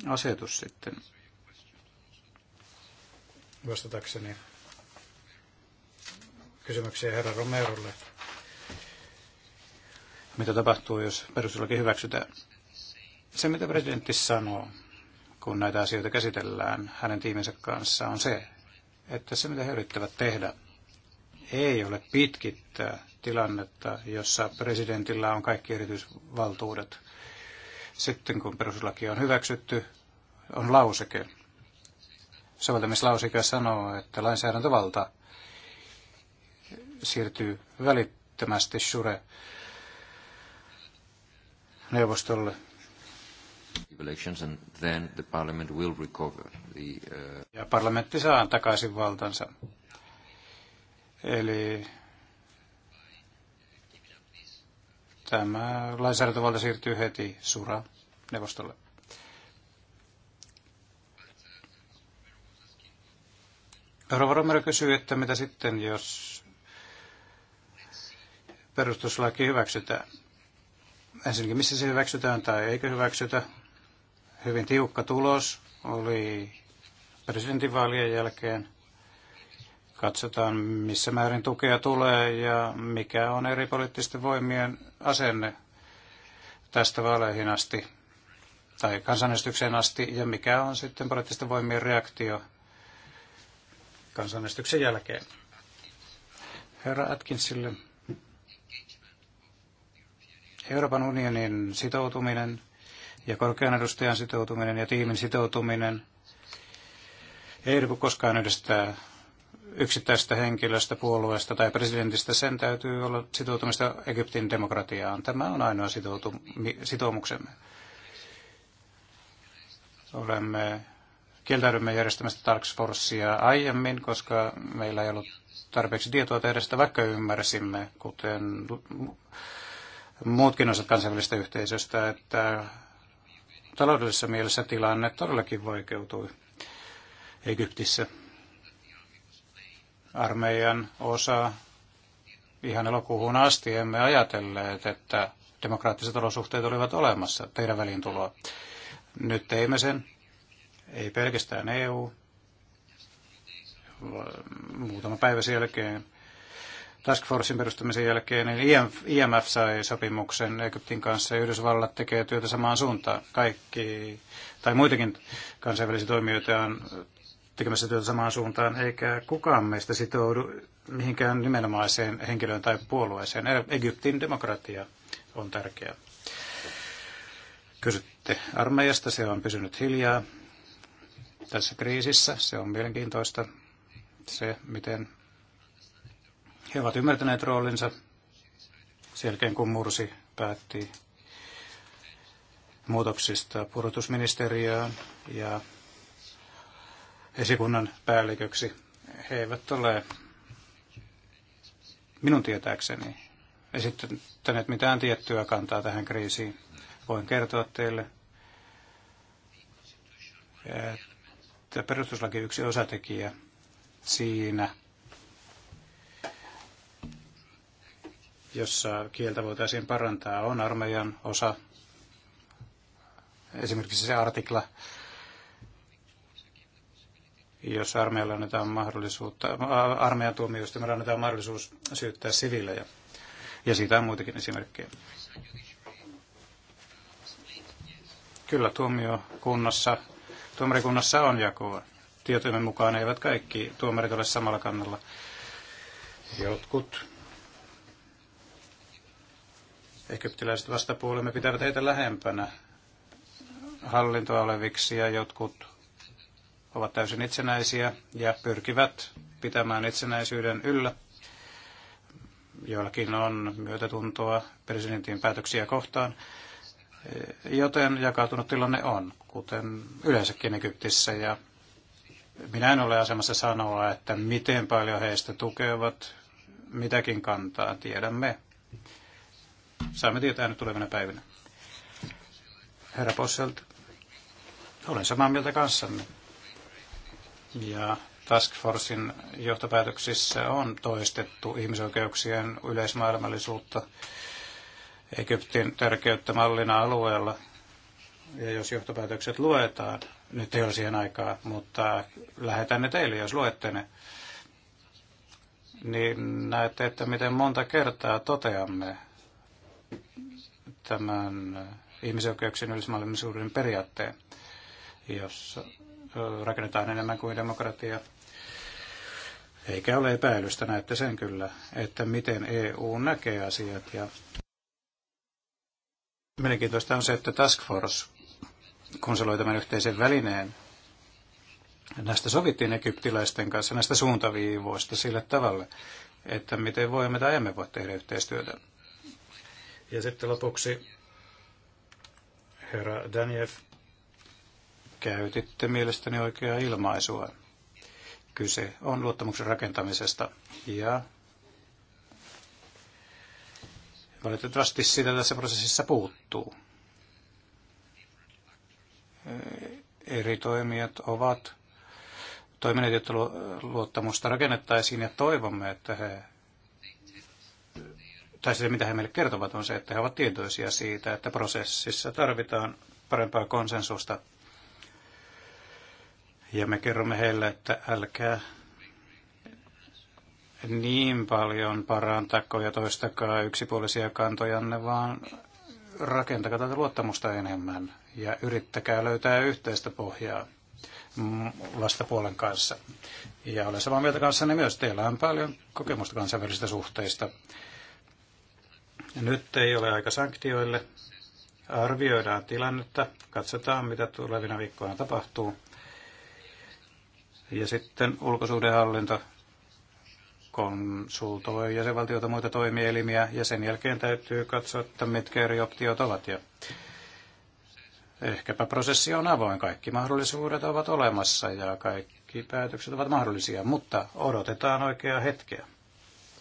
Asetus sitten. Vastatakseni kysymyksiä herra Romerolle. Mitä tapahtuu, jos perustuslaki hyväksytään? Se, mitä presidentti sanoo, kun näitä asioita käsitellään hänen tiiminsä kanssa, on se, että se mitä he yrittävät tehdä, ei ole pitkittää tilannetta, jossa presidentillä on kaikki erityisvaltuudet. Sitten kun perustuslaki on hyväksytty, on lauseke. Soveltamislauseke sanoo, että lainsäädäntövalta siirtyy välittömästi Sure neuvostolle Uh, ja parlamentti saa takaisin valtansa. Eli tämä lainsäädäntövalta siirtyy heti sura neuvostolle. Rova Romero kysyy, että mitä sitten, jos perustuslaki hyväksytään. Ensinnäkin, missä se hyväksytään tai eikö hyväksytä. Hyvin tiukka tulos oli presidentinvaalien jälkeen. Katsotaan, missä määrin tukea tulee ja mikä on eri poliittisten voimien asenne tästä vaaleihin asti tai kansanäänestykseen asti ja mikä on sitten poliittisten voimien reaktio kansanäänestyksen jälkeen. Herra Atkinsille. Euroopan unionin sitoutuminen – ja korkean edustajan sitoutuminen ja tiimin sitoutuminen ei riipu koskaan yhdestä yksittäistä henkilöstä, puolueesta tai presidentistä. Sen täytyy olla sitoutumista Egyptin demokratiaan. Tämä on ainoa sitoutum- sitoumuksemme. Olemme kieltäydymme järjestämästä Task Forcea aiemmin, koska meillä ei ollut tarpeeksi tietoa tehdä sitä, vaikka ymmärsimme, kuten muutkin osat kansainvälistä yhteisöstä, että taloudellisessa mielessä tilanne todellakin vaikeutui Egyptissä. Armeijan osa ihan elokuuhun asti emme ajatelleet, että demokraattiset olosuhteet olivat olemassa teidän tuloa. Nyt teimme sen, ei pelkästään EU, muutama päivä sen jälkeen Task Forcein perustamisen jälkeen, niin IMF sai sopimuksen Egyptin kanssa ja Yhdysvallat tekee työtä samaan suuntaan. Kaikki, tai muitakin kansainvälisiä toimijoita on tekemässä työtä samaan suuntaan, eikä kukaan meistä sitoudu mihinkään nimenomaiseen henkilöön tai puolueeseen. Egyptin demokratia on tärkeä. Kysytte armeijasta, se on pysynyt hiljaa tässä kriisissä. Se on mielenkiintoista se, miten he ovat ymmärtäneet roolinsa sen jälkeen, kun Mursi päätti muutoksista purutusministeriöön ja esikunnan päälliköksi. He eivät ole minun tietääkseni esittäneet mitään tiettyä kantaa tähän kriisiin. Voin kertoa teille, että perustuslaki yksi osatekijä siinä – jossa kieltä voitaisiin parantaa, on armeijan osa, esimerkiksi se artikla, jos armeijalle annetaan mahdollisuutta, armeijan tuomioistuimella annetaan mahdollisuus syyttää siviilejä. Ja siitä on muitakin esimerkkejä. Kyllä tuomiokunnassa, tuomarikunnassa on jakoa. Tietojen mukaan eivät kaikki tuomarit ole samalla kannalla. Jotkut Egyptiläiset vastapuolemme pitävät heitä lähempänä hallintoa oleviksi ja jotkut ovat täysin itsenäisiä ja pyrkivät pitämään itsenäisyyden yllä. Joillakin on myötätuntoa presidentin päätöksiä kohtaan, joten jakautunut tilanne on, kuten yleensäkin Egyptissä. Ja minä en ole asemassa sanoa, että miten paljon heistä tukevat mitäkin kantaa, tiedämme Saamme tietää nyt tulevina päivinä. Herra Posselt, olen samaa mieltä kanssanne. Ja Task Forcein johtopäätöksissä on toistettu ihmisoikeuksien yleismaailmallisuutta Egyptin tärkeyttä mallina alueella. Ja jos johtopäätökset luetaan, nyt ei ole siihen aikaa, mutta lähetän ne teille, jos luette ne, niin näette, että miten monta kertaa toteamme tämän ihmisoikeuksien yleismaailman suurin periaatteen, jossa rakennetaan enemmän kuin demokratia. Eikä ole epäilystä, näette sen kyllä, että miten EU näkee asiat. Ja mielenkiintoista on se, että Task Force, kun se loi tämän yhteisen välineen, näistä sovittiin egyptiläisten kanssa, näistä suuntaviivoista sille tavalle, että miten voimme tai emme voi tehdä yhteistyötä. Ja sitten lopuksi, herra Daniev, käytitte mielestäni oikeaa ilmaisua. Kyse on luottamuksen rakentamisesta ja valitettavasti sitä tässä prosessissa puuttuu. Eri toimijat ovat toimineet, jotta luottamusta rakennettaisiin ja toivomme, että he tai siis se mitä he meille kertovat on se, että he ovat tietoisia siitä, että prosessissa tarvitaan parempaa konsensusta. Ja me kerromme heille, että älkää niin paljon parantako ja toistakaa yksipuolisia kantojanne, vaan rakentakaa tätä luottamusta enemmän ja yrittäkää löytää yhteistä pohjaa mm, vastapuolen kanssa. Ja olen samaa mieltä kanssanne myös. Teillä on paljon kokemusta kansainvälisistä suhteista. Nyt ei ole aika sanktioille. Arvioidaan tilannetta, katsotaan mitä tulevina viikkoina tapahtuu. Ja sitten ulkosuhdehallinto konsultoi jäsenvaltioita muita toimielimiä ja sen jälkeen täytyy katsoa, että mitkä eri optiot ovat. Ja ehkäpä prosessi on avoin, kaikki mahdollisuudet ovat olemassa ja kaikki päätökset ovat mahdollisia, mutta odotetaan oikeaa hetkeä.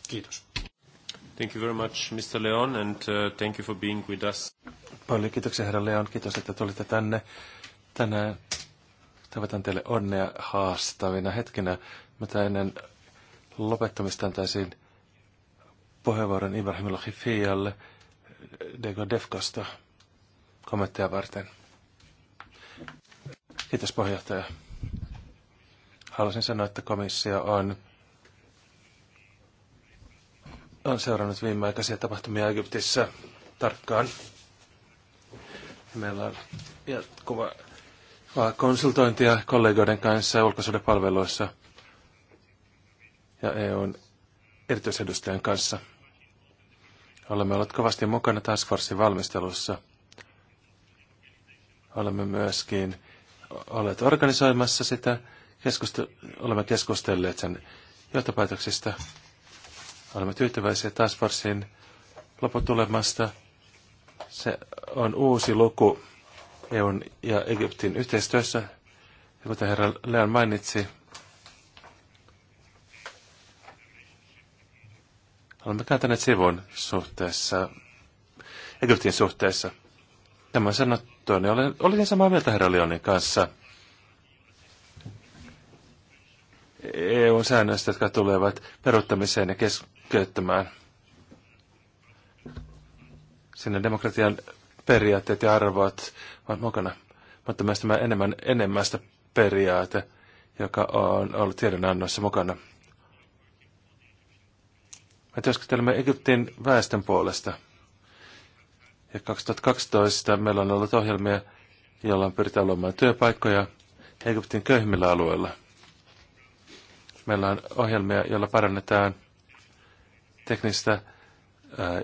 Kiitos. Thank you very much, Mr. Leon, and uh, thank you for being with us. Paljon kiitoksia, herra Leon. Kiitos, että tulitte tänne tänään. Tavataan teille onnea haastavina hetkinä. Mä ennen lopettamista antaisin puheenvuoron Ibrahim Lahifialle äh, Dego Defkasta kommentteja varten. Kiitos puheenjohtaja. Haluaisin sanoa, että komissio on on seurannut viimeaikaisia tapahtumia Egyptissä tarkkaan. Meillä on jatkuva konsultointia kollegoiden kanssa ulkosuhdepalveluissa ja EUn erityisedustajan kanssa. Olemme olleet kovasti mukana Task Forcein valmistelussa. Olemme myöskin olleet organisoimassa sitä. Keskustel- olemme keskustelleet sen johtopäätöksistä Olemme tyytyväisiä taas varsin lopputulemasta. Se on uusi luku EUn ja Egyptin yhteistyössä. Ja kuten herra Leon mainitsi, olemme kääntäneet sivun suhteessa, Egyptin suhteessa. Tämä sanottu, niin olen, olisin samaa mieltä herra Leonin kanssa – EU-säännöistä, jotka tulevat peruuttamiseen ja keskeyttämään. Sinne demokratian periaatteet ja arvot ovat mukana, mutta myös tämä enemmän enemmästä periaate, joka on ollut tiedonannossa mukana. Me työskentelemme Egyptin väestön puolesta. Ja 2012 meillä on ollut ohjelmia, joilla pyritään luomaan työpaikkoja Egyptin köyhimmillä alueilla – Meillä on ohjelmia, joilla parannetaan teknistä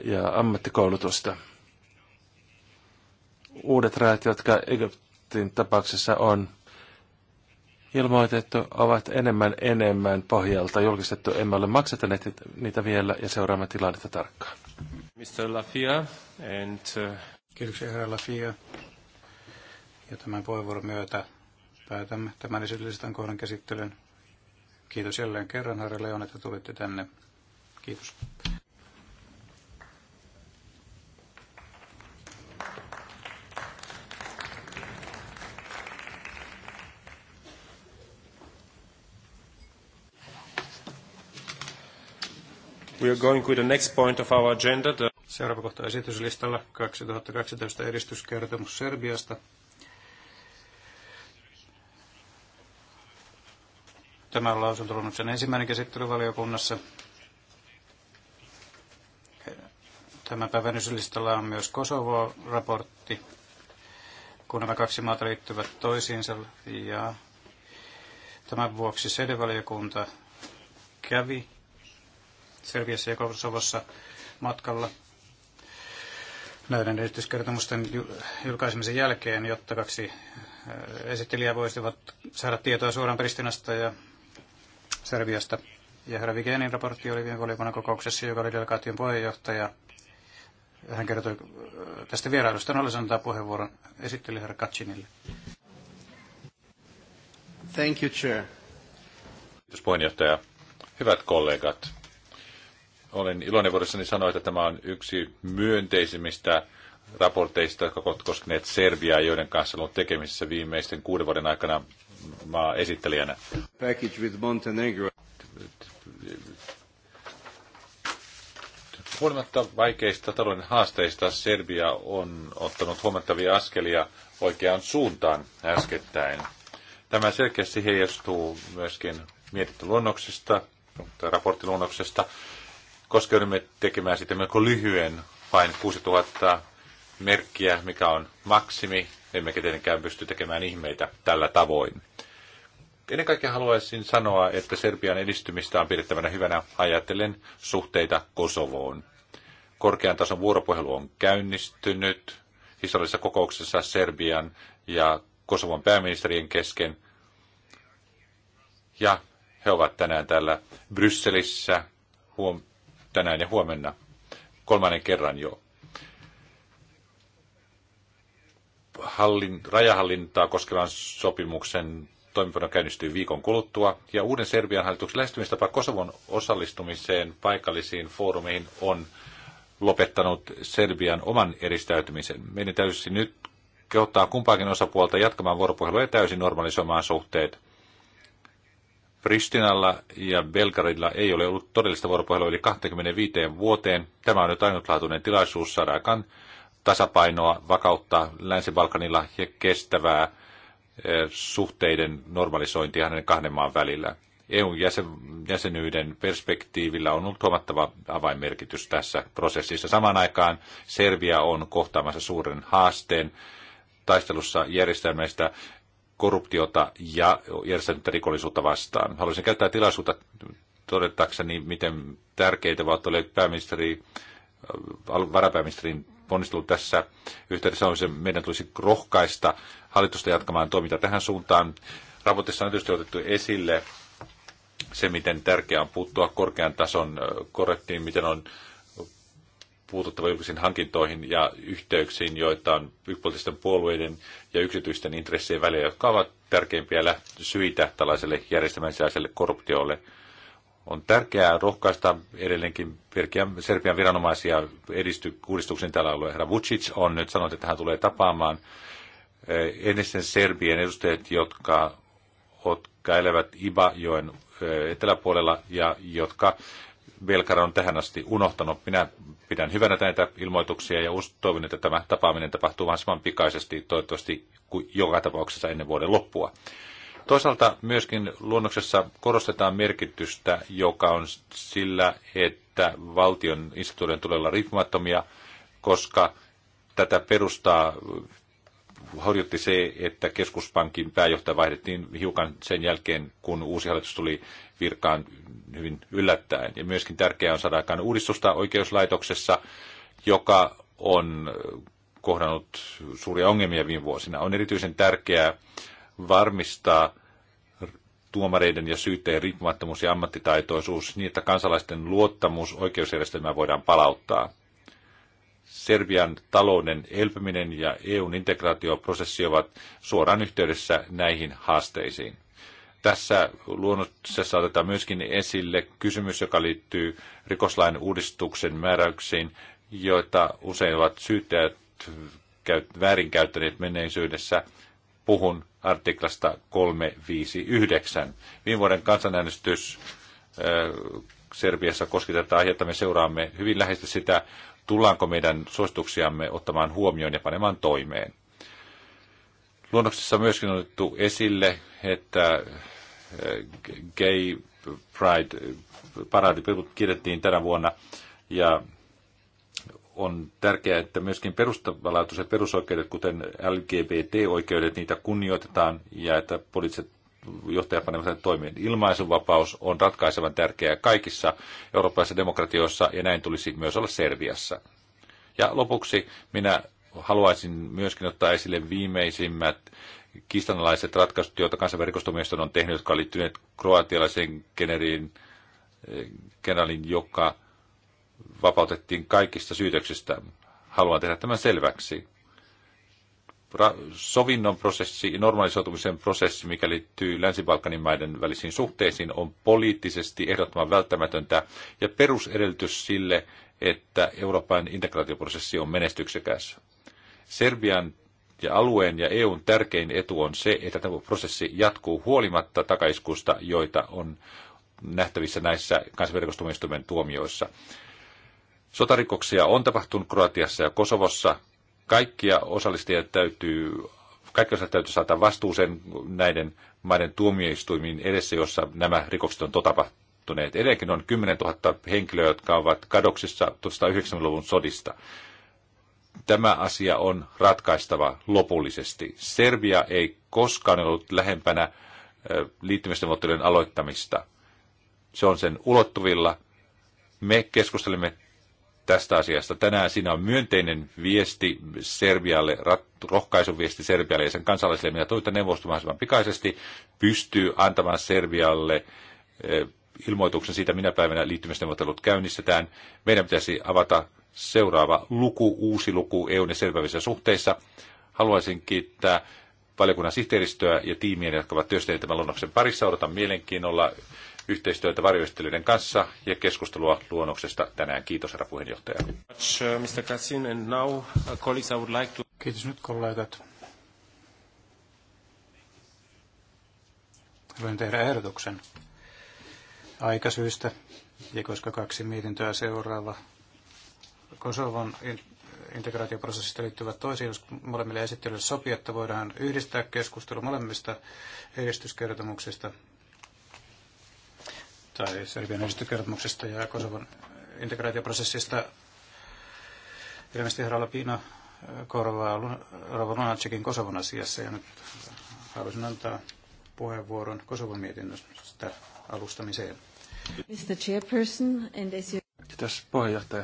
ja ammattikoulutusta. Uudet rajat, jotka Egyptin tapauksessa on ilmoitettu, ovat enemmän enemmän pohjalta julkistettu. Emme ole maksaneet niitä vielä ja seuraamme tilannetta tarkkaan. Mr. Lafia and... Uh, Kiitoksia herra Lafia. Ja tämän puheenvuoron myötä päätämme tämän esitellisen kohdan käsittelyn. Kiitos jälleen kerran, herra Leon, että tulitte tänne. Kiitos. We are going with the next point of our agenda. The... Seuraava kohta esityslistalla 2012 edistyskertomus Serbiasta. Tämä on lausuntoluonnoksen ensimmäinen käsittely valiokunnassa. Tämän päivän yslistalla on myös Kosovo-raportti, kun nämä kaksi maata liittyvät toisiinsa. Ja tämän vuoksi SEDE-valiokunta kävi Serbiassa ja Kosovossa matkalla näiden edistyskertomusten julkaisemisen jälkeen, jotta kaksi esittelijää voisivat saada tietoa suoraan Pristinasta ja Serbiasta. Ja herra Vigenin raportti oli viime valiokunnan kokouksessa, joka oli delegaation puheenjohtaja. Hän kertoi äh, tästä vierailusta. Hän antaa puheenvuoron esittely herra Katsinille. Thank you, Chair. Kiitos puheenjohtaja. Hyvät kollegat, olen iloinen vuodessani sanoa, että tämä on yksi myönteisimmistä raporteista, jotka koskeneet Serbiaa, joiden kanssa on ollut tekemisissä viimeisten kuuden vuoden aikana maa esittelijänä. Package with Montenegro. Huolimatta vaikeista talouden haasteista Serbia on ottanut huomattavia askelia oikeaan suuntaan äskettäin. Tämä selkeästi heijastuu myöskin mietintöluonnoksesta, raporttiluonnoksesta, koska joudumme tekemään sitten melko lyhyen, vain 6000 merkkiä, mikä on maksimi emmekä tietenkään pysty tekemään ihmeitä tällä tavoin. Ennen kaikkea haluaisin sanoa, että Serbian edistymistä on pidettävänä hyvänä ajatellen suhteita Kosovoon. Korkean tason vuoropuhelu on käynnistynyt historiallisessa kokouksessa Serbian ja Kosovon pääministerien kesken. Ja he ovat tänään täällä Brysselissä huom- tänään ja huomenna kolmannen kerran jo. hallin, rajahallintaa koskevan sopimuksen toimipano käynnistyy viikon kuluttua, ja uuden Serbian hallituksen lähestymistapa Kosovon osallistumiseen paikallisiin foorumeihin on lopettanut Serbian oman eristäytymisen. Meidän täytyisi nyt kehottaa kumpaakin osapuolta jatkamaan vuoropuhelua ja täysin normalisoimaan suhteet. Pristinalla ja Belgradilla ei ole ollut todellista vuoropuhelua yli 25 vuoteen. Tämä on nyt ainutlaatuinen tilaisuus saada aikaan tasapainoa, vakautta Länsi-Balkanilla ja kestävää eh, suhteiden normalisointia hänen kahden maan välillä. EUn jäsen, jäsenyyden perspektiivillä on ollut huomattava avainmerkitys tässä prosessissa. Samaan aikaan Serbia on kohtaamassa suuren haasteen taistelussa järjestelmäistä korruptiota ja järjestelmistä rikollisuutta vastaan. Haluaisin käyttää tilaisuutta todetakseni, miten tärkeitä ovat olleet pääministeri, eh, varapääministerin ponnistelu tässä yhteydessä on se, meidän tulisi rohkaista hallitusta jatkamaan toimintaa tähän suuntaan. Raportissa on tietysti otettu esille se, miten tärkeää on puuttua korkean tason korrektiin, miten on puututtava julkisiin hankintoihin ja yhteyksiin, joita on yksipuolisten puolueiden ja yksityisten intressien välillä, jotka ovat tärkeimpiä syitä tällaiselle järjestelmän sisäiselle korruptiolle – on tärkeää rohkaista edelleenkin Serbian viranomaisia edisty uudistuksen tällä alueella. Herra Vucic on nyt sanonut, että hän tulee tapaamaan ennen eh, Serbien edustajat, jotka, jotka elävät Ibajoen eh, eteläpuolella ja jotka Belgrad on tähän asti unohtanut. Minä pidän hyvänä näitä ilmoituksia ja toivon, että tämä tapaaminen tapahtuu mahdollisimman pikaisesti, toivottavasti joka tapauksessa ennen vuoden loppua. Toisaalta myöskin luonnoksessa korostetaan merkitystä, joka on sillä, että valtion instituutioiden tulee olla riippumattomia, koska tätä perustaa horjutti se, että keskuspankin pääjohtaja vaihdettiin hiukan sen jälkeen, kun uusi hallitus tuli virkaan hyvin yllättäen. Ja myöskin tärkeää on saada aikaan uudistusta oikeuslaitoksessa, joka on kohdannut suuria ongelmia viime vuosina. On erityisen tärkeää varmistaa tuomareiden ja syytteen riippumattomuus ja ammattitaitoisuus niin, että kansalaisten luottamus oikeusjärjestelmään voidaan palauttaa. Serbian talouden elpyminen ja EUn integraatioprosessi ovat suoraan yhteydessä näihin haasteisiin. Tässä luonnoksessa otetaan myöskin esille kysymys, joka liittyy rikoslain uudistuksen määräyksiin, joita usein ovat syyttäjät väärinkäyttäneet menneisyydessä puhun artiklasta 359. Viime vuoden kansanäänestys Serbiassa koski tätä aihetta. Me seuraamme hyvin läheisesti sitä, tullaanko meidän suosituksiamme ottamaan huomioon ja panemaan toimeen. Luonnoksessa on myöskin otettu esille, että Gay Pride paraadi kirjattiin tänä vuonna ja on tärkeää, että myöskin perustavanlaatuiset perusoikeudet, kuten LGBT-oikeudet, niitä kunnioitetaan ja että poliittiset johtajapanevat toimien ilmaisunvapaus on ratkaisevan tärkeää kaikissa eurooppalaisissa demokratioissa ja näin tulisi myös olla Serviassa. Ja lopuksi minä haluaisin myöskin ottaa esille viimeisimmät kiistanalaiset ratkaisut, joita kansainvälinen on tehnyt, jotka liittyneet kroatialaisen generiin, generalin, eh, joka vapautettiin kaikista syytöksistä. Haluan tehdä tämän selväksi. Sovinnon prosessi ja normalisoitumisen prosessi, mikä liittyy Länsi-Balkanin maiden välisiin suhteisiin, on poliittisesti ehdottoman välttämätöntä ja perusedellytys sille, että Euroopan integraatioprosessi on menestyksekäs. Serbian ja alueen ja EUn tärkein etu on se, että tämä prosessi jatkuu huolimatta takaiskusta, joita on nähtävissä näissä kansainvälisten tuomioissa. Sotarikoksia on tapahtunut Kroatiassa ja Kosovossa. Kaikkia osallistujia täytyy, kaikki täytyy saada vastuuseen näiden maiden tuomioistuimiin edessä, jossa nämä rikokset on tapahtuneet. Edelleenkin on 10 000 henkilöä, jotka ovat kadoksissa 1990-luvun sodista. Tämä asia on ratkaistava lopullisesti. Serbia ei koskaan ollut lähempänä liittymisten aloittamista. Se on sen ulottuvilla. Me keskustelimme tästä asiasta. Tänään siinä on myönteinen viesti Serbialle, rohkaisuviesti Serbialle ja sen kansalaisille. Minä toivon, että neuvosto mahdollisimman pikaisesti pystyy antamaan Serbialle eh, ilmoituksen siitä, minä päivänä liittymisneuvottelut käynnistetään. Meidän pitäisi avata seuraava luku, uusi luku EUn ja Serbian suhteissa. Haluaisin kiittää valiokunnan sihteeristöä ja tiimien, jotka ovat työstäneet tämän luonnoksen parissa. Odotan mielenkiinnolla yhteistyötä varjoistelijoiden kanssa ja keskustelua luonnoksesta tänään. Kiitos, herra puheenjohtaja. Uh, Kiitos nyt kollegat. Voin tehdä ehdotuksen aikasyistä, ja koska kaksi mietintöä seuraava Kosovon integraatioprosessista liittyvät toisiin, jos molemmille esittelyille sopii, että voidaan yhdistää keskustelu molemmista edistyskertomuksista tai Serbian yhdistökertomuksesta ja Kosovon integraatioprosessista. Ilmeisesti herra Lapina eh, korvaa Rova Lunacekin Kosovon asiassa ja nyt haluaisin antaa puheenvuoron Kosovon mietinnöstä alustamiseen. Mr. Chairperson, and as you... Kiitos puheenjohtaja.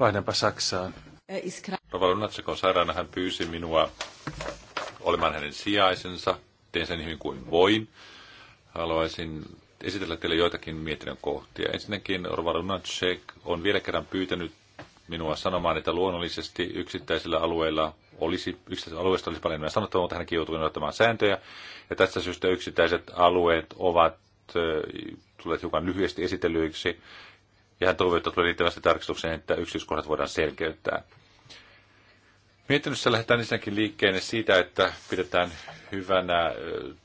Vaihdanpa Saksaan. Eh, Rova Lunacek on sairaana. Hän pyysi minua olemaan hänen sijaisensa. Teen sen niin kuin voin. Haluaisin esitellä teille joitakin mietinnön kohtia. Ensinnäkin Orva Lunacek on vielä kerran pyytänyt minua sanomaan, että luonnollisesti yksittäisillä alueilla olisi, yksittäisillä alueista olisi paljon enemmän sanottavaa, mutta hänkin joutui noudattamaan sääntöjä. Ja tästä syystä yksittäiset alueet ovat tulleet hiukan lyhyesti esitellyiksi. Ja hän toivoo, että tulee riittävästi tarkistukseen, että yksityiskohdat voidaan selkeyttää. Mietinnössä lähdetään ensinnäkin liikkeelle siitä, että pidetään hyvänä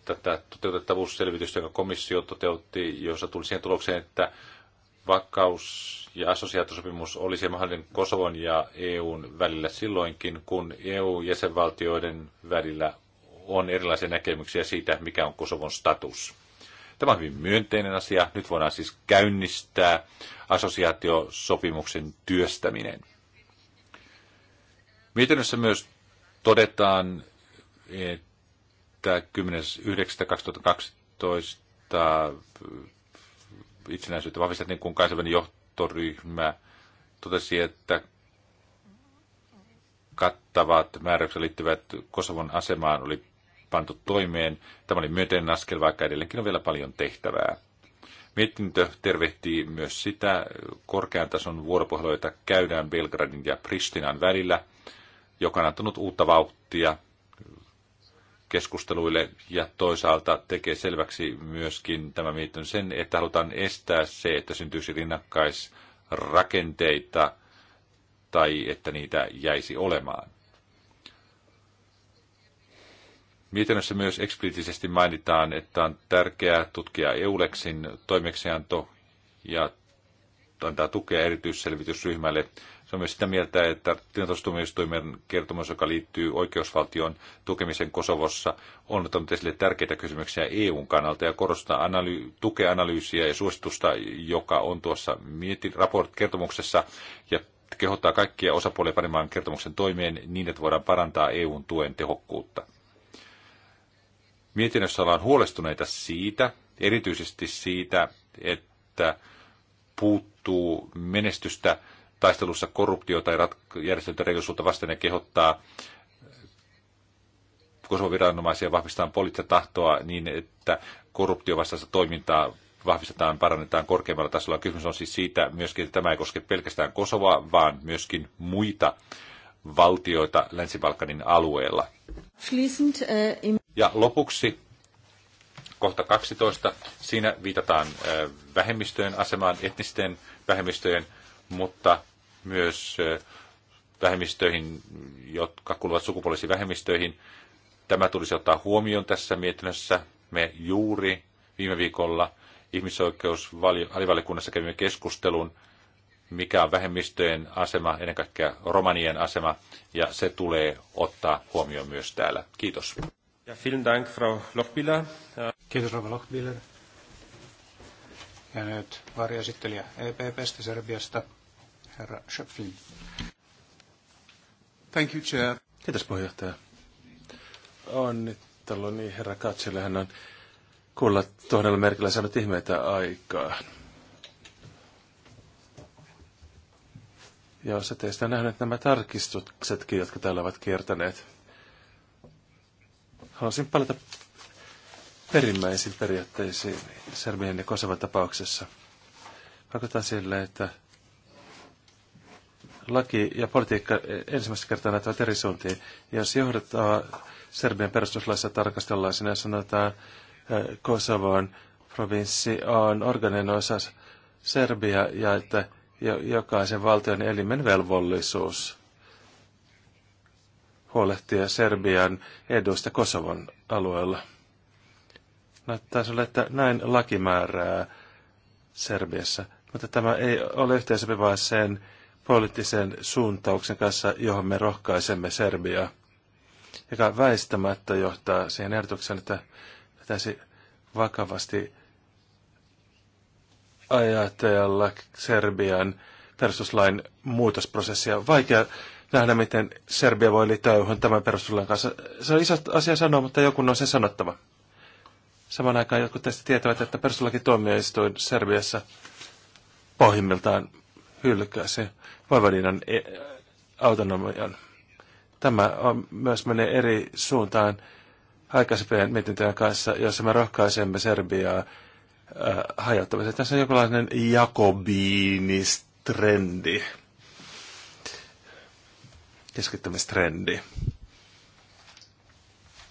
tätä toteutettavuusselvitystä, jonka komissio toteutti, jossa tuli siihen tulokseen, että vakaus- ja assosiaatiosopimus olisi mahdollinen Kosovon ja EUn välillä silloinkin, kun EU-jäsenvaltioiden välillä on erilaisia näkemyksiä siitä, mikä on Kosovon status. Tämä on hyvin myönteinen asia. Nyt voidaan siis käynnistää assosiaatiosopimuksen työstäminen. Mietinnössä myös todetaan, että 10.9.2012 itsenäisyyttä vahvistettiin, kun kansainvälinen johtoryhmä totesi, että kattavat määräykset liittyvät Kosovon asemaan oli pantu toimeen. Tämä oli myönteinen askel, vaikka edelleenkin on vielä paljon tehtävää. Mietintö tervehtii myös sitä korkean tason vuoropuhelua, jota käydään Belgradin ja Pristinan välillä joka on antanut uutta vauhtia keskusteluille ja toisaalta tekee selväksi myöskin tämä mietintö sen, että halutaan estää se, että syntyisi rinnakkaisrakenteita tai että niitä jäisi olemaan. Mietinnössä myös eksplisiittisesti mainitaan, että on tärkeää tutkia EULEXin toimeksianto ja antaa tukea erityisselvitysryhmälle se on myös sitä mieltä, että tilintarkastustuomioistuimen kertomus, joka liittyy oikeusvaltion tukemisen Kosovossa, on ottanut esille tärkeitä kysymyksiä EUn kannalta ja korostaa analy- tukeanalyysiä ja suositusta, joka on tuossa raport- kertomuksessa ja kehottaa kaikkia osapuolia panemaan kertomuksen toimeen niin, että voidaan parantaa EUn tuen tehokkuutta. Mietinnössä ollaan huolestuneita siitä, erityisesti siitä, että puuttuu menestystä taistelussa korruptiota ja järjestelmää rikollisuutta vastaan ja kehottaa Kosovon viranomaisia vahvistamaan poliittista tahtoa niin, että korruptiovastaista toimintaa vahvistetaan, parannetaan korkeammalla tasolla. Kysymys on siis siitä myöskin, että tämä ei koske pelkästään Kosovaa, vaan myöskin muita valtioita Länsi-Balkanin alueella. Äh, ja lopuksi kohta 12. Siinä viitataan äh, vähemmistöjen asemaan, etnisten vähemmistöjen, mutta myös vähemmistöihin, jotka kuuluvat sukupuolisiin vähemmistöihin. Tämä tulisi ottaa huomioon tässä mietinnössä. Me juuri viime viikolla ihmisoikeusalivalikunnassa kävimme keskustelun, mikä on vähemmistöjen asema, ennen kaikkea romanien asema, ja se tulee ottaa huomioon myös täällä. Kiitos. Ja vielen Dank, Frau Lochbiller. Äh, Kiitos, frau Lochbiller. Ja nyt varjoesittelijä EPPstä Serbiasta herra Schöpflin. Thank you, Chair. Kiitos puheenjohtaja. Onnitteluni herra Katselle. Hän on kuulla tuhdella merkillä saanut ihmeitä aikaa. Ja osa teistä on nähnyt nämä tarkistuksetkin, jotka täällä ovat kiertäneet. Haluaisin palata perimmäisiin periaatteisiin Serbian ja Kosovan tapauksessa. Vaikuttaa sille, että laki ja politiikka ensimmäistä kertaa näyttävät eri suuntiin. Jos johdattaa Serbian perustuslaissa tarkastellaan, sinä sanotaan Kosovon provinssi on organinen osa Serbia ja että jokaisen valtion elimen velvollisuus huolehtia Serbian edusta Kosovon alueella. Näyttää sinulle, että näin lakimäärää Serbiassa, mutta tämä ei ole yhteensopivaa sen poliittisen suuntauksen kanssa, johon me rohkaisemme Serbiaa, joka väistämättä johtaa siihen ehdotukseen, että pitäisi vakavasti ajatella Serbian perustuslain muutosprosessia. Vaikea nähdä, miten Serbia voi liittyä johon tämän perustuslain kanssa. Se on iso asia sanoa, mutta joku on sen sanottava. Samaan aikaan jotkut teistä tietävät, että perustuslakituomioistuin Serbiassa pohjimmiltaan hylkää se Vavadinan e autonomian. Tämä on, myös menee eri suuntaan aikaisempien mietintöjen kanssa, jossa me rohkaisemme Serbiaa äh, hajottamiseen. Tässä on jokinlainen jakobiinistrendi, keskittämistrendi.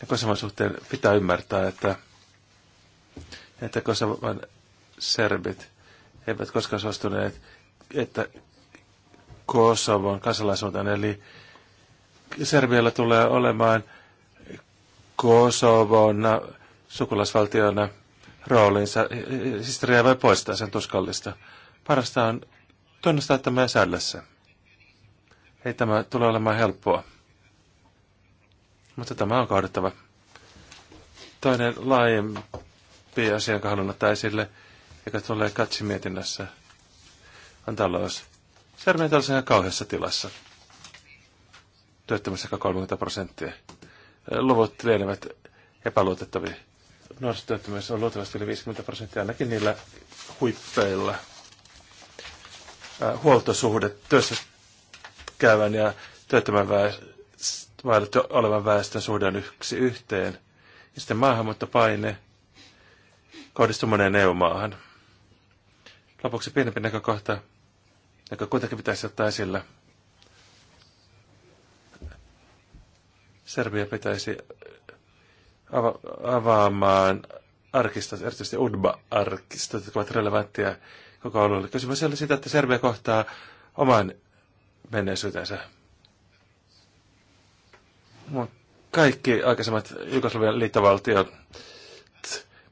Ja Kosovan suhteen pitää ymmärtää, että, että Kosovan serbit eivät koskaan suostuneet että Kosovon kansalaisuuteen, eli Serbialla tulee olemaan Kosovon sukulaisvaltiona roolinsa. Historia voi poistaa sen tuskallista. Parasta on tunnustaa tämä säädössä. Ei tämä tule olemaan helppoa. Mutta tämä on kohdattava. Toinen laajempi asia, jonka haluan ottaa esille, joka tulee katsimietinnässä – on talous. Se on tällaisessa ihan kauheassa tilassa. Työttömyys 30 prosenttia. Luvut lienevät epäluotettavia. Nuorisotyöttömyys on luultavasti yli 50 prosenttia, ainakin niillä huippeilla. Äh, huoltosuhde työssä käyvän ja työttömän väestön, olevan väestön suhde on yksi yhteen. Ja sitten maahanmuuttopaine kohdistuu moneen EU-maahan. Lopuksi pienempi näkökohta joka kuitenkin pitäisi ottaa esille. Serbia pitäisi ava- avaamaan arkista, erityisesti UDBA-arkista, jotka ovat relevanttia koko alueelle. Kysymys oli sitä, että Serbia kohtaa oman menneisyytensä. Kaikki aikaisemmat Jugoslavian liittovaltiot,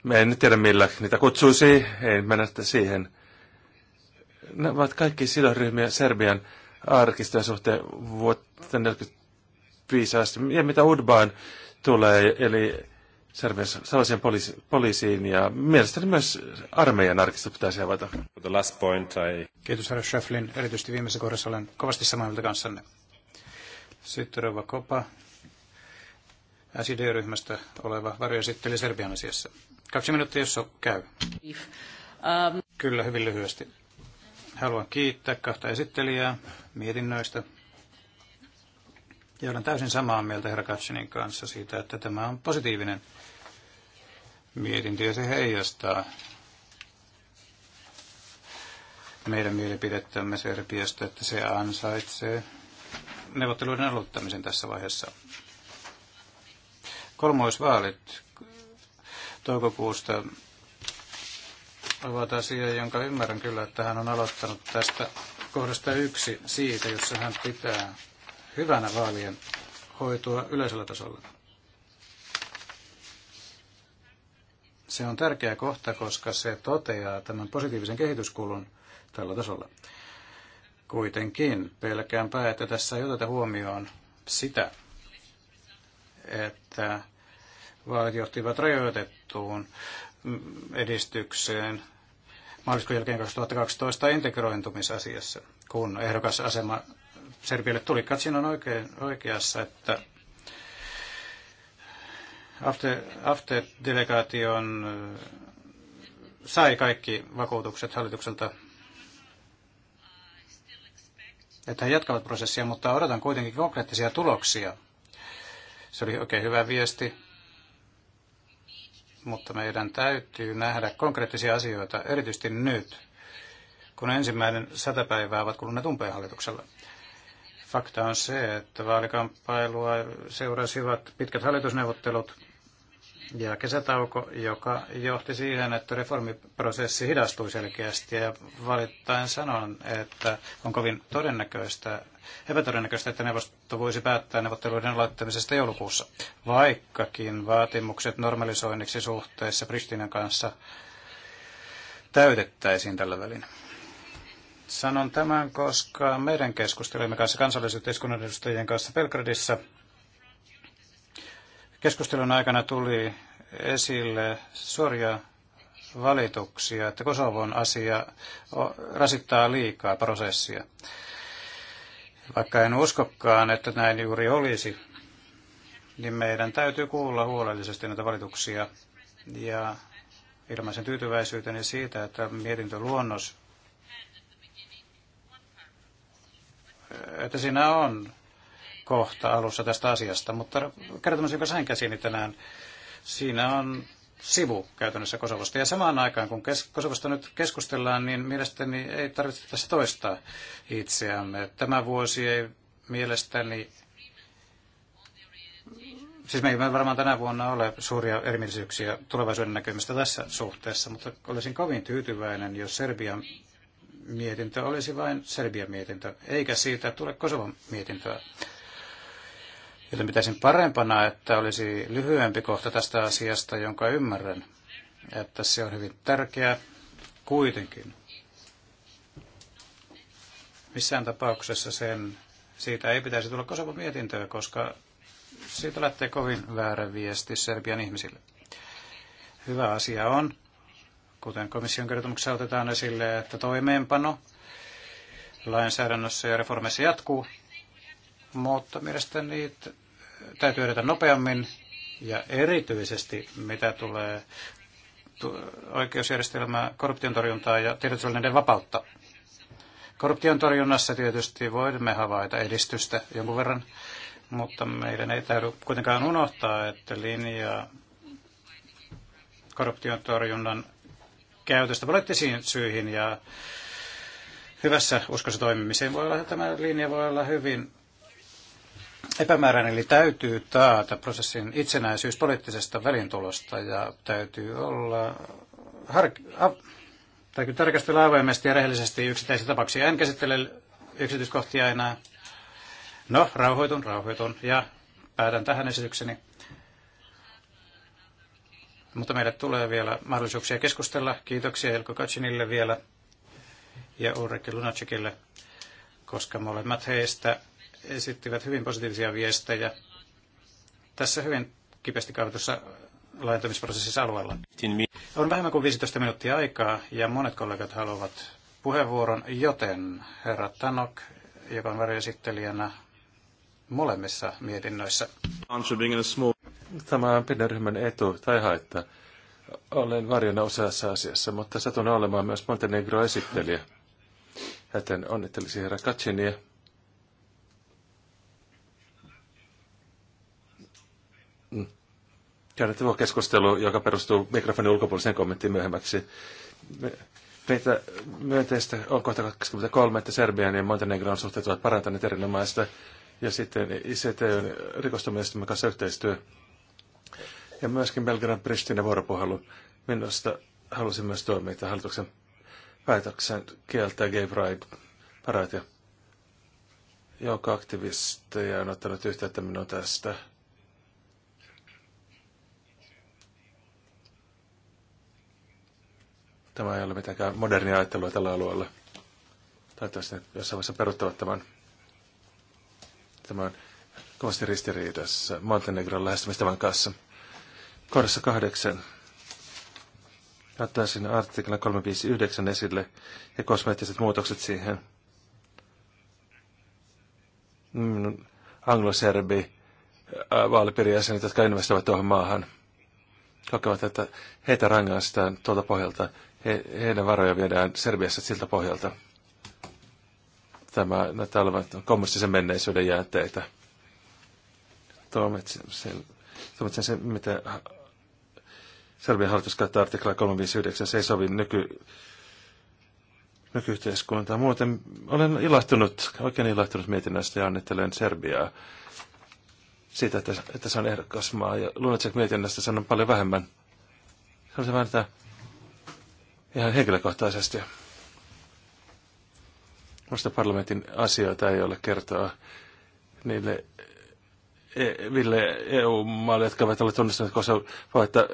me en nyt tiedä millä niitä kutsuisi, ei mennä siihen. Nämä ovat kaikki sidosryhmiä Serbian arkistojen suhteen vuotta 1945 asti. Ja mitä Udbaan tulee, eli Serbian salaisiin poliisi, poliisiin ja mielestäni myös armeijan arkisto pitäisi avata. The last point I... Kiitos herra Schöflin. Erityisesti viimeisessä kohdassa olen kovasti samaa mieltä kanssanne. Sitten Rova Kopa, SID-ryhmästä oleva varjoesitteli Serbian asiassa. Kaksi minuuttia, jos käy. um... Kyllä, hyvin lyhyesti. Haluan kiittää kahta esittelijää mietinnöistä. Ja olen täysin samaa mieltä herra Katsinin kanssa siitä, että tämä on positiivinen mietintö ja se heijastaa meidän mielipidettämme Serbiasta, että se ansaitsee neuvotteluiden aloittamisen tässä vaiheessa. Kolmoisvaalit toukokuusta ovat asia, jonka ymmärrän kyllä, että hän on aloittanut tästä kohdasta yksi siitä, jossa hän pitää hyvänä vaalien hoitua yleisellä tasolla. Se on tärkeä kohta, koska se toteaa tämän positiivisen kehityskulun tällä tasolla. Kuitenkin pelkäänpä, että tässä ei oteta huomioon sitä, että vaalit johtivat rajoitettuun edistykseen maaliskuun jälkeen 2012 integrointumisasiassa, kun ehdokasasema Serbialle tuli. Katsin on oikein, oikeassa, että AFTE-delegaation sai kaikki vakuutukset hallitukselta, että he jatkavat prosessia, mutta odotan kuitenkin konkreettisia tuloksia. Se oli oikein hyvä viesti mutta meidän täytyy nähdä konkreettisia asioita, erityisesti nyt, kun ensimmäinen sata päivää ovat kuluneet umpeen hallituksella. Fakta on se, että vaalikamppailua seurasivat pitkät hallitusneuvottelut, ja kesätauko, joka johti siihen, että reformiprosessi hidastui selkeästi ja valittain sanon, että on kovin todennäköistä, epätodennäköistä, että neuvosto voisi päättää neuvotteluiden aloittamisesta joulukuussa, vaikkakin vaatimukset normalisoinniksi suhteessa Pristinan kanssa täytettäisiin tällä välin. Sanon tämän, koska meidän keskustelemme kanssa kansallisyhteiskunnan edustajien kanssa Belgradissa – keskustelun aikana tuli esille suoria valituksia, että Kosovon asia rasittaa liikaa prosessia. Vaikka en uskokaan, että näin juuri olisi, niin meidän täytyy kuulla huolellisesti näitä valituksia ja ilmaisen tyytyväisyyteni siitä, että mietintöluonnos, että siinä on kohta alussa tästä asiasta, mutta kertomus, joka sain käsiini tänään, siinä on sivu käytännössä Kosovosta. Ja samaan aikaan, kun kes- Kosovosta nyt keskustellaan, niin mielestäni ei tarvitse tässä toistaa itseämme. Tämä vuosi ei mielestäni, siis me ei varmaan tänä vuonna ole suuria erimielisyyksiä tulevaisuuden näkymistä tässä suhteessa, mutta olisin kovin tyytyväinen, jos Serbian mietintö olisi vain Serbian mietintö, eikä siitä tule Kosovan mietintöä. Joten pitäisin parempana, että olisi lyhyempi kohta tästä asiasta, jonka ymmärrän, että se on hyvin tärkeä kuitenkin. Missään tapauksessa sen, siitä ei pitäisi tulla kosovo mietintöä, koska siitä lähtee kovin väärä viesti Serbian ihmisille. Hyvä asia on, kuten komission kertomuksessa otetaan esille, että toimeenpano lainsäädännössä ja reformissa jatkuu, mutta mielestäni täytyy edetä nopeammin ja erityisesti mitä tulee oikeusjärjestelmää, korruption torjuntaa ja tiedotusvälineiden vapautta. Korruption torjunnassa tietysti voimme havaita edistystä jonkun verran, mutta meidän ei täydy kuitenkaan unohtaa, että linja korruption torjunnan käytöstä poliittisiin syihin ja hyvässä uskossa toimimiseen voi olla, tämä linja voi olla hyvin epämääräinen, eli täytyy taata prosessin itsenäisyys poliittisesta välintulosta ja täytyy olla har... täytyy tarkastella avoimesti ja rehellisesti yksittäisiä tapauksia. En käsittele yksityiskohtia enää. No, rauhoitun, rauhoitun ja päätän tähän esitykseni. Mutta meille tulee vielä mahdollisuuksia keskustella. Kiitoksia Elko Kacinille vielä ja Ulrike Lunacekille, koska molemmat heistä esittivät hyvin positiivisia viestejä tässä hyvin kipeästi kaavitussa laajentamisprosessissa alueella. On vähemmän kuin 15 minuuttia aikaa ja monet kollegat haluavat puheenvuoron, joten herra Tanok, joka on varjoesittelijänä molemmissa mietinnöissä. Tämä on pienen ryhmän etu tai haitta. Olen varjona useassa asiassa, mutta satun olemaan myös Montenegro-esittelijä. Joten onnittelisin herra Kacinia käydä tuo keskustelu, joka perustuu mikrofonin ulkopuoliseen kommenttiin myöhemmäksi. Meitä myönteistä on kohta 23, että Serbian ja Montenegron suhteet ovat parantaneet erinomaista, ja sitten ICT on rikostomiestamme kanssa yhteistyö. Ja myöskin Belgradin Pristina vuoropuhelu. Minusta halusin myös tuomita hallituksen päätöksen kieltää gay pride paraatia. Joka aktivisteja on ottanut yhteyttä minun tästä. Tämä ei ole mitenkään modernia ajattelua tällä alueella. Toivottavasti ne jossain vaiheessa peruttavat tämän. tämän kovasti ristiriidassa Montenegron lähestymistavan kanssa. Kohdassa kahdeksan. Ottaisin artikla 359 esille ja kosmeettiset muutokset siihen. Minun angloserbi äh, vaalipiirijäsenet, jotka investoivat tuohon maahan, kokevat, että heitä rangaistaan tuolta pohjalta he, heidän varoja viedään Serbiassa siltä pohjalta. Tämä näyttää olevan kommunistisen menneisyyden jäänteitä. Tuomitsen, tuomitsen sen, mitä Serbian hallitus käyttää artiklaa 359, se ei sovi nyky, nykyyhteiskuntaan. Muuten olen ilahtunut, oikein ilahtunut mietinnöstä ja annettelen Serbiaa siitä, että, että se on ehdokas maa. Ja Lunacek mietinnöstä sanon paljon vähemmän. se vähän, että ihan henkilökohtaisesti. Minusta parlamentin asioita ei ole kertoa niille Ville e, EU-maille, jotka ovat olleet tunnistaneet Kosovaa, että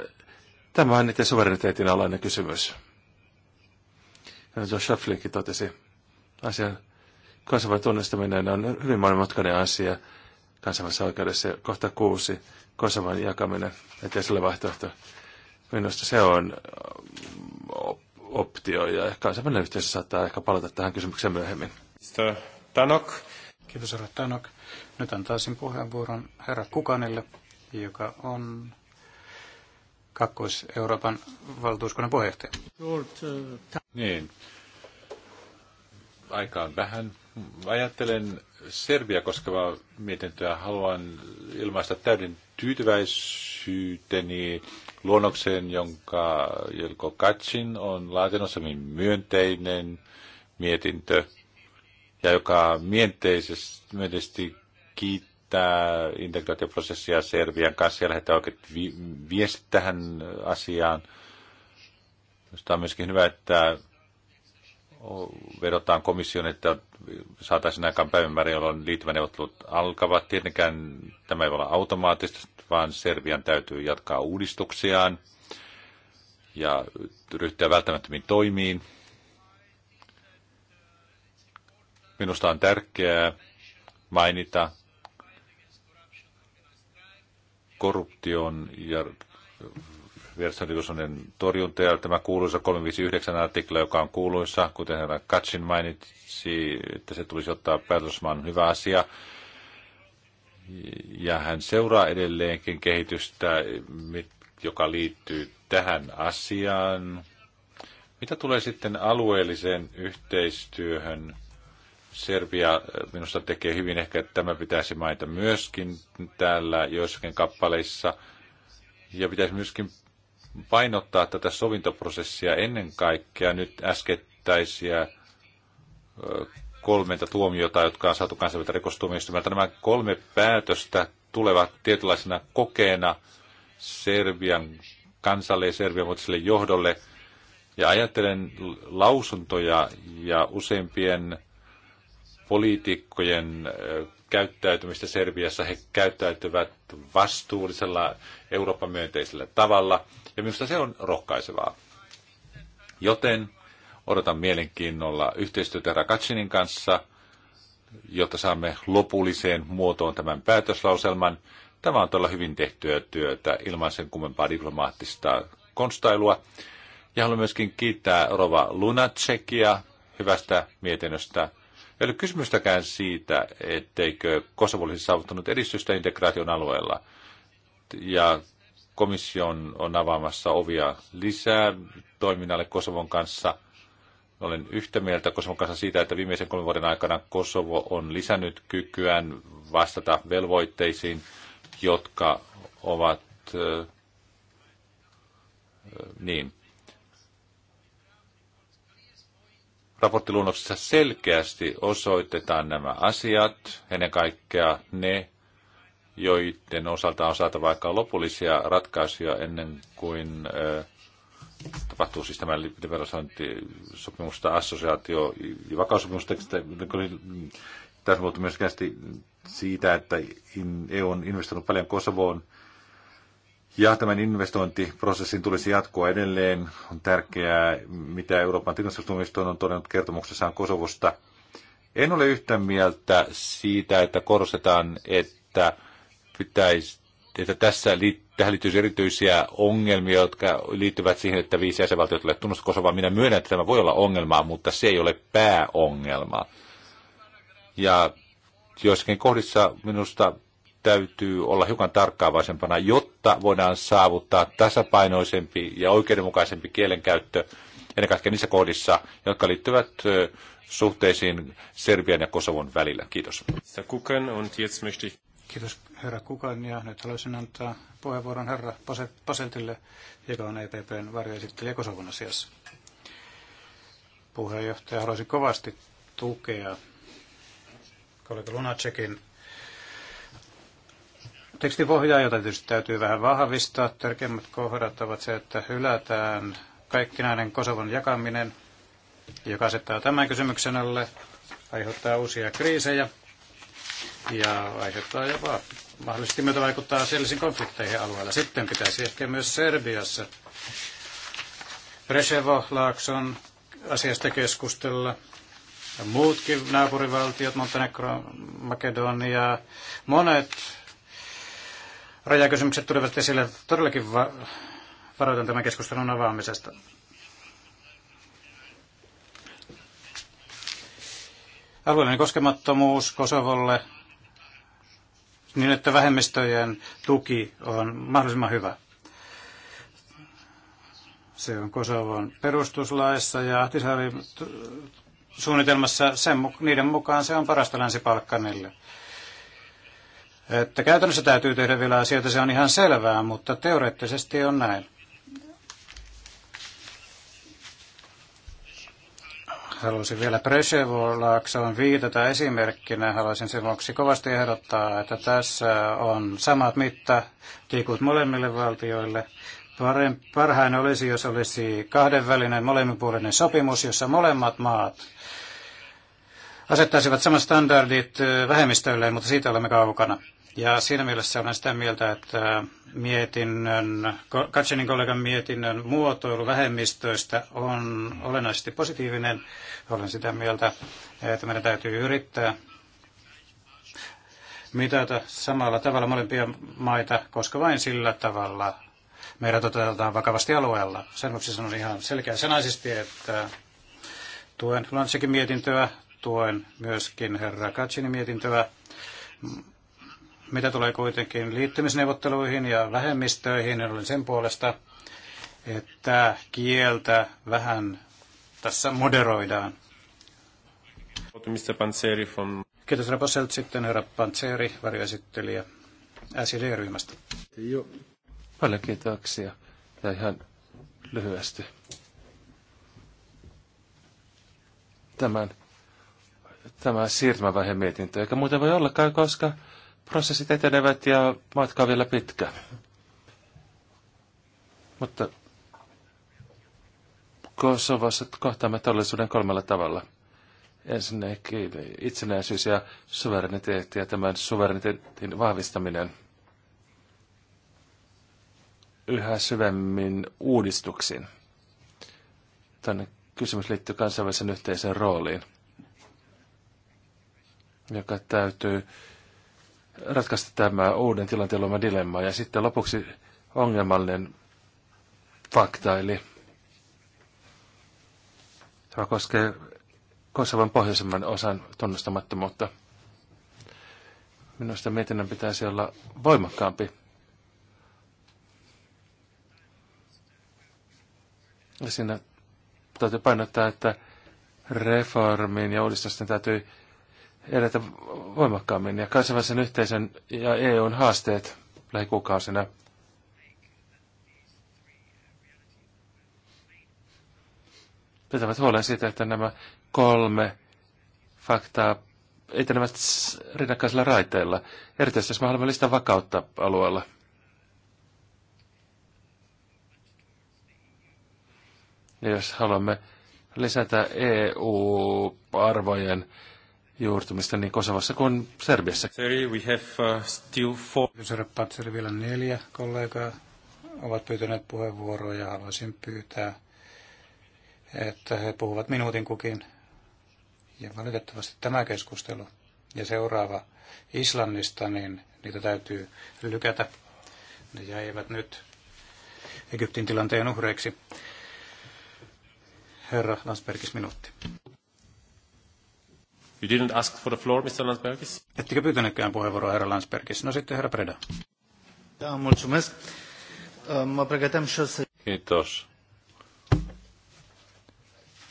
tämä on niiden suvereniteetin alainen kysymys. Ja Josh Schafflinkin totesi, asian Kosovan tunnistaminen on hyvin monimutkainen asia kansainvälisessä oikeudessa. Kohta kuusi, Kosovan jakaminen, ettei sille vaihtoehto. Minusta se on optio, ja kansainvälinen yhteisö saattaa ehkä palata tähän kysymykseen myöhemmin. Tanok. Kiitos, herra Tanok. Nyt antaisin puheenvuoron herra Kukanille, joka on Kakkois-Euroopan valtuuskunnan puheenjohtaja. Uh, niin. Aikaan vähän. Ajattelen Serbia koskevaa mietintöä. Haluan ilmaista täyden tyytyväisyyteni luonnokseen, jonka Jelko Katsin on laatinut myönteinen mietintö, ja joka myönteisesti kiittää integraatioprosessia Serbian kanssa ja lähettää oikein vi- viesti tähän asiaan. Tämä on myöskin hyvä, että vedotaan komission, että saataisiin aikaan päivämäärä, jolloin liittymäneuvottelut alkavat. Tietenkään tämä ei voi olla automaattista, vaan Serbian täytyy jatkaa uudistuksiaan ja ryhtyä välttämättömiin toimiin. Minusta on tärkeää mainita korruption ja versionrikollisuuden torjunta ja tämä kuuluisa 359 artikla, joka on kuuluisa, kuten herra Katsin mainitsi, että se tulisi ottaa päätösmaan hyvä asia. Ja hän seuraa edelleenkin kehitystä, joka liittyy tähän asiaan. Mitä tulee sitten alueelliseen yhteistyöhön? Serbia minusta tekee hyvin, ehkä tämä pitäisi mainita myöskin täällä joissakin kappaleissa. Ja pitäisi myöskin painottaa tätä sovintoprosessia ennen kaikkea nyt äskettäisiä kolmenta tuomiota, jotka on saatu kansainvälistä rikostuomioistuimelta. Nämä kolme päätöstä tulevat tietynlaisena kokeena Serbian kansalle ja Serbian muotoiselle johdolle. Ja ajattelen lausuntoja ja useimpien poliitikkojen käyttäytymistä Serbiassa. He käyttäytyvät vastuullisella Euroopan myönteisellä tavalla – ja minusta se on rohkaisevaa. Joten odotan mielenkiinnolla yhteistyötä Rakatsinin kanssa, jotta saamme lopulliseen muotoon tämän päätöslauselman. Tämä on todella hyvin tehtyä työtä ilman sen kummempaa diplomaattista konstailua. Ja haluan myöskin kiittää Rova Lunacekia hyvästä mietinnöstä. Ei ole kysymystäkään siitä, etteikö Kosovo olisi saavuttanut edistystä integraation alueella. Ja komissio on, on avaamassa ovia lisää toiminnalle Kosovon kanssa. Olen yhtä mieltä Kosovon kanssa siitä, että viimeisen kolmen vuoden aikana Kosovo on lisännyt kykyään vastata velvoitteisiin, jotka ovat äh, niin. Raporttiluonnoksessa selkeästi osoitetaan nämä asiat, ennen kaikkea ne, joiden osalta on saatava aikaan lopullisia ratkaisuja ennen kuin tapahtuu siis tämä liberalisointisopimusta, assosiaatio- ja vakaussopimustekstistä, tässä on myös siitä, että EU on investoinut paljon Kosovoon, ja tämän investointiprosessin tulisi jatkua edelleen. On tärkeää, mitä Euroopan tilastustuomioistuin on todennut kertomuksessaan Kosovosta. En ole yhtä mieltä siitä, että korostetaan, että pitäisi, että tässä liittyy tähän liittyisi erityisiä ongelmia, jotka liittyvät siihen, että viisi jäsenvaltiota tulee tunnusta Kosovaa. Minä myönnän, että tämä voi olla ongelmaa, mutta se ei ole pääongelma. Ja joissakin kohdissa minusta täytyy olla hiukan tarkkaavaisempana, jotta voidaan saavuttaa tasapainoisempi ja oikeudenmukaisempi kielenkäyttö ennen kaikkea niissä kohdissa, jotka liittyvät suhteisiin Serbian ja Kosovon välillä. Kiitos. Kiitos herra Kukan ja nyt haluaisin antaa puheenvuoron herra Paseltille, joka on EPPn varjoesittelijä Kosovon asiassa. Puheenjohtaja haluaisin kovasti tukea kollega Lunacekin tekstipohjaa, jota tietysti täytyy vähän vahvistaa. Tärkeimmät kohdat ovat se, että hylätään kaikkinainen Kosovon jakaminen, joka asettaa tämän kysymyksen alle, aiheuttaa uusia kriisejä ja aiheuttaa jopa mahdollisesti myötä vaikuttaa asiallisiin konflikteihin alueella. Sitten pitäisi ehkä myös Serbiassa Presevo, Laakson asiasta keskustella. Ja muutkin naapurivaltiot, Montenegro, Makedonia, monet rajakysymykset tulevat esille. Todellakin va- varoitan tämän keskustelun avaamisesta. Alueellinen koskemattomuus Kosovolle niin että vähemmistöjen tuki on mahdollisimman hyvä. Se on Kosovon perustuslaissa ja Ahtisaari suunnitelmassa sen, niiden mukaan se on parasta länsipalkkanille. Että käytännössä täytyy tehdä vielä asioita, se on ihan selvää, mutta teoreettisesti on näin. haluaisin vielä Presevo-laaksoon viitata esimerkkinä. Haluaisin vuoksi kovasti ehdottaa, että tässä on samat mittatikut molemmille valtioille. Parhain olisi, jos olisi kahdenvälinen molemminpuolinen sopimus, jossa molemmat maat asettaisivat samat standardit vähemmistöilleen, mutta siitä olemme kaukana. Ja siinä mielessä olen sitä mieltä, että mietinnön, Katsenin kollegan mietinnön muotoilu vähemmistöistä on olennaisesti positiivinen. Olen sitä mieltä, että meidän täytyy yrittää mitata samalla tavalla molempia maita, koska vain sillä tavalla meidän toteutetaan vakavasti alueella. Sen vuoksi sanon ihan selkeä sanaisesti, että tuen Lanssikin mietintöä, tuen myöskin herra Katsinin mietintöä mitä tulee kuitenkin liittymisneuvotteluihin ja vähemmistöihin, niin olen sen puolesta, että kieltä vähän tässä moderoidaan. Mr. Panseri from... Kiitos Raposelt. Sitten herra Panseri, varjoesittelijä SID-ryhmästä. Joo. Paljon kiitoksia. Ja ihan lyhyesti. Tämän, tämä siirtymävaihe mietintö, eikä muuten voi ollakaan, koska prosessit etenevät ja matka on vielä pitkä. Mutta Kosovassa kohtaamme todellisuuden kolmella tavalla. Ensinnäkin itsenäisyys ja suvereniteetti ja tämän suvereniteetin vahvistaminen yhä syvemmin uudistuksiin. Tänne kysymys liittyy kansainvälisen yhteisön rooliin, joka täytyy ratkaista tämä uuden tilanteen luoma dilemma. Ja sitten lopuksi ongelmallinen fakta, eli tämä koskee Kosovan pohjoisemman osan tunnustamattomuutta. Minusta mietinnän pitäisi olla voimakkaampi. Ja siinä täytyy painottaa, että reformin ja uudistusten täytyy edetä voimakkaammin. Ja kansainvälisen yhteisön ja EUn haasteet lähikuukausina pitävät huolen siitä, että nämä kolme faktaa etenevät rinnakkaisilla raiteilla, erityisesti jos me haluamme lisätä vakautta alueella. Ja jos haluamme lisätä EU-arvojen juurtumista niin Kosovassa kuin Serbiassa. We have uh, still four. Herra vielä neljä kollegaa ovat pyytäneet puheenvuoroa ja haluaisin pyytää, että he puhuvat minuutin kukin. Ja valitettavasti tämä keskustelu ja seuraava Islannista, niin niitä täytyy lykätä. Ne jäivät nyt Egyptin tilanteen uhreiksi. Herra Lansbergis, minuutti. You didn't ask for the floor, Mr. Landsbergis? Ettekö pyytänytkään puheenvuoroa, herra Landsbergis? No sitten herra Preda. Da, mulțumesc. Mă pregăteam și să... Kiitos.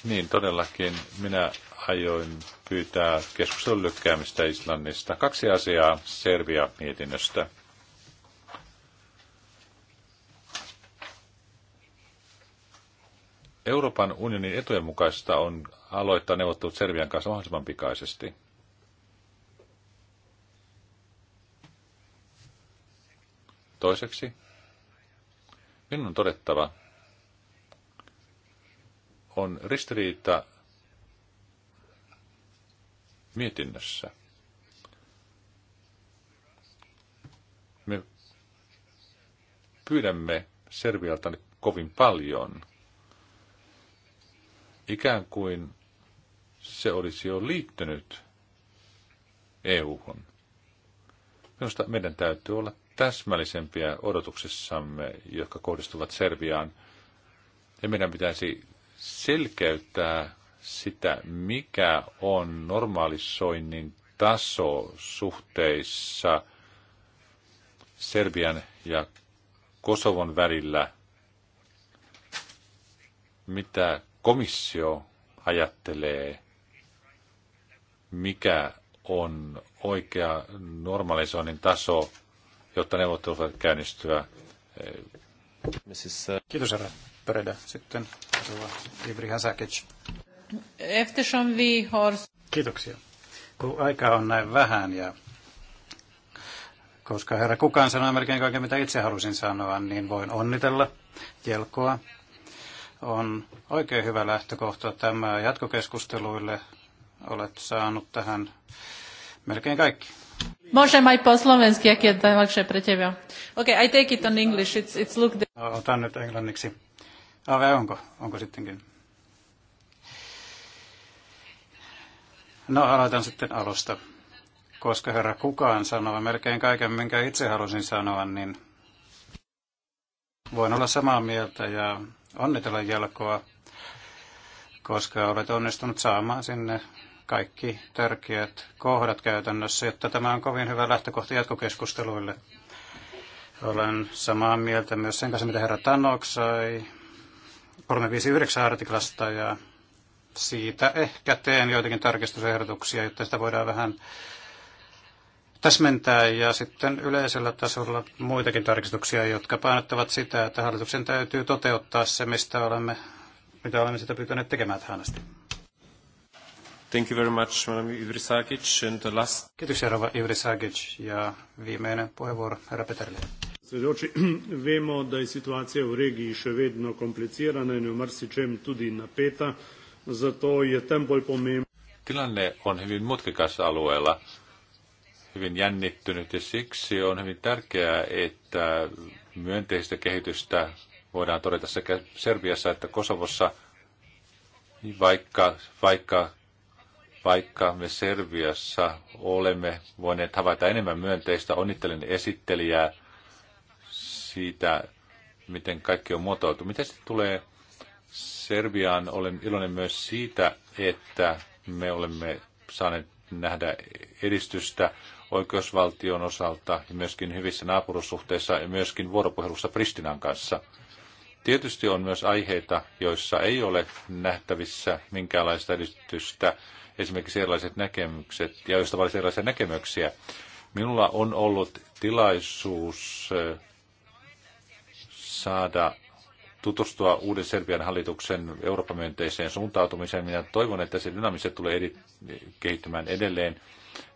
Niin, todellakin. Minä aioin pyytää keskustelun lykkäämistä Islannista. Kaksi asiaa Serbia-mietinnöstä. Euroopan unionin etujen mukaista on aloittaa neuvottelut Serbian kanssa mahdollisimman pikaisesti. Toiseksi, minun on todettava, on ristiriita mietinnössä. Me pyydämme Servialta kovin paljon. Ikään kuin se olisi jo liittynyt EU-hun. Minusta meidän täytyy olla täsmällisempiä odotuksissamme, jotka kohdistuvat Serbiaan. Ja meidän pitäisi selkeyttää sitä, mikä on normalisoinnin taso suhteissa Serbian ja Kosovon välillä, mitä komissio ajattelee mikä on oikea normalisoinnin taso, jotta neuvottelut voivat käynnistyä. Äh, Kiitos, herra Pörödä. Sitten Ibri Hasakic. Eftersom vi har... Kiitoksia. Kun aikaa on näin vähän ja koska herra kukaan sanoi melkein kaiken, mitä itse halusin sanoa, niin voin onnitella Jelkoa. On oikein hyvä lähtökohta tämä jatkokeskusteluille Olet saanut tähän melkein kaikki. Možem aj po slovensky, jak je najlepšie pre teba. Ok, I take it on English. It's, it's look Otan nyt englanniksi. Ah, onko? Onko sittenkin? No, aloitan sitten alusta. Koska herra kukaan sanoo melkein kaiken, minkä itse halusin sanoa, niin voin olla samaa mieltä ja onnitella jalkoa, koska olet onnistunut saamaan sinne kaikki tärkeät kohdat käytännössä, jotta tämä on kovin hyvä lähtökohta jatkokeskusteluille. Olen samaa mieltä myös sen kanssa, mitä herra Tanok sai 359 artiklasta ja siitä ehkä teen joitakin tarkistusehdotuksia, jotta sitä voidaan vähän täsmentää ja sitten yleisellä tasolla muitakin tarkistuksia, jotka painottavat sitä, että hallituksen täytyy toteuttaa se, mistä olemme, mitä olemme sitä pyytäneet tekemään tähän asti. Thank you very much, Madam Ivrisagic. And the last... Kiitoksia, Rova Ivrisagic. Ja viimeinen puheenvuoro, herra Peterle. Sredoči, vemo, da je situacija v regiji še vedno komplicirana in v marsičem tudi napeta, zato je tem bolj pomembno. Tilanne on hyvin mutkikas alueella, hyvin jännittynyt ja siksi on hyvin tärkeää, että myönteistä kehitystä voidaan todeta sekä Serbiassa että Kosovossa, vaikka, vaikka vaikka me Serviassa olemme voineet havaita enemmän myönteistä, onnittelen esittelijää siitä, miten kaikki on muotoiltu. Miten sitten tulee Serbiaan? Olen iloinen myös siitä, että me olemme saaneet nähdä edistystä oikeusvaltion osalta ja myöskin hyvissä naapurussuhteissa ja myöskin vuoropuhelussa Pristinan kanssa. Tietysti on myös aiheita, joissa ei ole nähtävissä minkäänlaista edistystä esimerkiksi erilaiset näkemykset, ja joista valitsi erilaisia näkemyksiä. Minulla on ollut tilaisuus saada tutustua uuden Serbian hallituksen Eurooppa-myönteiseen suuntautumiseen. Minä toivon, että se dynaamiset tulee edi- kehittymään edelleen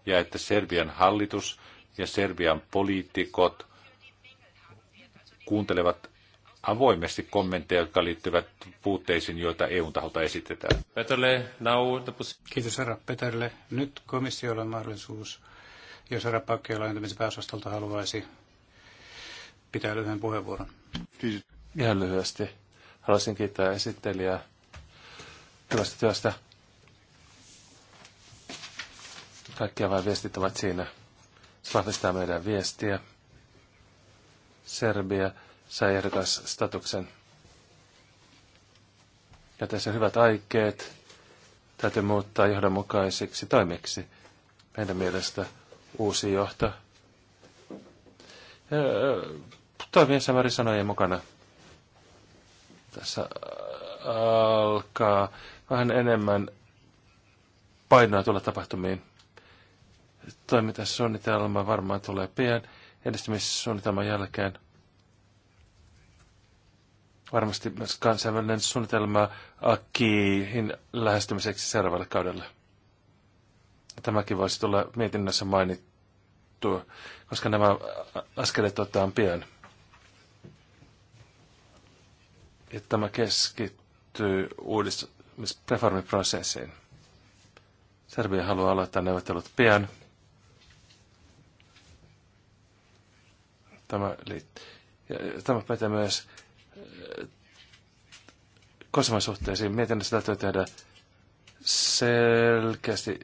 ja että Serbian hallitus ja Serbian poliitikot kuuntelevat avoimesti kommentteja, jotka liittyvät puutteisiin, joita EUn taholta esitetään. Peterle, now the Kiitos herra Peterle. Nyt komissiolla on mahdollisuus, jos herra Pakki laajentamisen pääosastolta haluaisi pitää lyhyen puheenvuoron. Kiitos. Ihan lyhyesti. Haluaisin kiittää esittelijää hyvästä työstä. Kaikkia vain viestit ovat siinä. Se vahvistaa meidän viestiä. Serbia sai ehdokas-statuksen. Ja tässä hyvät aikeet täytyy muuttaa johdonmukaisiksi toimiksi. Meidän mielestä uusi johto ja, äh, toimii Samarin sanojen mukana. Tässä äh, alkaa vähän enemmän painoa tulla tapahtumiin. Toimintasuunnitelma varmaan tulee pian edistymissuunnitelman jälkeen varmasti myös kansainvälinen suunnitelma akiin lähestymiseksi seuraavalle kaudelle. Tämäkin voisi tulla mietinnössä mainittua, koska nämä askeleet otetaan pian. Ja tämä keskittyy uudistamisreformiprosessiin. Serbia haluaa aloittaa neuvottelut pian. Tämä, liittyy. tämä pätee myös Kosovan suhteisiin sitä täytyy tehdä selkeästi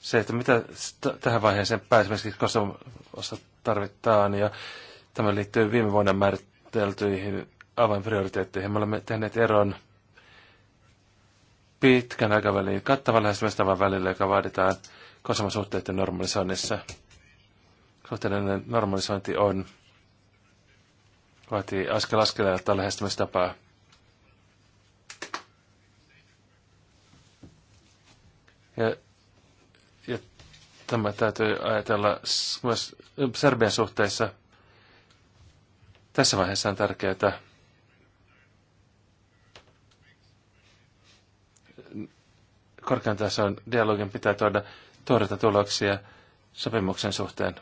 se, että mitä tähän vaiheeseen pääsemiseksi Kosovassa tarvitaan. Ja tämä liittyy viime vuonna määriteltyihin avainprioriteetteihin. Me olemme tehneet eron pitkän aikavälin kattavan lähestymistavan välillä, joka vaaditaan Kosovan suhteiden normalisoinnissa. Suhteellinen normalisointi on vaatii askel askeleelta lähestymistapaa. Ja, ja tämä täytyy ajatella myös Serbian suhteissa. Tässä vaiheessa on tärkeää korkean tason dialogin pitää tuoda tuoreita tuloksia sopimuksen suhteen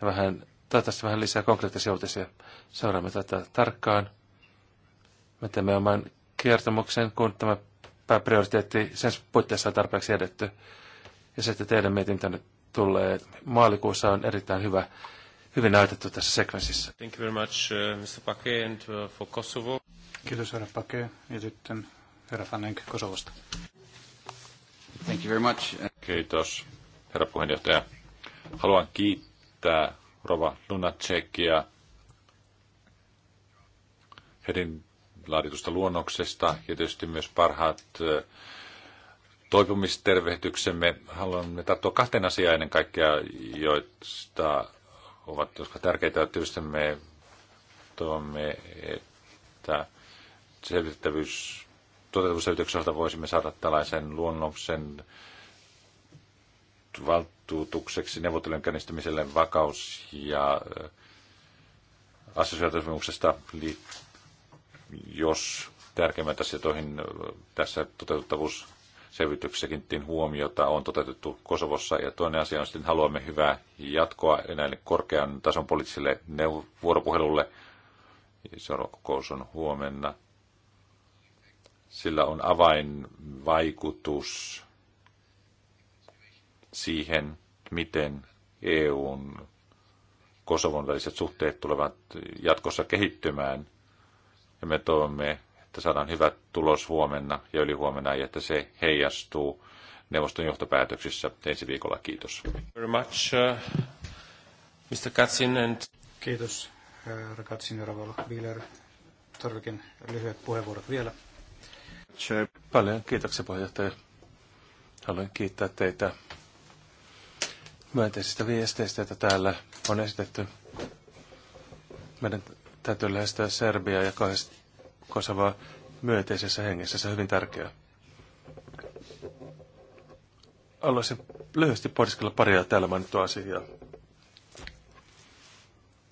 ja vähän Toivottavasti vähän lisää konkreettisia uutisia. Seuraamme tätä tarkkaan. Me teemme oman kertomuksen, kun tämä pääprioriteetti sen puitteissa on tarpeeksi edetty. Ja se, että teidän mietintänne tulee maalikuussa on erittäin hyvä, hyvin näytetty tässä sekvensissä. Thank you very much, uh, Mr. Pake, and uh, for Kosovo. Kiitos, herra Pake, ja sitten herra Fanenk Kosovosta. Thank you very much. Kiitos, herra puheenjohtaja. Haluan kiittää Rova Lunacekia heidän laaditusta luonnoksesta ja tietysti myös parhaat toipumistervehdyksemme. Haluamme tarttua kahteen asiaan ennen kaikkea, joista ovat jotka tärkeitä. Tietysti me toivomme, että selvitettävyys toteutuvuusselvitykseltä voisimme saada tällaisen luonnoksen valtuutukseksi neuvottelujen käynnistämiselle vakaus- ja äh, assosiaatiosopimuksesta, jos tärkeimmät asiat, joihin äh, tässä toteutettavuus selvityksessä huomiota, on toteutettu Kosovossa. Ja toinen asia on sitten, haluamme hyvää jatkoa näille korkean tason poliittiselle vuoropuhelulle. Seuraava kokous on huomenna. Sillä on avainvaikutus siihen, miten EUn Kosovon väliset suhteet tulevat jatkossa kehittymään. Ja me toivomme, että saadaan hyvä tulos huomenna ja huomenna, ja että se heijastuu neuvoston johtopäätöksissä ensi viikolla. Kiitos. Very much, uh, Mr. Katsin and... Kiitos, herra Katsin ja Ravola Wheeler. Tarvikin lyhyet puheenvuorot vielä. Paljon kiitoksia puheenjohtaja. Haluan kiittää teitä myönteisistä viesteistä, joita täällä on esitetty. Meidän täytyy lähestyä Serbia ja Kosovaa myönteisessä hengessä. Se on hyvin tärkeää. Haluaisin lyhyesti pohdiskella paria täällä mainittua asiaa.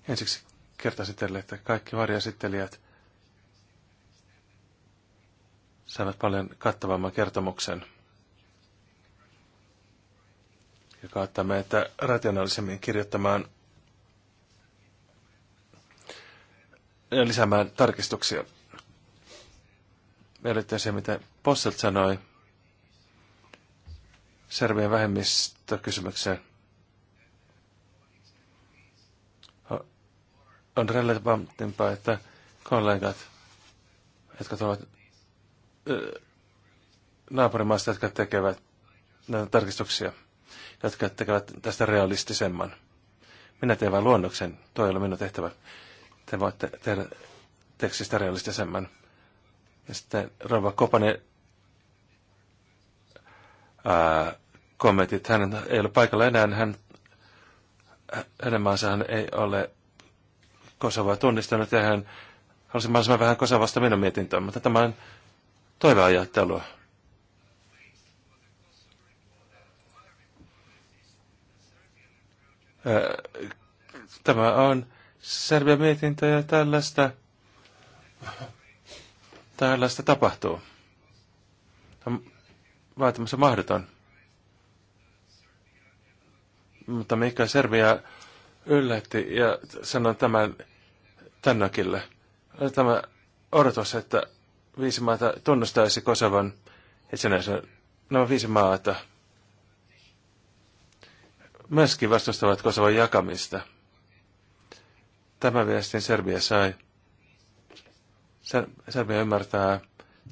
Ensiksi kertaisin teille, että kaikki varjasittelijät saivat paljon kattavamman kertomuksen – ja kautta meitä rationaalisemmin kirjoittamaan ja lisäämään tarkistuksia. Mielittää se, mitä Posselt sanoi Serbian vähemmistökysymykseen. On relevantimpaa, että kollegat, jotka tulevat naapurimaista, jotka tekevät näitä tarkistuksia, jotka tekevät tästä realistisemman. Minä teen vain luonnoksen, tuo ei ole minun tehtävä. Te voitte tehdä tekstistä realistisemman. Ja sitten Rova Kopanen kommentti, että Hän ei ole paikalla enää, hän, hänen maansahan ei ole Kosovoa tunnistanut ja hän halusi mahdollisimman vähän Kosovasta minun mietintöön, mutta tämä on toiveajattelua. Tämä on serbia mietintö ja tällaista, tällaista tapahtuu. Tämä on vaatimassa mahdoton. Mutta mikä Serbia yllätti ja sanon tämän Tannakille. Tämä odotus, että viisi maata tunnustaisi Kosovan itsenäisen. Nämä viisi maata – myöskin vastustavat Kosovan jakamista. Tämä viestin Serbia sai. Serbia ymmärtää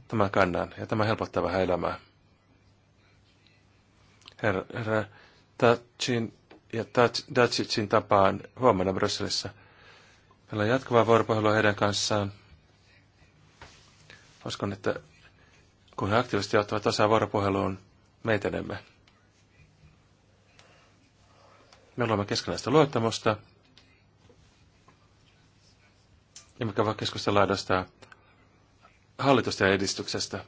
tämän kannan ja tämä helpottaa vähän elämää. Herra, herra Tatsin ja Tatsitsin tapaan huomenna Brysselissä. Meillä on jatkuvaa vuoropuhelua heidän kanssaan. Uskon, että kun he aktiivisesti ottavat osaa vuoropuheluun, me etenemme. Me olemme keskenäistä luottamusta. Ja mikä vaan keskustalaidasta hallitusta ja edistyksestä.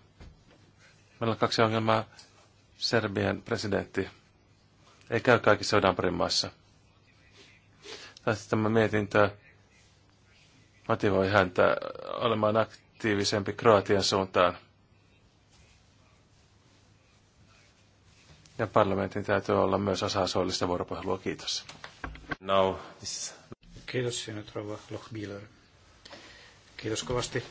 Meillä on kaksi ongelmaa. Serbian presidentti ei käy kaikissa Odanparin maissa. tämä mietintö motivoi häntä olemaan aktiivisempi Kroatian suuntaan. Ja parlamentin täytyy olla myös osa suollista vuoropuhelua. Kiitos. No. Kiitos sinut, rouva Lochbieler. Kiitos kovasti.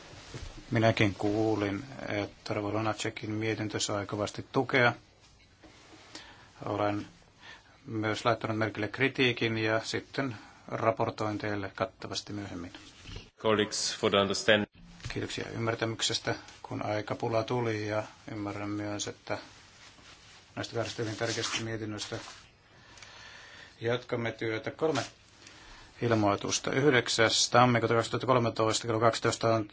Minäkin kuulin, että rouva Lanacekin mietintö sai kovasti tukea. Olen myös laittanut merkille kritiikin ja sitten raportoin teille kattavasti myöhemmin. Colleagues for the understanding. Kiitoksia ymmärtämyksestä, kun aika pula tuli ja ymmärrän myös, että näistä kahdesta hyvin tärkeästä mietinnöstä. Jatkamme työtä kolme ilmoitusta. 9. tammikuuta 2013 kello 12 on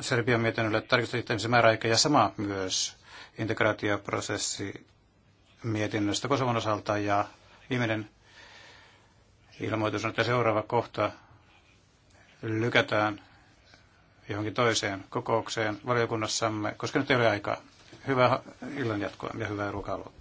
Serbian mietinnölle tarkistusjättämisen määräaika ja sama myös integraatioprosessi mietinnöstä Kosovon osalta ja viimeinen ilmoitus on, että seuraava kohta lykätään johonkin toiseen kokoukseen valiokunnassamme, koska nyt ei ole aikaa. Hyvää illan jatkoa ja hyvää ruokailua.